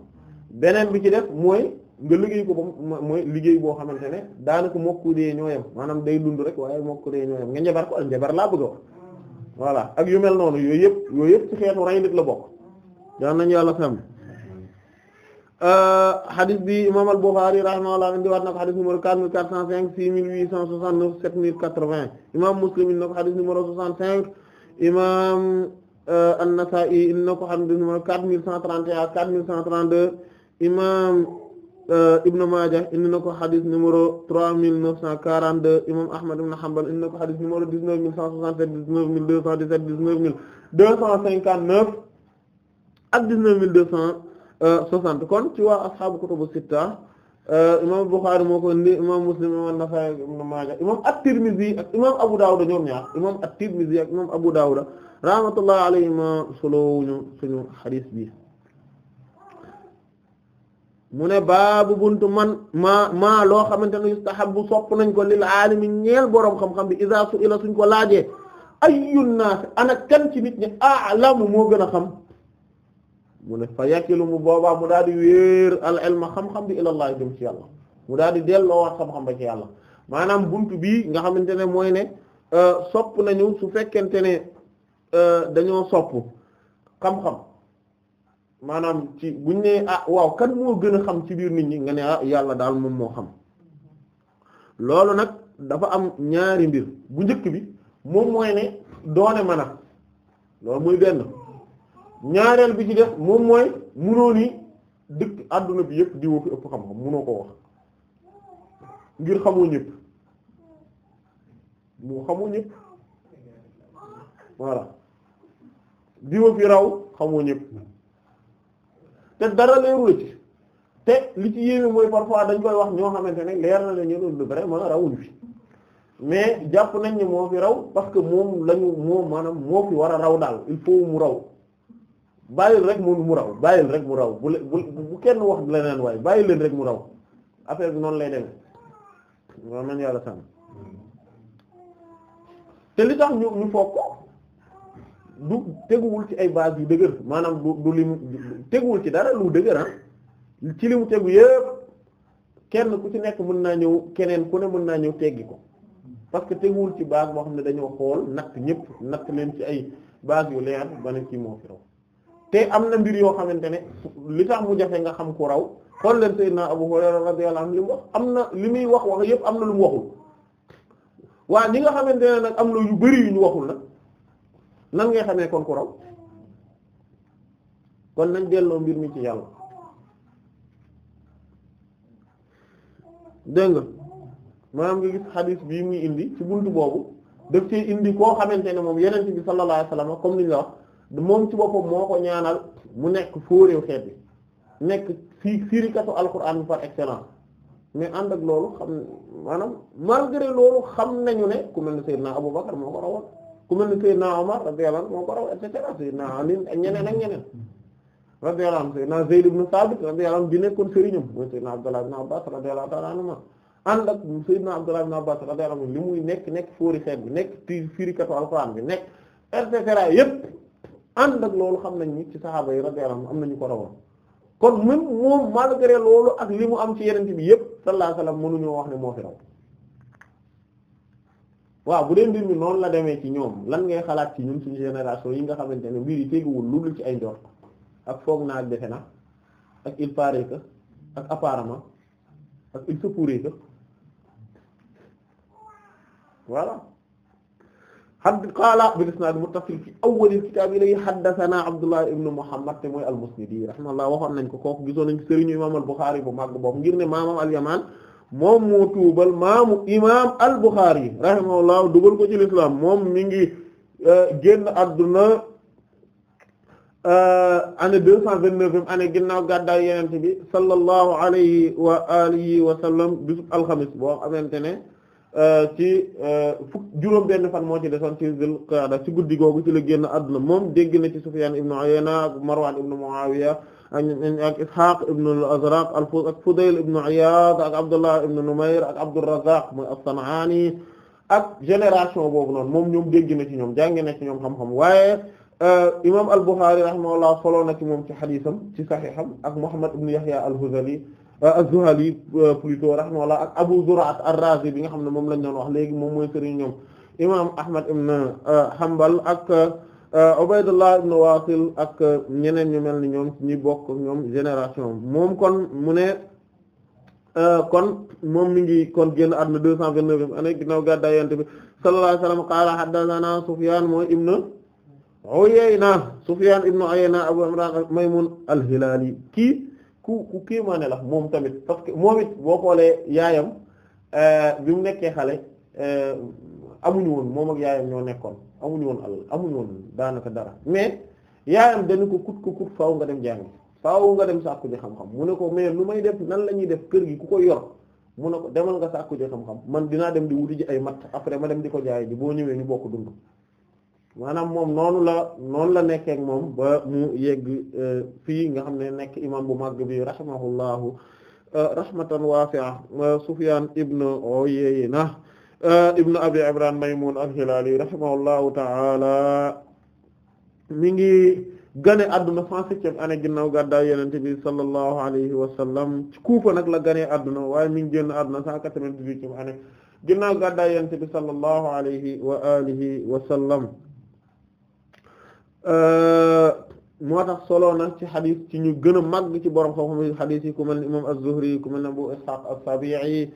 beneen bi ci def mooy nga liggéey ko ba mooy liggéey boo xamante ne daanaka mokku dee ñoo yem day dund rek waaye mokku dee ñoo nga njabar ko ak njabar laa bëgg a wax voilà ak yu mel noonu yooyu yëpp yooyu yëpp ci xeetu rey nit la bokk daan nañu yàlla fem xadis euh, bi imam al-Bukhari rahimahullah indi waat na ko xadis numéro 4405 6869 7080 imam Muslim indi na ko xadis numéro 65 imam euh, an-Nasa'i indi na ko xadis numéro 4131 4132 Euh, ibn Maaja indi na ko xadis numéro trois mille neuf cent quarante deux imam Ahmad ibn Hanbal indi na ko xadis numéro dix neuf mille cent soixante sept dix neuf mille deux cent dix sept dix neuf mille deux cent cinquante neuf ak dix neuf mille deux cent euh, soixante kon ci waa ashaabu kutubu sitta euh, imam Bukhari moo ko indi imam Muslim imam Nasaa'i Ibn Maaja imam at-Tirmidhi ak imam Abu Dawud ñoom ñaar imam at-Tirmidhi ak imam Abu Dawud rahmatullahi alayhima solo ñu suñu xadis bi. mu ne baabu bunt man maa maa loo xamante ne yustahabbu sopp nañ ko lil aalimi ñeel boroom xam-xam bi iza su'ila suñ ko laajee ayyun naa ana kan ci nit ñi a'lamu moo gën a xam mu ne fa yakilu mu boobaa mu daal di wéer al ilma xam-xam bi ilallaah dem ci mu daal di delloo delloowaat xam-xam ba ci yàlla maanaam bunt bii nga xamante ne mooy ne euh, sopp nañu su fekkente ne euh, dañoo sopp xam-xam maanaam ci buñ ne ah waaw kan moo gën a xam ci biir nit ñi nga ne ah, yàlla daal moom moo xam loolu nag dafa am ñaari mbir bu njëkk bi moom mooy ne doone mën a loolu muy benn ñaareel bi ci def moom mooy munoo ni dëkk àdduna bi yëpp diwoo ko ëpp xam-xam munoo ko wax ngir xamoo ñëpp mu xamoo ñëpp voilà diwa fi raw xamoo ñépp te dara leeru ci te li ci yéeme mooy parfois dañ koy wax ñoo xamante ne leer na la ñu doon vraiment rawul fi mais jàpp nañ ne moo fi raw parce que moom lañu moom maanaam moo fi war a raw daal il faut mu raw bàyyil rek mu raw bàyyil rek mu raw bu bu kenn wax leneen waaye bàyyi leen rek mu raw affaire bi noonu lay demee waaw man yàlla sàmm te li tax ñu ñu foog du teguwul ci ay base yu dëgër maanaam du du limu teguwul ci dara lu dëgër ah. ci li mu tegu yëpp kenn ku ci nekk mën naa ñëw keneen ku ne mën naa ñëw teggi ko parce que teguwul ci base boo xam ne dañoo xool natt ñëpp natt leen ci ay base yu leer ba ne kii moo fi raw te am na mbir yoo xamante ne li tax mu jafe nga xam ku raw xool leen Seydina Abu Hurayra radiyallahu anhu li mu wax am na li muy wax wax yëpp am na lu mu waxul waa ñi nga xamante ne nag am na yu bari yu ñu waxul nag nan ngay xamee kon ku raw kon nañ delloo mbir mi ci yàlla dégg nga maanaam nga gis xadiis bii muy indi ci buntu boobu daf ci indi koo xamante ne moom yeneen bi sallallahu alayhi wasallam comme ni ñu la wax moom ci boppam moo ko ñaanal mu nekk fóoréew xeet bi nekk fii firikatu alquran bi par excellence mais ànd ak loolu xam maanaam malgré loolu xam nañu ne ku mel ne Seydina Abubakar moo ko rawoon ku mel ni Seydina Omar radiyallahu anhu moo ko raw et cetera Seydina Ali ak ñeneen ak ñeneen radiyallahu anhu Seydina Zayd ibn Thabit radiyallahu anhu bi nekkoon sëriñam mooy Seydina Abdullah ibn Abbas radiyallahu ta'ala Abbas radiyallahu anhu li muy nekk nekk fóori xeet bi nekk ti firikatu alxuraan bi nekk et cetera yépp ànd ak loolu xam nañ ni ci saxaaba yi radiyallahu anhum am nañu ko rawoon kon même moom malgré loolu ak li mu am ci yeneen bi yépp sallallahu alayhi wasallam mënuñoo wax ne moo fi raw waaw bu dee mbir mi noonu la demee ci ñoom lan ngay xalaat ci ñun suñu génération yi nga xamante ne mbir yi teguwul loolu ci ay njort ak foog naa defe na ak il paraît que ak apparemment ak il se pourrait que voilà xadd qaala bil isnaad muttasil fi awwalil kitaab ilay haddasanaa Abdullah ibn Muhammad te mooy al-Musnidi rahimahullah waxoon nañ ko kooku gisoon nañ sëriñu imaam al-Bukhari bu màgg boobu ngir ne maamam al-Yamaan moom moo tuubal maamu imaam al-Bukhari rahimahullah dugal ko ci lislaam moom mi ngi euh, génn adduna euh, année deux cent vingt ginnaaw gàddaay yenente bi sallallahu alayhi wa alihi wa sallam bisub alxamis boo xamante ne euh, ci fukk juróom benn fan moo ci desoon ci Zul Qaada ci guddi googu ci la génn adduna moom dégg ci Sufyaan ibnu Uyayna Marwaan ibnu Muawiya ak Ishaq ibn al-Azraq ak Fudayl ibn Iyad ak Abdullah ibn Numayr ak Abdurrazzaq mooy as-San'ani ak génération boobu noonu moom ñoom dégg na ci ñoom jàng na ci ñoom xam-xam waaye euh, imam al-Bukhari rahimahullah solo na ci moom ci xadisam ci saxiixam ak Muhammad ibn Yahya al-Huzali euh, az-Zuhali euh, plutôt rahimahullah ak Abu Zur'a ar-Razi bi nga xam ne moom lañ doon wax léegi moom mooy sëriñ ñoom imam Ahmad ibn Hanbal ak Euh, Ubaydullah ibn Wasil ak euh, ñeneen ñu mel ni ñoom ñi bokk ñoom génération moom kon mu ne euh, kon moom mi ngi kon génn àdduna deux cent vingt-neuf année ginnaaw gàddaay Yonent bi sallallahu alayhi wa sallam qaala haddathana Sufyaan mooy ibn Uyayna Sufyaan ibn Uyayna Abu Imraan Maymuun al-Hilaali kii ku kii maa la moom tamit parce que moom it boo xoolee yaayam bi mu nekkee xale amuñu woon moom ak yaayam ñoo nekkoon amuñu woon alal amuñu daanaka dara mais yaayam dañu ko kut ko kut faaw nga dem jàngi faaw nga dem sàkku ji xam-xam mu ne ko mais lu may def nan la ñuy def kër gi ku koy yor mu ne ko demal nga sàkku ji xam-xam man dinaa dem di wuti ji ay mat après ma dem di ko jaay ji boo ñëwee ñu bokk dund maanaam moom noonu la noonu la nekkeek moom ba mu yegg euh, fii nga xam ne nekk imam bu màgg bi rahimahullahu euh, rahmatan wasi'a Sufyan ibn na Euh, ibnu abi imran maymun al-hilali rahimahullahu ta'ala mi ngi gane adduna cent septième année ginnaaw gàddaay yenente bi sallallahu alayhi wa sallam ci Kuufa nag la ganee adduna waaye mi ngi génn adduna cent quatre-vingt-dix-huitième année ginnaaw gàddaay yenente bi sallallahu alayhi wa alihi wa sallam euh, moo tax solo na ci xadis ci ñu gën a màgg ci borom xam-xam yi ku mel ni imam az-Zuhri ku mel ni Abu Ishaq as-Sabi'i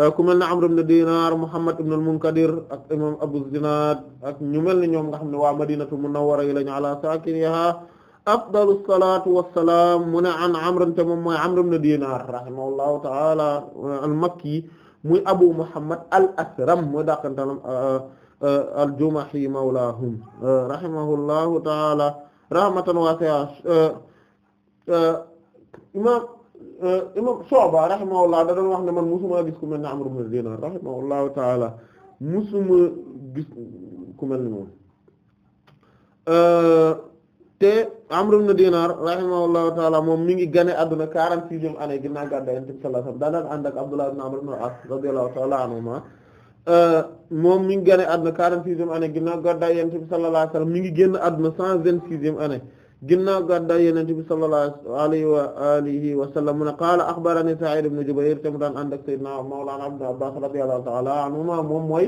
Eh, ku mel ne Amr ibn Dinar Muhammad ibn al-Munkadir ak imam Abu Zinad ak ñu mel ne ñoom nga xam ne waa Madinatu Munawwara yi lañu ala saakiniha afdalu salaatu wassalaam mu ne an Amr te moom mooy Amr ibn Dinar rahimahullahu ta'ala al-Makki muy Abu Muhammad al-Asram mooy daqantalam eh, eh, al-Jumahi mawlaahum rahimahullahu ta'ala rahmatan waasi'a imam Euh, imam Shu'ba rahimahullah da doon wax ne man musuma gis ku mel ne Amr ibn Dinar rahimahullahu taala musuma gis moom euh, taala moom mi ngi gane adduna quarante-sixième année ginnaaw gàddaay Yonent bi sallallahu alayhi wasallam daanaka ànd ak Abdullah ibn euh, mi ngi gane adduna quarante-sixième année ginnaaw gàddaay Yonent mi ngi génn adduna cent vingt-sixième année ginnaaw gàddaay yonent bi sallallahu alayhi wa alihi wa sallam mu ne qaala axbarani Sa'id ibn Jubayr te mu daan ànd ak sayyidina mawlana Ibn Abbas radiyallahu ta'ala anhuma moom mooy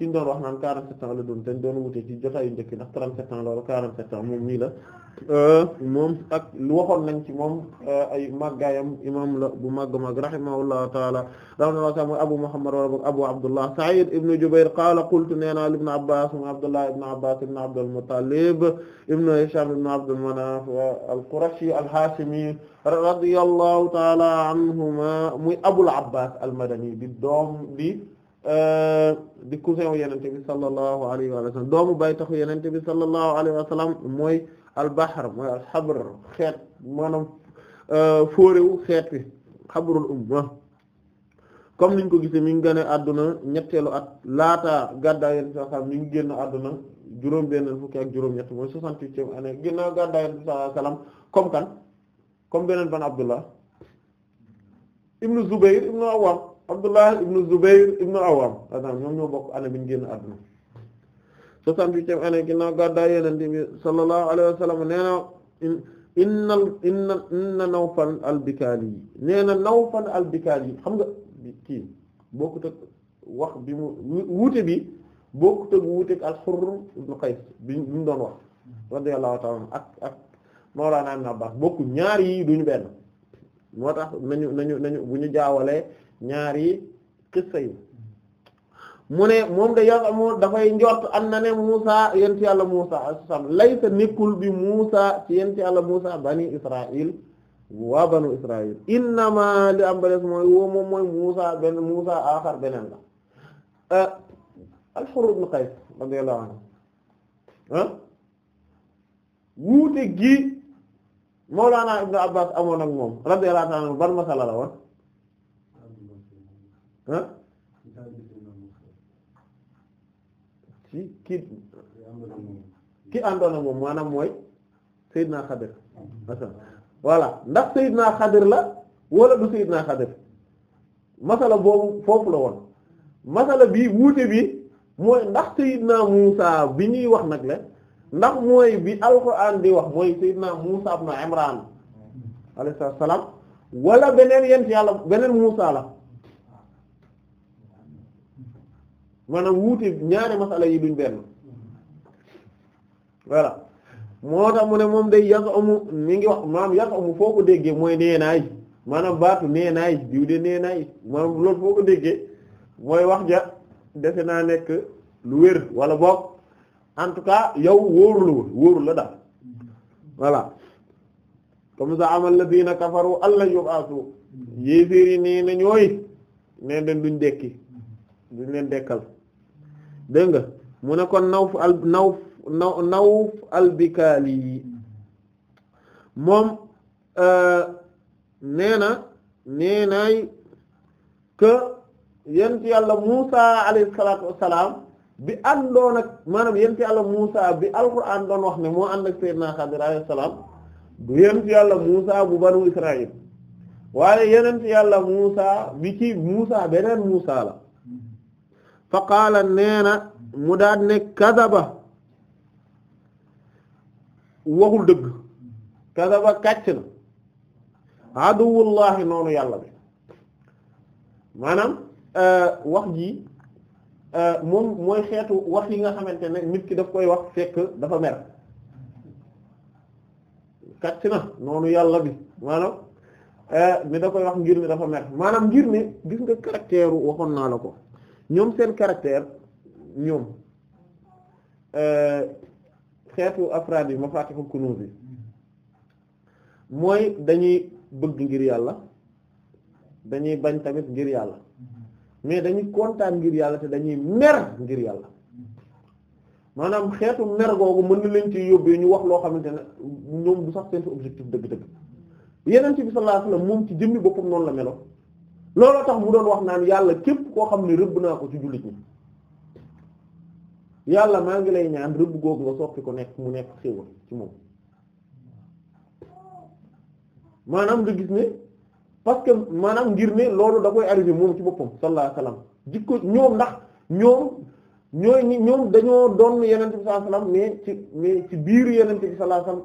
ki ñu doon wax naan 47 ans la doon dañ doon wute ci jotaayu njëkk ndax 37 ans loolu 47 ans moom nii la euh, moom ak lu waxoon nañ ci moom euh, ay màggaayam imam la bu màgg màgg rahimahullahu taala rahimahullahu taala mooy Abu Muhammad wala boog Abu Abdullah Sa'id ibn Jubayr qaala qultu nee naa ibn Abbas ibn Abdullah ibn Abbas ibn Abdul Muttalib ibn Hisham ibn Abdul Manaf al-Qurashi al-Hashimi radiyallahu taala anhuma muy Abul Abbas al-Madani di doom di di cousin yenente bi sallallahu alayhi wa sallam doomu bay taxu yenente bi sallallahu alayhi wa sallam mooy albaxar mooy alxabr xeet maanaam euh, fóoréwu xeet bi xabrul umma comme niñ ko gisee mi ngi gëne àdduna ñetteelu at laata gàddaa yenente bi sallam mi génn àdduna juróom benn fukki ak juróom ñett mooy soixante-huitième année ginnaaw gàddaa yenente bi kan comme beneen ban Abdullah ibnu Zubayr ibnu Awwam Abdullah ibn Zubayr ibn Awwam maanaam ñoom ñoo bokk année bi ñu génn àdduna soixante-huitième année ginnaaw gàddaay Yonent bi sallallahu alayhi wa sallam nee inna Nawfal al-Bikali yi nee Nawfal al-Bikali yi xam nga kii bokkut ak wax bi mu wuute bi bokkut ak wuute ak al-Hurr ibn bi mu doon wax radiyallahu ta'ala ak ak Mawlana Ibn Abbas bokku ñaar yi duñu benn moo tax nañu nañu bu ñu jaawalee ñaari qissa yi mu ne moom da yasamu dafay njort am ne Musa yent yàlla Musa assalam laysa nekkul bi Musa ci yent yàlla Musa bani Israil waa banu Israil innama li am mooy woo moom mooy Musa benn beneen la euh, al-Hurr ibn Qays radiyallahu anhu wuute gi Mawlana Ibn Abbas amoon ak moom radiyallahu anhu bar masala la woon ah ci ki ki àndoon ak moom maanaam mooy Seydina Xadir voilà ndax naa Xadir la wala du Seydina Xadir masala boobu foofu la woon masala bii wuute bi mooy ndax Seydina Muusa bi ñuy wax nag la ndax mooy bi alxuraan di wax mooy Seydina Muusa ibn Imraan alayhi salaam wala beneen yent yàlla beneen Muusa la maanaam wuute ñaari masala yi duñ benn voilà moo tax mu ne moom day yàq amu mi ngi wax maam yàq amu foo ko déggee mooy neenaay maanaam baatu neenaay diw de neenaay maanaam loolu foo ko déggee mooy wax ja defe naa nekk lu wér walla boog en tout cas yow wóoru la woon la daal voilà comme ça amal ladina kafaru alla yub'asu yéeféeri nee na ñooy nee den duñ dekki duñ leen dekkal dégg nga mu ne kon nawf al nawf nawf albikaali moom euh, nee na nee naay que yent yàlla Muusa alayhi salaatu wassalaam bi àndoon ak maanaam yent yàlla Muusa bi alxuraan doon wax ne moo ànd ak Seydina Xadir alayhi salaam yent yàlla Muusa bu banu Israil waaye yenent yàlla Muusa bi ci Muusa beneen Muusa la fa qaala nee na mu daal ne kadaba waxul dëgg kadaba kàcc na aduwullahi noonu yàlla bi maanaam euh, wax ji euh, moom mooy xeetu wax yi nga xamante ne nit ki daf koy wax fekk dafa mer kàcc na noonu yàlla bi maanaam euh, ni da koy wax ngir ne dafa mer maanaam ngir ne gis nga caractère waxoon naa la ko ñoom seen caractère ñoom euh, xeetu afraad yi mafatihul kunuz bi mooy dañuy bëgg ngir yàlla dañuy bañ tamit ngir yàlla mais dañuy kontaan ngir yàlla te dañuy mer ngir yàlla maanaam xeetu mer googu mën na leen ci yóbbee ñu wax loo xamante ne ñoom du sax seen objectif dëgg-dëgg yeneen ci bi sallallahu alayhi la moom ci jëmmi boppam noonu la melo looloo tax mu doon wax naan yàlla képp koo xam ne rëbb naa ko ci jullit ñi yàlla maa ngi lay ñaan rëbb googu nga soppi ko nekk mu nekk xéwal ci moom maanaam nga gis ne parce que maanaam ngir ne loolu da koy arrivé moom ci boppam sallallahu alayhi wasallam jikko ñoom ndax ñoom ñooy ñoom dañoo doon yenente bi sallallahu mais ci mais ci biir yenente bi sallallahu alayhi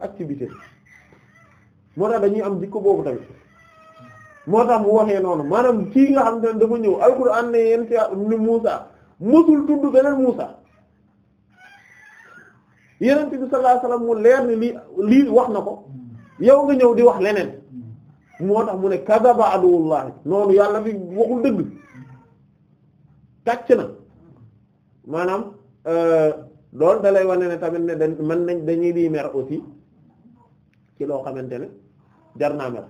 moo tax dañuy am dikko boobu tamit moo tax mu waxee noonu maanaam kii nga xam ne dafa ñëw alxuraan ne yéen ni Muusa mësul tudd beneen Muusa yonent bi sallallahu alayhi wasallam mu leer ni lii lii wax na ko yow nga ñëw di wax leneen moo tax mu ne kadaba aduwullahi noonu yàlla bi waxul dëgg tàcc na maanaam euh, loolu da lay wane ne tamit ne dañ mën nañ dañuy di mer aussi ci loo xamante ne jar naa mer.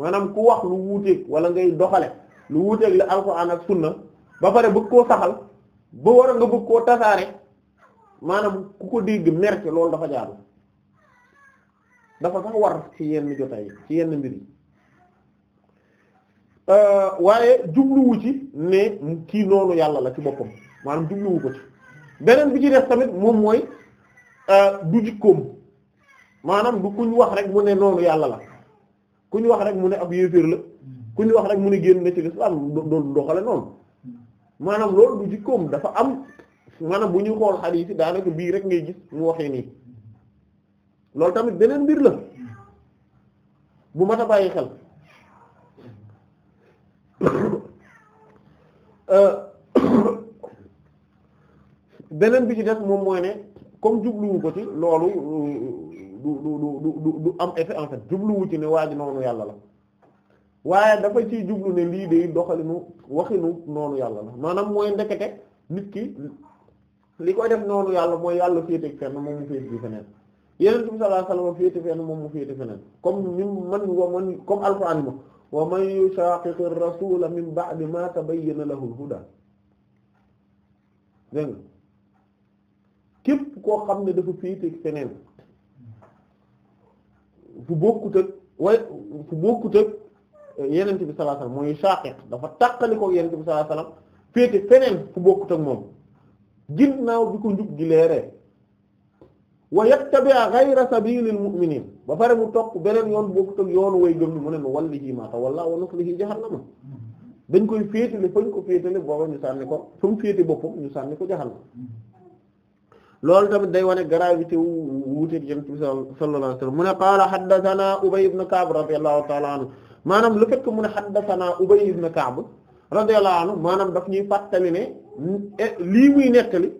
maanaam ku wax lu wuuteeg wala ngay doxale lu wuuteeg la alxuraan ak sunna ba pare bëgg koo saxal ba war a nga bëgg koo tasaare maanaam ku ko dégg merke loolu dafa jaadu dafa sax war ci yenn jotaay ci yenn mbir yi euh, waaye jubluwu ci ne kii noonu yàlla la ci boppam maanaam jubluwu ko ci beneen bi ci def tamit moom mooy euh, du jikkoom maanaam du kuñ wax rek mu ne noonu yàlla la ku ñu wax rek mu ne ab yéeféer la hmm. ku ñu wax rek mu ne génn na ci lislaam doon doxale noonu hmm. maanaam loolu du jikkoom dafa am maanaam bu ñuy xool xadiis yi daanaka bii rek ngay gis mu waxee nii loolu tamit beneen mbir la hmm. bu mat a bàyyi xel euh, beneen bi ci def moom mooy ne comme jubluwu ko ci loolu euh, du du du du am effet en fait jubluwu ci ne waa ji noonu yàlla la waaye dafa ci jublu ne lii day doxalinu waxinu noonu yàlla la maanaam mooy ndekete nit ki li koy def noonu yàlla mooy yàlla féete fenn moom mu féete bi feneen yeneen bi sallallahu alayhi wasallam féete fenn moom mu féete feneen comme nim man wa man comme alquran ma wa man yushaqiqi rasula min ba'di ma tabayyana lahu al-huda dégg nga képp koo xam ne dafa féete feneen fu bokkut ak way fu bokkut ak eh, yenente bi sallallahu alayhi mooy shaqiq dafa taqali ko yenente bi sallallahu alayhi wasallam féete feneen fu bokkut ak moom ginnaaw bi ko njub gi leeree wa yattabi'a ghayra sabilil mu'minin ba pare mu toq beneen yoon bokkut ak yoonu way gëm ni mu ne nu wallihi ma tawalla wa na jahannama dañ koy féetale fañ ko féetale booba ñu sànni ko fa mu féete boppam ñu sànni ko jahannam loolu tamit day wane gravité wu wuuteeg yonent bi sallallahu alayhi wasallam mu ne qaala haddathana Ubay ibn Ka'b radiyallahu ta'ala anhu maanaam lu fait que mu ne haddathana Ubay ibn Ka'b radiyallahu anhu maanaam daf ñuy pattali ne e, lii muy nettali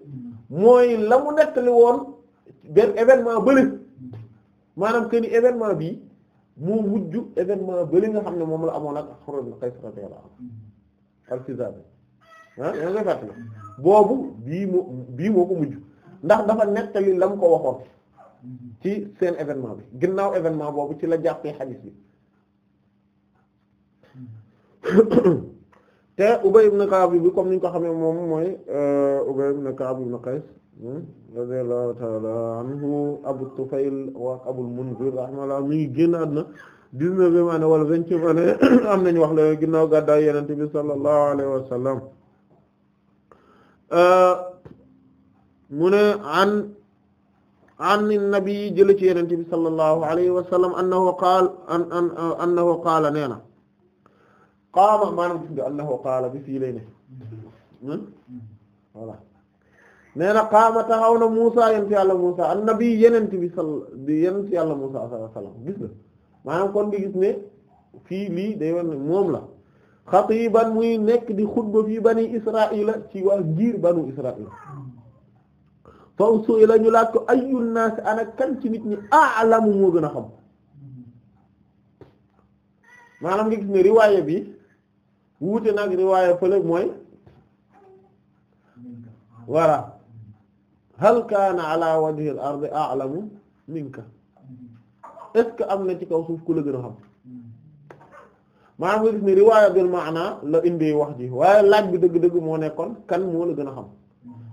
mooy la mu nettali woon benn événement bële maanaam que ni événement bii moo mujj événement bële nga xam ne moom la amoon ak Hurr ibn Qays radiyallahu anhu al-Fizazi ah, boobu bii moo bii moo ko mujj. ndax dafa nettali la mu ko waxoon mm-hmm. ci seen événement bi ginnaaw événement boobu ci la jàppee xadiis bi mm-hmm. te Ubay ibn Ka'b bi comme ni ko xamee moom mooy euh, Ubay ibn Ka'b ibn Qays hmm, radiyallahu ta'ala anhu Abu Tufayl wa Abul Munzir rahimahullah na dix-neuvième année wala vingtième am nañu wax la ginnaaw gàddaay Yonent bi sallallahu alayhi wa sallam euh, mu ne an an nabi jële ci yenente bi sallallahu alayhi wa sallam annahu qaal an an annahu qaala nee na qaama maanaam gis nga annahu qaala bi fii lay ne hmm? voilà nee na qaama taxaw na Muusaa yent yàlla Muusaa an nabi yenent bi sal di yenent yàlla Muusaa sallallahu alayhi wa sallam gis nga maanaam kon di gis ne fii lii day won moom la xatiiban muy nekk di xutba fii bani Israa'iila ci waa giir banu Israa'iila faw su la ñu laaj ko ayyun naas a kan ci nit ñi a'lamu moo gën a xam maanaam nga gis ne riwaaya bi wuute nag riwaaya fële mooy voilà hal kaana ala wajhi al a'lamu minka est am na ci kaw suuf ku la gën a xam maanaam nga gis ne riwaaya bil maana la indi wax ji waaye laaj bi dëgg-dëgg moo nekkoon kan moo la gën a xam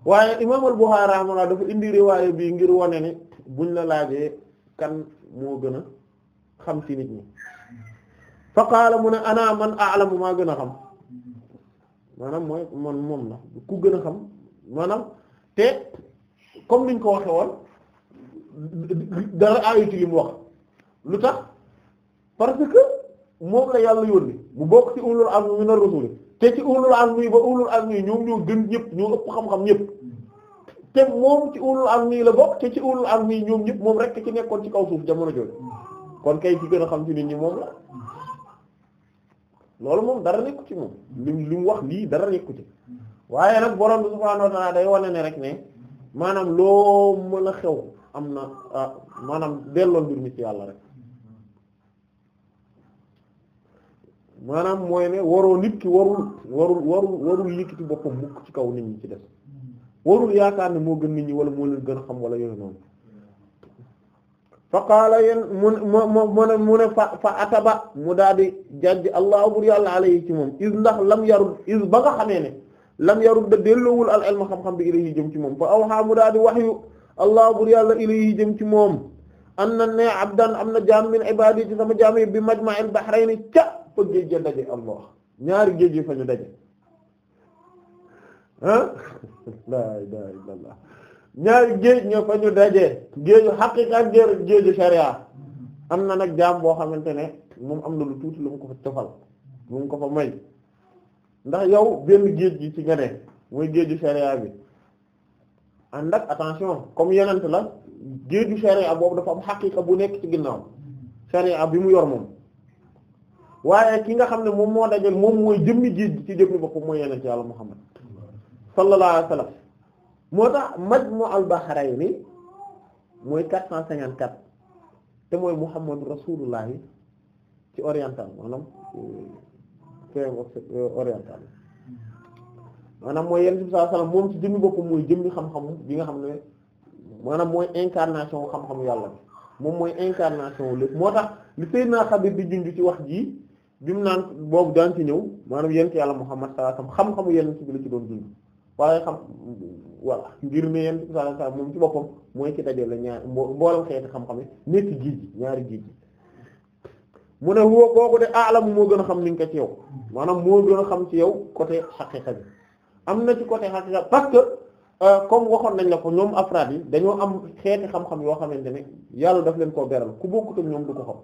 waaye imaam al-Bukhari rahimahullah dafa indi riwaaya bi ngir wane ni buñ la laajee kan moo gën a xam ci nit ñi fa qaala mu ne ana man a'lamu maa gën a xam maanaam mooy man ku gën a xam maanaam te comme niñ ko waxe woon dara ayu ci wax lu tax parce que moom la yàlla yónni mu bokk ci ulul azmi minar rusuli te ci ulul azmi ba ulul azmi ñoom ñoo gën ñëpp ñoo ëpp xam-xam ñëpp te moom ci ulul azmi la bokk te ci ulul azmi ñoom ñëpp moom rek ci nekkoon ci kaw suuf jamono jooju kon kay ci gën a xam ci nit ñi moom la loolu moom dara nekku ci moom lim li mu wax lii dara nekku ci waaye nag borom bi subhaanahu wa ta'ala day wane ne rek ne maanaam loo mën a xew am na ah, maanaam delloo mbir mi yàlla rek maanaam mooy ne waroo nit ki warul warul warul warul yëkkati boppam mukk ci kaw nit ñi ci def warul yaakaar ne moo gën nit ñi wala moo leen gën a xam wala yooyu noonu fa qaala yéen mu mu mu ne fa fa ataba mu daal di jajj allah bur yàlla alayhi ci moom is ndax lam yarud is ba nga xamee ne lam yarud da delloowul al ilma xam-xam bi ilayhi jëm ci moom fa awxaa mu daal di waxyu allah bur yàlla ilayhi jëm ci moom an na ne abdan am na jaam min ibaadi ci sama jaam bi majma'il bahrayni ca fa géej ga daje Allah ñaari géej yi fa ñu daje ñaari géej ñoo fa ñu daje géeju xaqiqa ak géeju sharia am na nag jaam boo xamante ne moom am na lu tuuti lu mu ko fa tofal lu ko fa may ndax yow benn géej gi ci nga ne mooy géeju sharia bi ànd ak attention comme yenent la géeju sharia boobu dafa am xaqiqa bu nekk ci ginnaaw sharia bi mu yor moom waaye ki nga xam ne moom moo dajal moom mooy jëmmi géej ci jëmmi boppam mooy yeneen ci yàlla Muhammad sallallahu alayhi wa sallam moo tax majmu al-bahrayni mooy 454 te mooy Muhammadu Rasulullah ci oriental maanaam fin oriental maanaam mooy yeneen moom ci jëmmi boppam mooy jëmmi xam bi nga xam ne maanaam mooy incarnation xam-xamu yàlla bi moom mooy incarnation lépp moo tax li Seydina Xadir di junj ci wax jii bi naan boobu daan ci ñëw maanaam yent yàlla Muhammad sallallahu alayhi wasallam xam-xamu yenn ci bi la ci doon dund waaye xam voilà ngir ne yent sallallahu alayhi moom ci boppam mooy ci dajale ñaar mboolem xeeti xam-xam yi nekk gi ñaari géej mu ne huwa kooku de a'lam moo gën a xam ni nga ko ci yow maanaam moo gën a xam ci yow côté xaqiqa bi am na ci côté xaqiqa parce que euh, comme waxoon nañ la ko ñoom afraad yi dañoo am xeeti xam-xam yoo xamante ne yàlla daf leen koo beral ku bokkut ak ñoom du ko xam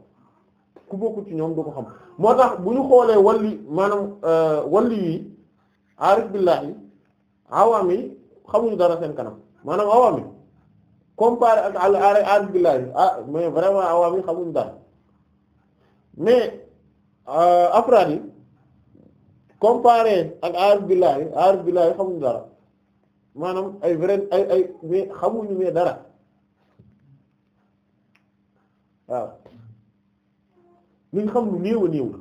ku bokkul ci ñoom du ko xam moo tax bu ñu xoolee walli maanaam euh, walli yi aarif billahi awaam yi xamuñu dara seen kanam maanaam awaam yi comparé ak al aarif billahi ah vraiment awaam yi xamuñu dara mais euh, afraad yi comparé ak aarif billahi aarif billahi xamuñu dara maanaam ay vrai ay ay mais xamuñu mais dara waaw liñ xam lu néew a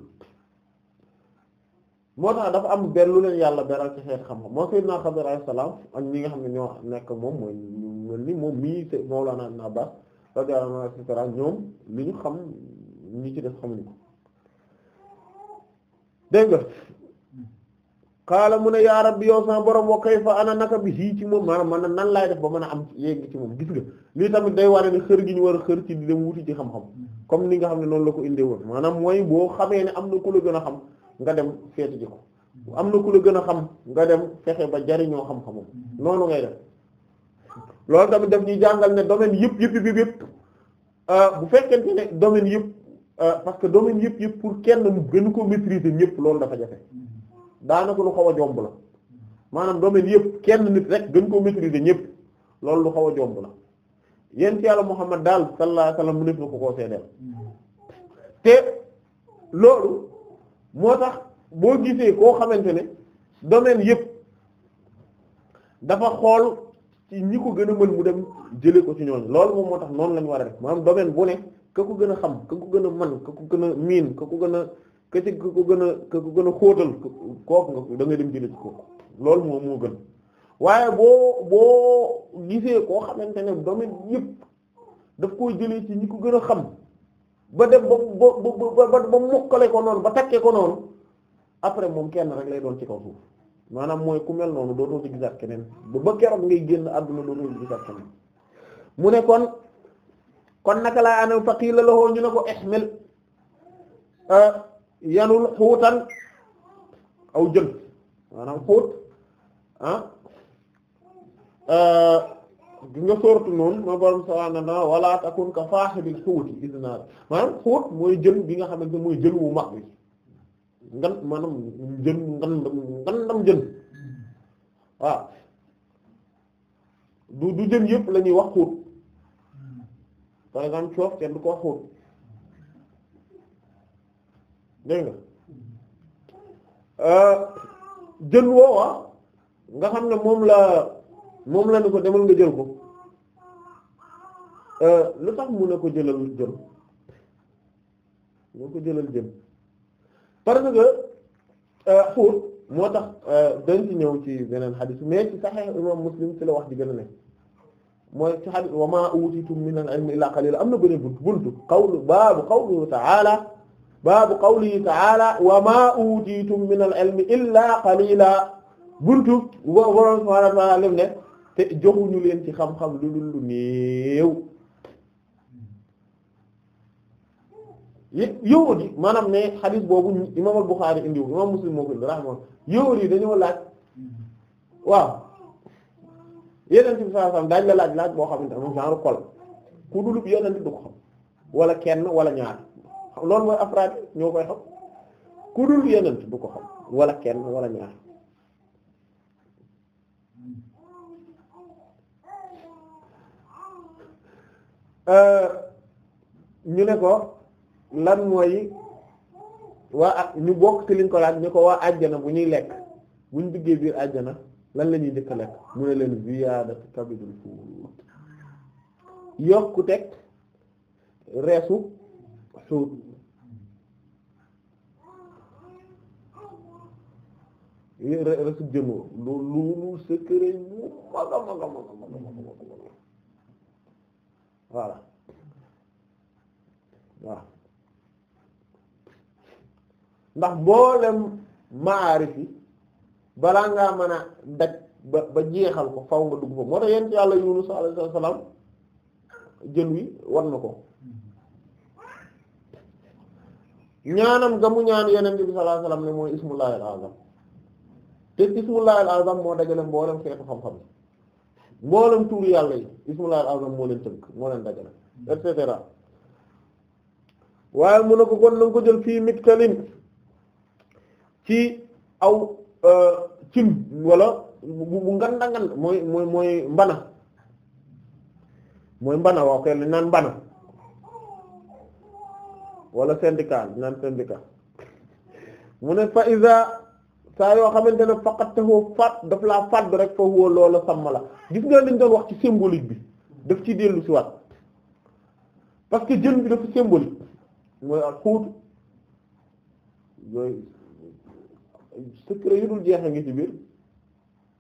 moo tax dafa am benn lu leen yàlla beral ci xeet xam-xam moo Seydina Xadir alayhi salaam ak ñi nga xam ne ñoo nekk moom mooy mel ni moom mii Mawlana Ibn Abbas radiyallahu anhu et cetera ñoom li ñu xam ñi ci def xamuñu ko dégg xaala mu ne yaa rabbi yow sama borom wa kayfa ana naka bi sii ci moom maanaam man nan laay def ba mën a am yegg ci moom gis nga lii tamit day wane ni xër gi ñu war a xër ci di dem wuti ci xam-xam comme ni nga xam ne noonu la ko indee woon maanaam mooy boo xamee ne am na ku la gën a xam nga dem feeti ji ko am na ku la gën a xam nga dem fexe ba jariñoo xam-xamam noonu ngay def loolu tamit daf ñuy jàngal ne domaine yëpp yëpp yëpp yëpp euh, bu fekkente ne domaine yëpp euh, parce que domaine yëpp yëpp pour kenn mu gën ko maîtriser ñëpp loolu dafa jafe daanaka lu xaw a jomb la maanaam domaine yëpp kenn nit rek gën koo maîtriser ñëpp loolu lu xaw a jomb la yéen ci yàlla Muhammad daal sallallahu alayhi mu nekk ko koo seedeel te loolu moo tax boo gisee koo xamante ne domaine yépp dafa xool ci ñi ko gën a mën mu dem jëlee ko ci ñooñu loolu moom moo tax noonu lañu war a rek maanaam domaine bu ne ka ko gën a xam ka ko gën a mën ka ko gën a miin ka ko gën a que ci ku ko gën a ku ko gën a xóotal kooku nga da nga dem jëlee ci kooku loolu moom moo gën waaye boo boo gisee koo xamante ne domaine yëpp daf koo jëlee ci ñi ko gën a xam ba def ba ba ba ba mokkale ko noonu ba takkee ko noonu après moom kenn rek lay doon ci kaw suuf maanaam mooy ku mel noonu dootoo ci gisaat keneen ba keroog ngay génn àdduna dootoo ci gisaat keneen mu ne kon kon naka laa anam faqila lahu ñu ne ko ihmil euh, yanul xuutan aw jën maanaam xuut ah euh, gi nga sortu noonu ma borom subhaanahu wa ta'aala wala takun ka faahibil xuuti iz naada maanaam xuut mooy jën bi nga xamante mooy jën wu mag bi ngan maanaam jën ngan ngandam jën waaw du du jën yëpp la ñuy wax xuut par exemple coof kenn du ko wax xuut dégg nga euh, jën woowa ah, nga xam ne moom la moom la ne ko demal nga jël ko euh, lu tax mu ne ko jëlal jën mu ne ko jëlal jën parce que euh, xuut moo tax dañ ci ñëw ci beneen xadis mais ci Sahih imam Muslim ci la wax di gën a nekk mooy ci xadis wa ma utitum min al ilmi illa qalila am na beneen buntu buntu xawlu baabu xawlu ta'ala baabu qawlihi ta'ala wa ma utitum min al illa qalila buntu borom subhaanahu wa ne te joxuñu leen ci xam-xam lu dul lu néew yëwat yi maanaam ne xadis boobu imam al-Bukhari indiw imam Muslim moo ko indi rahma yëwat yi dañoo laaj waaw yeneen bi sallallahu alayhi wasallam daañu la laaj laaj boo xamante ne genre kol ku dulub yeneen du ko xam wala kenn wala ñaar loolu mooy afraad ñoo koy xam ku dul yeneen du ko xam wala kenn wala ñaar euh, ñu ne ko lan mooy waa ñu bokk ci liñ ko ñu ko waa àjjana bu ñuy lekk bu ñu duggee biir àjjana lan lañuy ñuy njëkk a lekk mu ne leen ziyaadatu kabidul fuul yokku teg reesu xuut resu jënoo loolu loolu secret mu maga maga maga maga maga voilà waaw ndax mboolem maarif yi balaa ngaa mën a daj ba ba jeexal ko faw nga dugg fa moo tax yent yàlla Yunus alayhi salaam jën wi war na ko ñaanam ga mu ñaan yeneen bi sallallahu alayhi wasallam ne mooy ismullahil azam te ismullah al azam moo dajale mboolem xeetu xam-xam yi mboolem tuuru yàlla yi ismullah al azam moo leen tënk moo leen dajale et cetera waaye mu ne ko kon nanga ko jël fii mitkalin ci aw euh, cin wala bu nganda ngan mooy mooy mbana mooy mbana waaw kay naan mbana wala syndicat naan syndicat mu ne fa saa yoo xamante ne faqatahu faat daf laa fàdd rek fa huwa loola sàmm la gis nga liñ doon wax ci symbolique bi daf ci dellu si waat parce que jën bi dafa symbolique mooy ak xuut yooyu secret yu dul jeex a ngi ci biir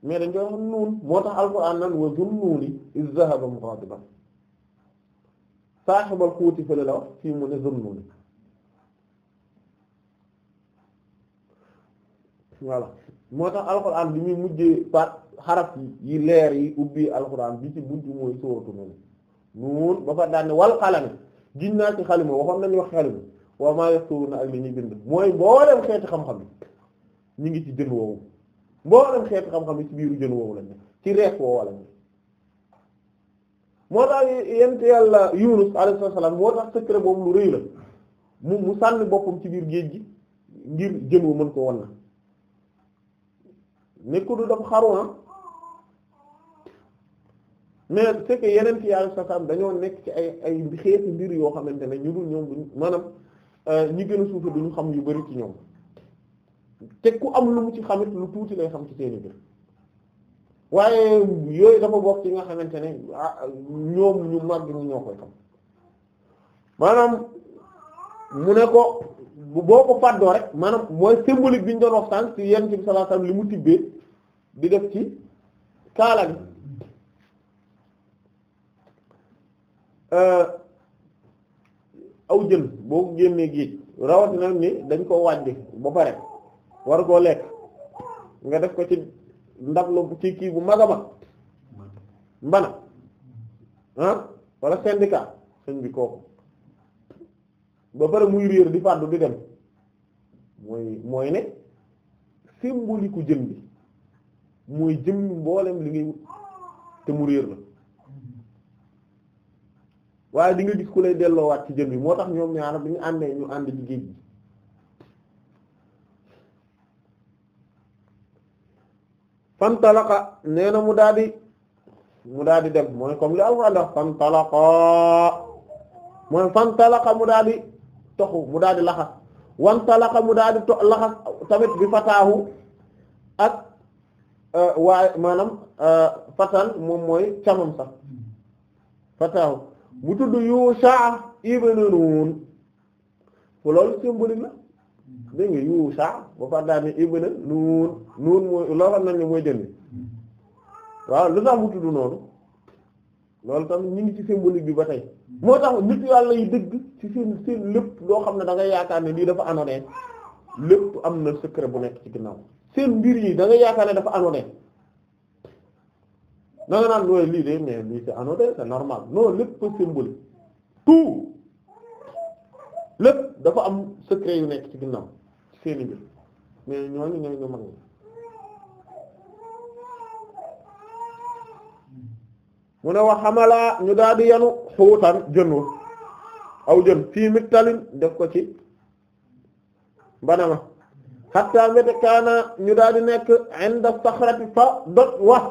mais dañ koy wax nuun moo tax alxuraan nan wa zun nuuni iz zahaba mughadiban saaxibal xuuti fële la wax fii mu ne zun voilà moo tax alxuraan li muy mujjee par xaraf yi leer yi ubbi alxuraan bi ci buntu mooy sóoratu noonu nuun ba fa daan ne wal naa ci xalima waxoon nañu wax xalima waaw maa yasturuuna ak li ñuy bind mooy mboolem xeeti xam-xam yi ñu ngi ci jën woowu mboolem xeeti ci biiru jën woowu lañ ci reek woowu lañ moo tax yent yàlla Yunus alayhi salaam moo tax secret boobu lu rëy la mu mu sànni boppam ci biir géej gi ngir jën wu mën ko won na nekku du def xaru ah mais c'est yeneen ci yàlla sa sam dañoo nekk ci ay ay xeeti mbir yoo xamante ne ñu dul ñoom buñ maanaam euh, ñi gën a suufe ñu xam yu bari ci ñoom te ku am lu mu ci xamit lu tuuti lay xam ci seeni mbir waaye yooyu dafa bokk ci nga xamante ne ah, ñoom ñu màgg ñu ñoo koy xam maanaam mu ne ko boo ko fàddoo rek maanaam mooy symbolique bi ñu doon wax sànq ci yenn ci bi li mu tibbee di def ci kaala gi euh, aw jën boo ko génnee géej rawatina ni dañ ko wàññi bu pare war koo lekk nga def ko ci ndab lu ci kii bu mag a mag mbana ah wala syndicat bi kooku ba pare muy réer di fàddu di dem mooy mooy ne symbolique ku jëm bi mooy jëm mboolem li ngay wut te mu réer la waaye di gis ku lay delloowaat ci jën bi moo tax ñoom ñaar bi ñu àndee ñu ànd ci géej gi fantalaka nee na mu daal di mu daal dem mooy comme li alxuraan dax fantalaka mooy fantalaka mu daal toxu mu daal di laxas wantalaqa mu daal di laxas tamit bi fataahu ak euh, waaye maanaam euh, fatal moom mooy camam sax fataahu mu tudd Yusha ibn Nun fu loolu symbolique la dégg nga Yusha ba far daal ne Nun Nun mooy xam nañ ne mooy jënd waaw lu tax mu tudd noonu loolu tamit ñu ngi ci symbolique bi ba tey moo tax nit yàlla yi dëgg ci seen lépp loo xam ne dangay ngay yaakaar ne lii dafa anodin lépp am na secret bu nekk ci ginnaaw seen mbir yi da ngay yaakaar ne dafa anodin da naan looy lii de mais lii c'est anodin c'est normal non lépp symbolique tout lépp dafa am secret yu nekk ci ginnaaw ci seen mbir mais ñooñu ñooy mag ñi mu ne wax xamalaa ñu daal di yanu xuutan jën wa aw jën fii miktalin def ko ci banama xatta mbéte kaana ñu daal di nekk inda saxrati fa dot wax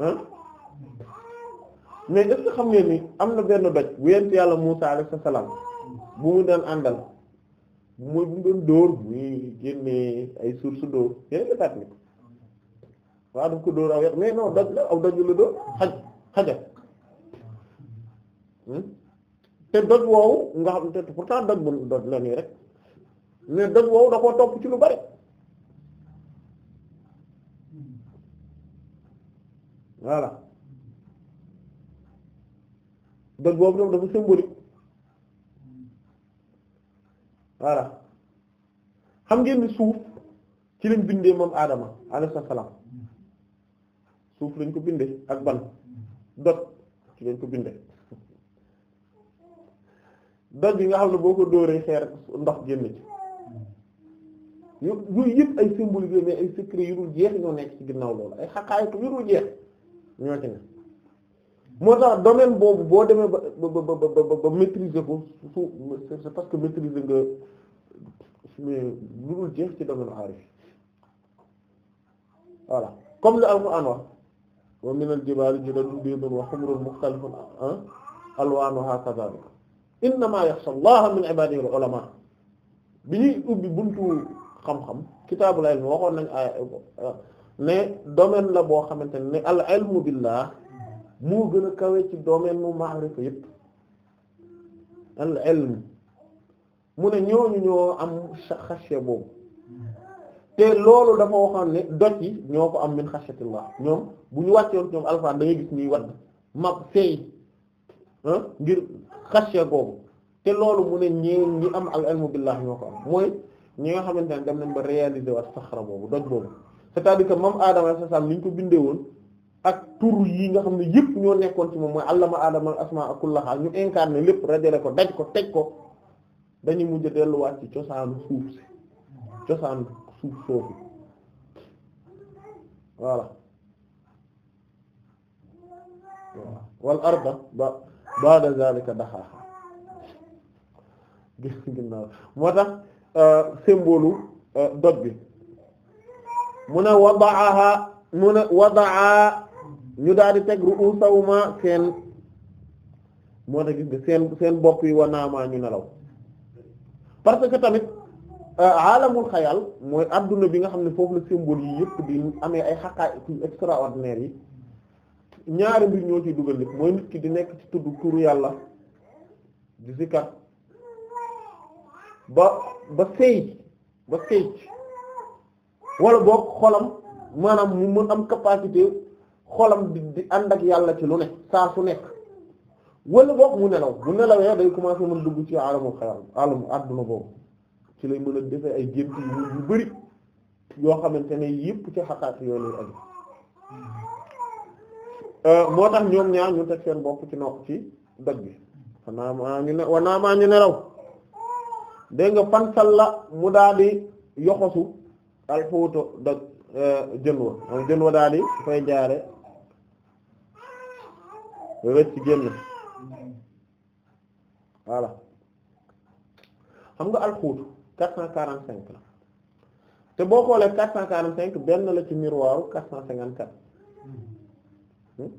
mais est-ce xam ngeen ni am na benn doj bu yent yàlla Musa alayhi salaam bu mu daan àndal mooy bu mu doon dóor muy génnee ay source d'eau yéen a ngi waa daf ko dóor aw yat mais non doj la aw doj la dóor xaj xaja hmm? te doj woowu nga xam te pourtant doj bu doj la nii rek mais doj woowu da topp ci lu bari voilà doj boobu dafa symbolique voilà xam ngeen ni suuf ci lañ bindee moom Adama alayhi salaam suuf lañ ko bindee ak ban dot ci lañ ko bindee doj yi nga xam ne boo ko dóoree xeer ndox génn ci yooyu yëpp ay symbole yi mais ay secret yu dul jeex ñoo nekk ci ginnaaw loolu ay xaqaayitu yu dul jeex ñoo ci ne moo tax domaine boobu boo demee ba ba ba ba ba maîtriser ko su c'est parce que maîtriser nga lu dul jeex ci domaine aarif voilà comme li Alxuraan wax wa minal jibaali judadun biidun wa humrun mukhtalifun alwaanuhaa ah, kadhaalika innamaa yaxsha Allaaha min ibaadihil ulamaa bi ñuy ubbi buntu xam-xam kitaabul ilm waxoon nañ ah, ne domaine la boo xamante ne al ilmu billaah moo gën a kawe ci domaine mu maarifa yépp al ilm mu ne ñooñu ñoo am xashe boobu. te loolu dafa waxoon ne doj yi ñoo ko am min xashatillah ñoom bu ñu wàccoon ñoom alxuraan da gis ñuy wadd mag feey ah, ngir xasha googu te loolu mu ne ñi ñi am al ilmu billah ñoo ko am mooy ñi nga xamante ne dem nañ ba réaliser wat saxara boobu doj boobu c'est-à-dire que moom Adama alayhi salaam li ñu ko bindee woon ak tur yi nga xam ne yëpp ñoo nekkoon ci moom mooy ma allama adama asmaa kullaha ñu incarné lépp rajale ko daj ko teg ko dañuy mujj delluwaat ci cosaanu suuf si suuf soosu voilà wa arda ba ba'da zalika daxaaxa moo tax euh, symbole euh, doj bi mu ne wadaaha mu ne wadaa ñu daal di teg ru'usawma seen moo tax gis nga seen seen bopp yi wa naamaa ñu nelaw parce que tamit Euh, alamul xayal mooy àdduna bi nga xam ne foofu la symbole yi yëpp di amee ay xaqaay yu extraordinaire yi ñaari mbir ñoo ciy dugal nit mooy nit ki di nekk ci tudd turu yàlla di sikkat ba ba sëy ba sëy wala boog xolam maanaam mu mën am capacité xolam di di ànd ak yàlla ci lu ne saa su nekk wala book mu nelaw bu nelawee day commencer mën dugg ci alamul xayal alamu adduna boobu ci lay mën a defee ay gént yu bari yoo xamante ne yëpp ci xaqaati yoonu aju euh, moo tax ñoom ñaar ñu teg seen bopp ci nopp ci doj bi wanaamaa nelaw dégg nga fansal la mu daal di yoxosu alxuutu doj euh, jën wa am wa daal fay jaare rëcc génn voilà xam nga alxuutu quatre cent quarante cinq la te boo xoolee quatre cent quarante cinq benn la ci miroiru quatre cent cinquante quatre hmm?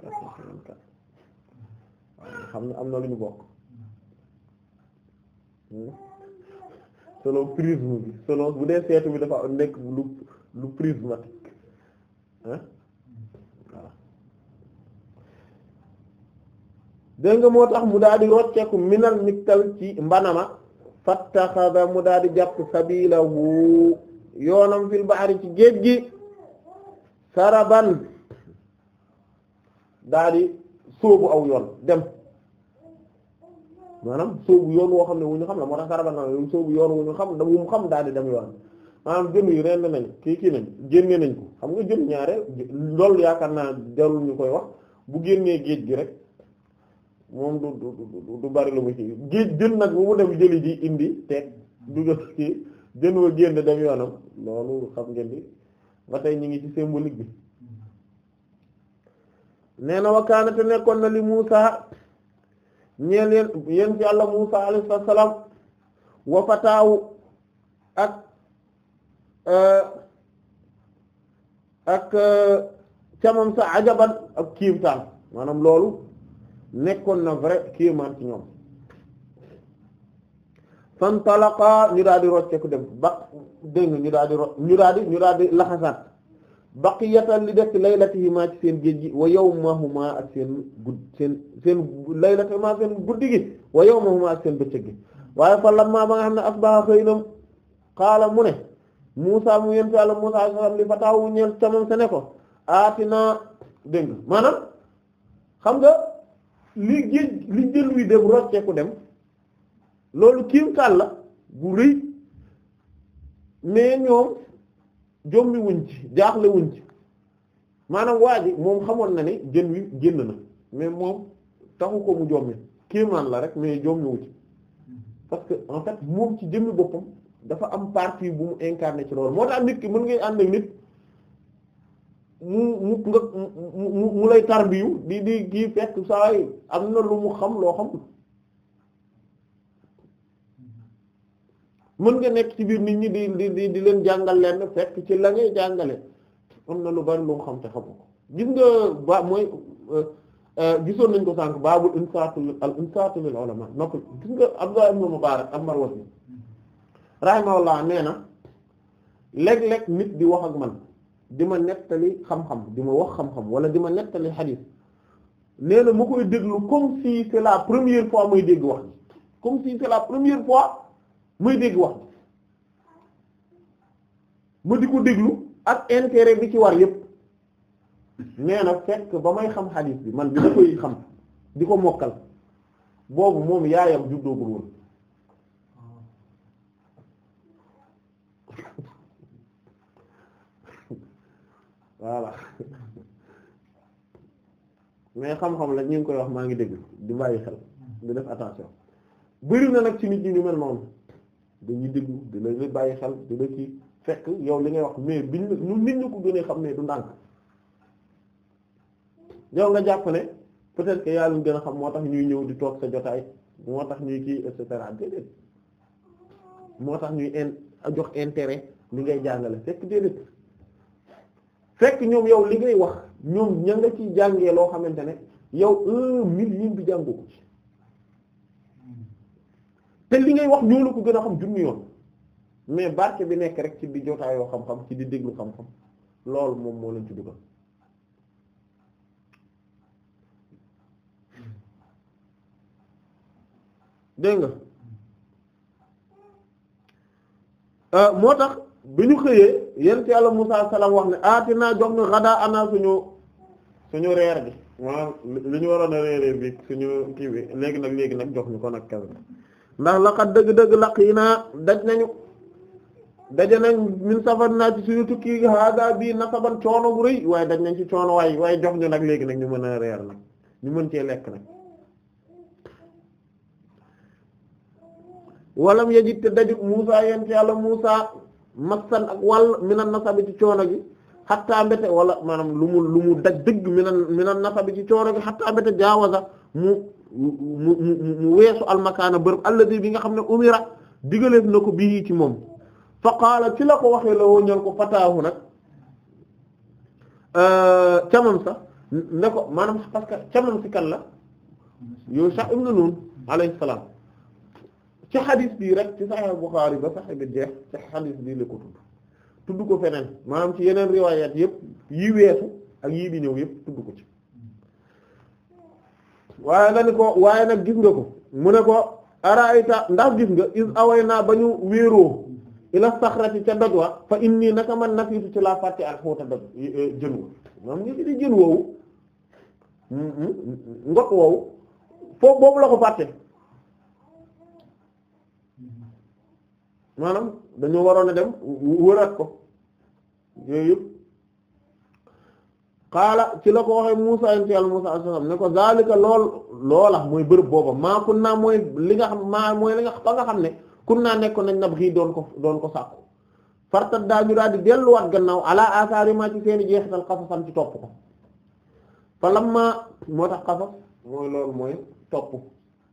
quatre cent cinquante quatre xam ne am na lu ñu bokk hmm? selon bu dee bi dafa nekk lu lu prismatique hein nga moo tax mu daal di rocceeku minal miktal ci mbana ma fattaxada mu daal di jàpp sabilahu yoonam fil bahri ci géej gi saraban daal di sóobu aw yoon dem maanaam sóobu yoon woo xam ne wu ñu xam la moo tax saraban na yoon sóobu yoon wu ñu xam da mu xam daal di dem yoon maanaam jën yi rend nañ kii kii nañ génne nañ ko xam nga jën ñaareel loolu yaakaar naa jarul ñu koy wax bu génnee géej gi rek moom du du du bari lu mu ci géej jën nag bu mu dem jëli ji indi teg dugal ci jën wa génn dem yoonam loolu xam ngeen ni tey ñu ngi ci symbolique bi nee na te nekkoon na li Muusa ñeel yeen yeen fi àlla Muusa alayhi salaam wa fataawu ak euh, ak euh, camam sa ajaban ak kiimtaan maanaam loolu nekkoon na vrai kéemaan ci ñoom fantalaqaa ñu daal di rocceeku dem ba dégg nga ñu daal di ro ñu daal ñu daal di laxasaat baqiyatan li def ci laylatihima ci seen géej gi wa yawmahuma ak seen gudd seen guddi gi wa yawmahuma ak seen bëccëg gi waaye fa lamma ba nga xam ne asbaha xëy na mu ne Musa mu yent Yàlla Musa alayhi salaam li fataawu ñeel tamam se ne ko aatina dégg nga xam nga li géej li jën luy dem rocceeku dem loolu kiimtaan la gu rëy mais ñoom jombi wuñ ci jaaxle wuñ ci maanaam waa ji moom xamoon na ne jën wi génn na mais moom taxu ko mu jommi kiimaan la rek mais jombi wu ci parce que en fait moom ci jëmmi boppam dafa am partie bu mu incarné ci loolu moo tax nit ki mën ngay ànd ak nit mu mu nga mu mu lay tarbiyu di di kii fekk saa yi am na lu mu xam loo xam mën nga nekk ci biir nit ñi di di di leen jàngal leen fekk ci la ngay jàngale am na lu bari lu nga xam te xamu ko gis nga ba mooy euh, euh, gisoon nañ ko sànq baabul insaatu al insaatu lil ulama nokk gis nga Abdullah ibn Mubarak am Marwazi rahimahullah nee na léeg-léeg nit di wax ak man di ma nettali xam-xam di ma wax xam-xam wala di ma nettali xadiis nee na ma koy déglu comme si c'est la première fois muy dégg wax ji comme si c'est la première fois muy dégg wax ji ma di ko déglu ak intérêt bi ci war yépp nee na fekk ba may xam xadiis bi man bi ma koy xam di ko mokkal boobu moom yaayam juddoogul woon voilà mais xam-xam la ñu ngi koy wax maa ngi dégg di bàyyi xel di def attention bëri na nag ci nit ñi ñu mel noonu dañuy déglu di la bàyyi xel di la ci fekk yow li ngay wax mais bi ñu nit ñu ko gënee xam ne du ndànk yow nga jàpp ne peut-être que yàlla gën a xam moo tax ñuy ñëw di toog sa jotaay moo tax ñuy kii et cetera déedéet moo tax ñuy in jox intérêt li ngay jàngale fekk déedéet. fekk ñoom yow li ngay wax ñoom ña nga ci jàngee loo xamante ne yow un million bi jàngoo ko ci te li ngay wax ñoo la ko gën a xam junni yoon mais barke bi nekk rek ci di jotaayoo xam-xam ci di déglu xam-xam loolu moom moo leen ci dugal dégg nga euh, moo tax bi ñu xëyee yent yàlla Musaa salaam wax ne aati naa jox ñu xadaa ana suñu suñu reer gi maanaam li ñu waroon a reeree bi suñu kii bi léegi nag léegi nag jox ñu ko nag kawe ndax laqad dëgg-dëgg laq yi naa daj nañu daje nañ min safar naa ci suñu tukki hada bii nasaban coono bu rëy waaye daj nañ ci coono waaye waaye jox ñu nag léegi nag ñu mën a reer nag ñu mën cee lekk nag walam yajid te dajut Musaa yent yàlla Musaa massan ak wàll minan nasabi ci coono gi xattaa mbete wala maanaam lu mu lu mu daj dëgg minan minan nasabi ci coono gi xattaa mbete jaawaza mu mu weesu almakaana bërëb alladi bi nga xam ne umira digaleef na ko bii ci moom fa qaala ci la ko waxee la woo ñal ko fataahu nag euh, camam sax ne ko maanaam parce camam si kan la yow sax ibn Nun alayhi ci xadis bii rek ci Sahih Bukhari ba Sahih bi jeex ci xadis bii la ko tudd tudd ko feneen maanaam ci yeneen riwaayaat yépp yi weesu ak yii di ñëw yëpp tudd ko ci waaye la ni ko waaye nag gis nga ko mu ne ko araayta ndax gis nga is away naa ba ñu wéeroo ila saxrati ca doj wa fa inni naka man nafiitu ci laa fàtte ak xóota doj eh, jën wa maam ñu di jën woowu mm-hmm, mm-hmm, ngot woowu foofu boobu la ko fàtte maanaam dañoo waroon a dem wëraat ko yooyu yëpp xaala ci la ko waxee Musa yonent Yàlla Musa alayhi salaam ne ko zalika lool loola bërëb booba maa kun naa mooy li nga xam maa mooy li nga ba nga xam ne kun naa nekkoon nañ nab xii doon ko doon ko sàkku fartat daañu daal di delluwaat gannaaw ala asaari ma ci seeni jeexital xasasan ci topp ko fa lamma moo tax xasas mooy loolu mooy topp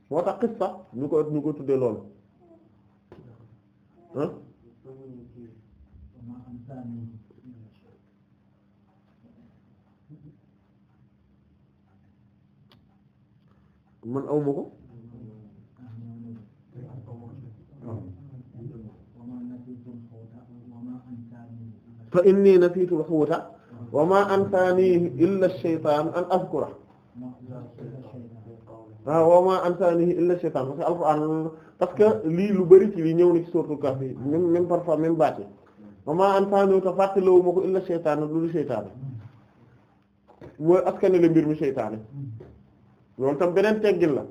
moo tax xissa ñu ko ñu ko tuddee lool man aw ma ko fa inni nasiitul huuta wa ma ansaanihi illa ash-shaytaan an azkura waaw ah, waaw maa ansaanihi illa shaytaan parce que alxuraan parce que lii lu bari ci li ñëw na ci sourate Kahf yi même même parfois même baat yi waaw maa ansaanihi te fàttaliwu ma ko illa shaytaan lu dul shaytaan mooy askan la mbir mi shaytaan loolu tam beneen teggin la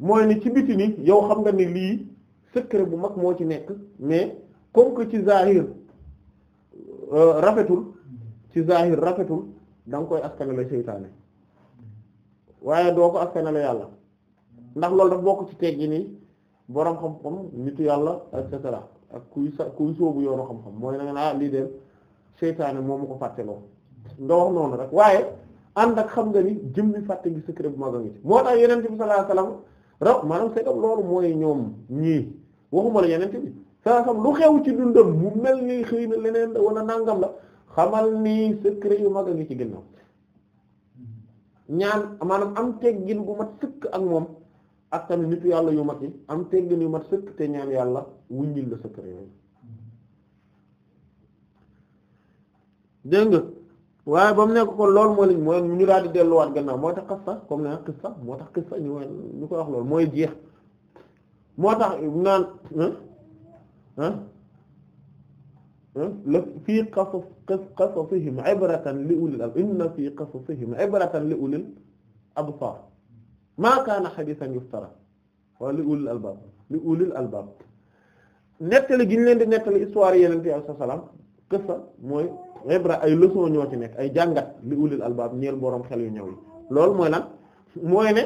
mooy ni ci biti ni yow xam nga ni lii secret bu mag moo ci nekk mais comme que ci zahir euh, rafetul ci zahir rafetul da nga koy askan la shaytaan. waaye doo ko ak askanale yàlla ndax loolu daf bokk ci teggi nii boroom xam-xam nitu yàlla et cetera ak kuy sa kuy sóobu yoonu xam-xam mooy na nga ah, lii de seytaane moomu ko fàtteloo nga wax noonu rek waaye ànd ak xam nga ni jëmmi fàtte gi secret bu mag a ngi ci moo tax yeneen bi sallallahu alayhi wasallam raw maanaam c'est comme loolu mooy ñoom bi sallallahu alayhi wasallam lu xew ci dundam mu mel ni xëy na leneen wala nangam la xamal ni secret yu mag a ngi ci ginnaaw ñaan maanaam am teggin bu mat sëkk ak moom ak tamit nitu yàlla yu mat yi am teggin yu mat sëkk te ñaan yàlla wuññil la sëkkër yooyu dégg nga waaye ba mu nekk kon loolu moo lañ mooy ñu daal di delluwaat gannaaw moo tax xissa comme ne xissa moo tax xissa ñu ñu koy wax loolu mooy jeex moo tax naan la fii qasas qasasihim ibratan li ulil ab inna fii qasasihim ibratan kaana hadiisan yuftara wa li ulil albaab li ulil albaab nettali gi leen di nettali histoire yeneen bi sallallahu alayhi wasallam qissa mooy ibra ay leçon ñoo ci nekk ay jàngat li ulil albaab ñeel boroom xel yu ñëw yi loolu mooy lan mooy ne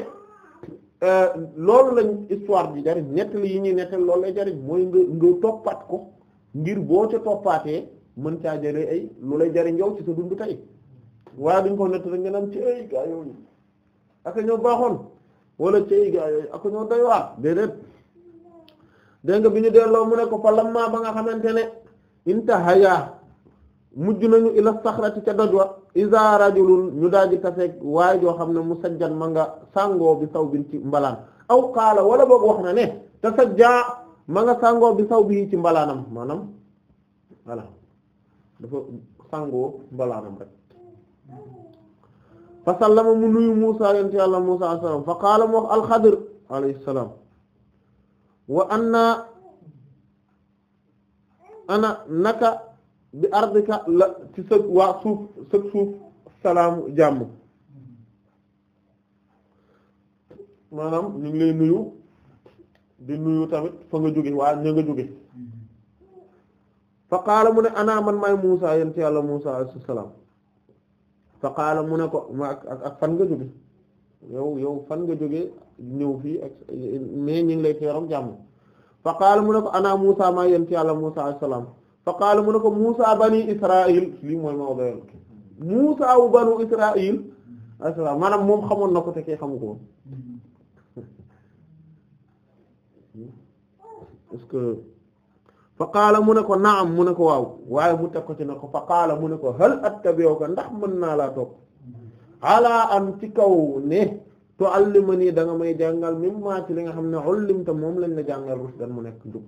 euh, loolu lañ histoire bi jariñ nettali yi ñuy nettali loolu lay jariñ mooy nga nga toppat ko ngir boo ca toppaatee mën caa jëlee ay lu lay jariñ yow ci sa dund tey waaye duñ ko nett rek nga naan ci ay gaa yooyu ak ñoo baaxoon wala ci ay gaa yooyu ak ñoo doy waar déedéet dégg nga bi ñu delloo mu ne ko fa ba nga xamante ne intahaya mujj nañu ila saxrati ca doj wa isa rajulun ñu daaji taseeg waaye joo xam ne mu sajjan ma nga sàngoo bi saw bin ci mbalaan aw qaala wala boog wax na ne tasajja ma nga sàngoo bi saw bi ci mbalaanam maanaam voilà dafa mbalaanam rek fa sallama mu nuyu Musa yent yàlla Musa alayhi salaam fa qaala mu alxadir alayhi salaam wa anna ana naka bi ardika la ci sëg waa suuf sëg suuf salaamu jàmm maanaam ñu ngi nuyu di nuyu tamit fa nga jóge waa ña nga jóge mm-hmm. fa qaala mu ne ana man maay Muusa yéen ci yàlla musa alayhi salaam fa qaala mu ne ko ma ak nga jóge yow fan nga jóge ñëw fii ak mais ñu ngi lay teeram jàmm fa mu ne ko ana Muusa maa yéen ci yàlla Muusa salaam fa qaala mu ne ko Muusa bani Israa'il lii mooy mawdal Muusa wu banu Israa'il alayhi salaam maanaam moom xamoon na ko te kee xamu ko est-ce que fa qaala mu ne ko naam mu ne ko waaw waaye mu teg ko ci ne ko fa qaala mu ne ko hal attabi'uka ndax mën naa laa topp ala am ci kaw ne tu'allimani da nga may jàngal mimma ci li nga xam ne ullimta moom lañ la jàngal rushdan mu nekk jub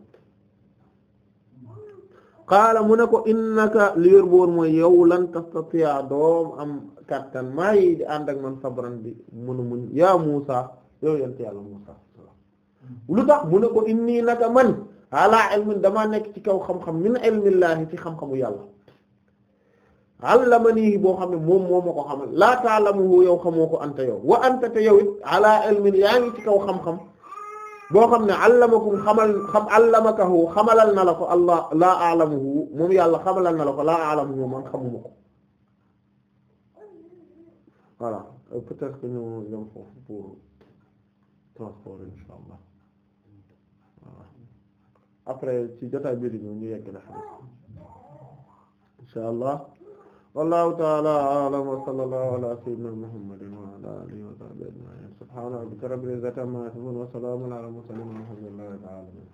qaala mu ne ko innaka li wér boor mooy yow lan tastati'a doom am kattan maa yi di ànd ak man sabran bi munu muñ yaa Muusa yow yent yàlla Muusa lu tax mu ne ko inni naka man ala ilmin damaa nekk ci kaw xam-xam min ilmillaahi ci xam-xamu yàlla allamanii boo xam ne moom moo ma ko xamal laa taalamu yow xamoo ko anta yow wa anta te yow ala ilmin yaa ngi ci kaw xam boo xam ne allamakum xamal xam na la ko allah yàlla xamalal na la ko laa alamuhu man xamuma ko voilà euh, peut-être que ñu dem foofu pour transport inshallah après ci jotaay bi ñu ñu yegg la insha allah wallahu ta'ala a'lam wa sallallahu ala sayyidina muhammadin wa ala alihi wa sahbihi ajma'in subhana rabbika rabbil izzati amma yasifun wa salamun ala mursalin walhamdulillahi rabbil alamin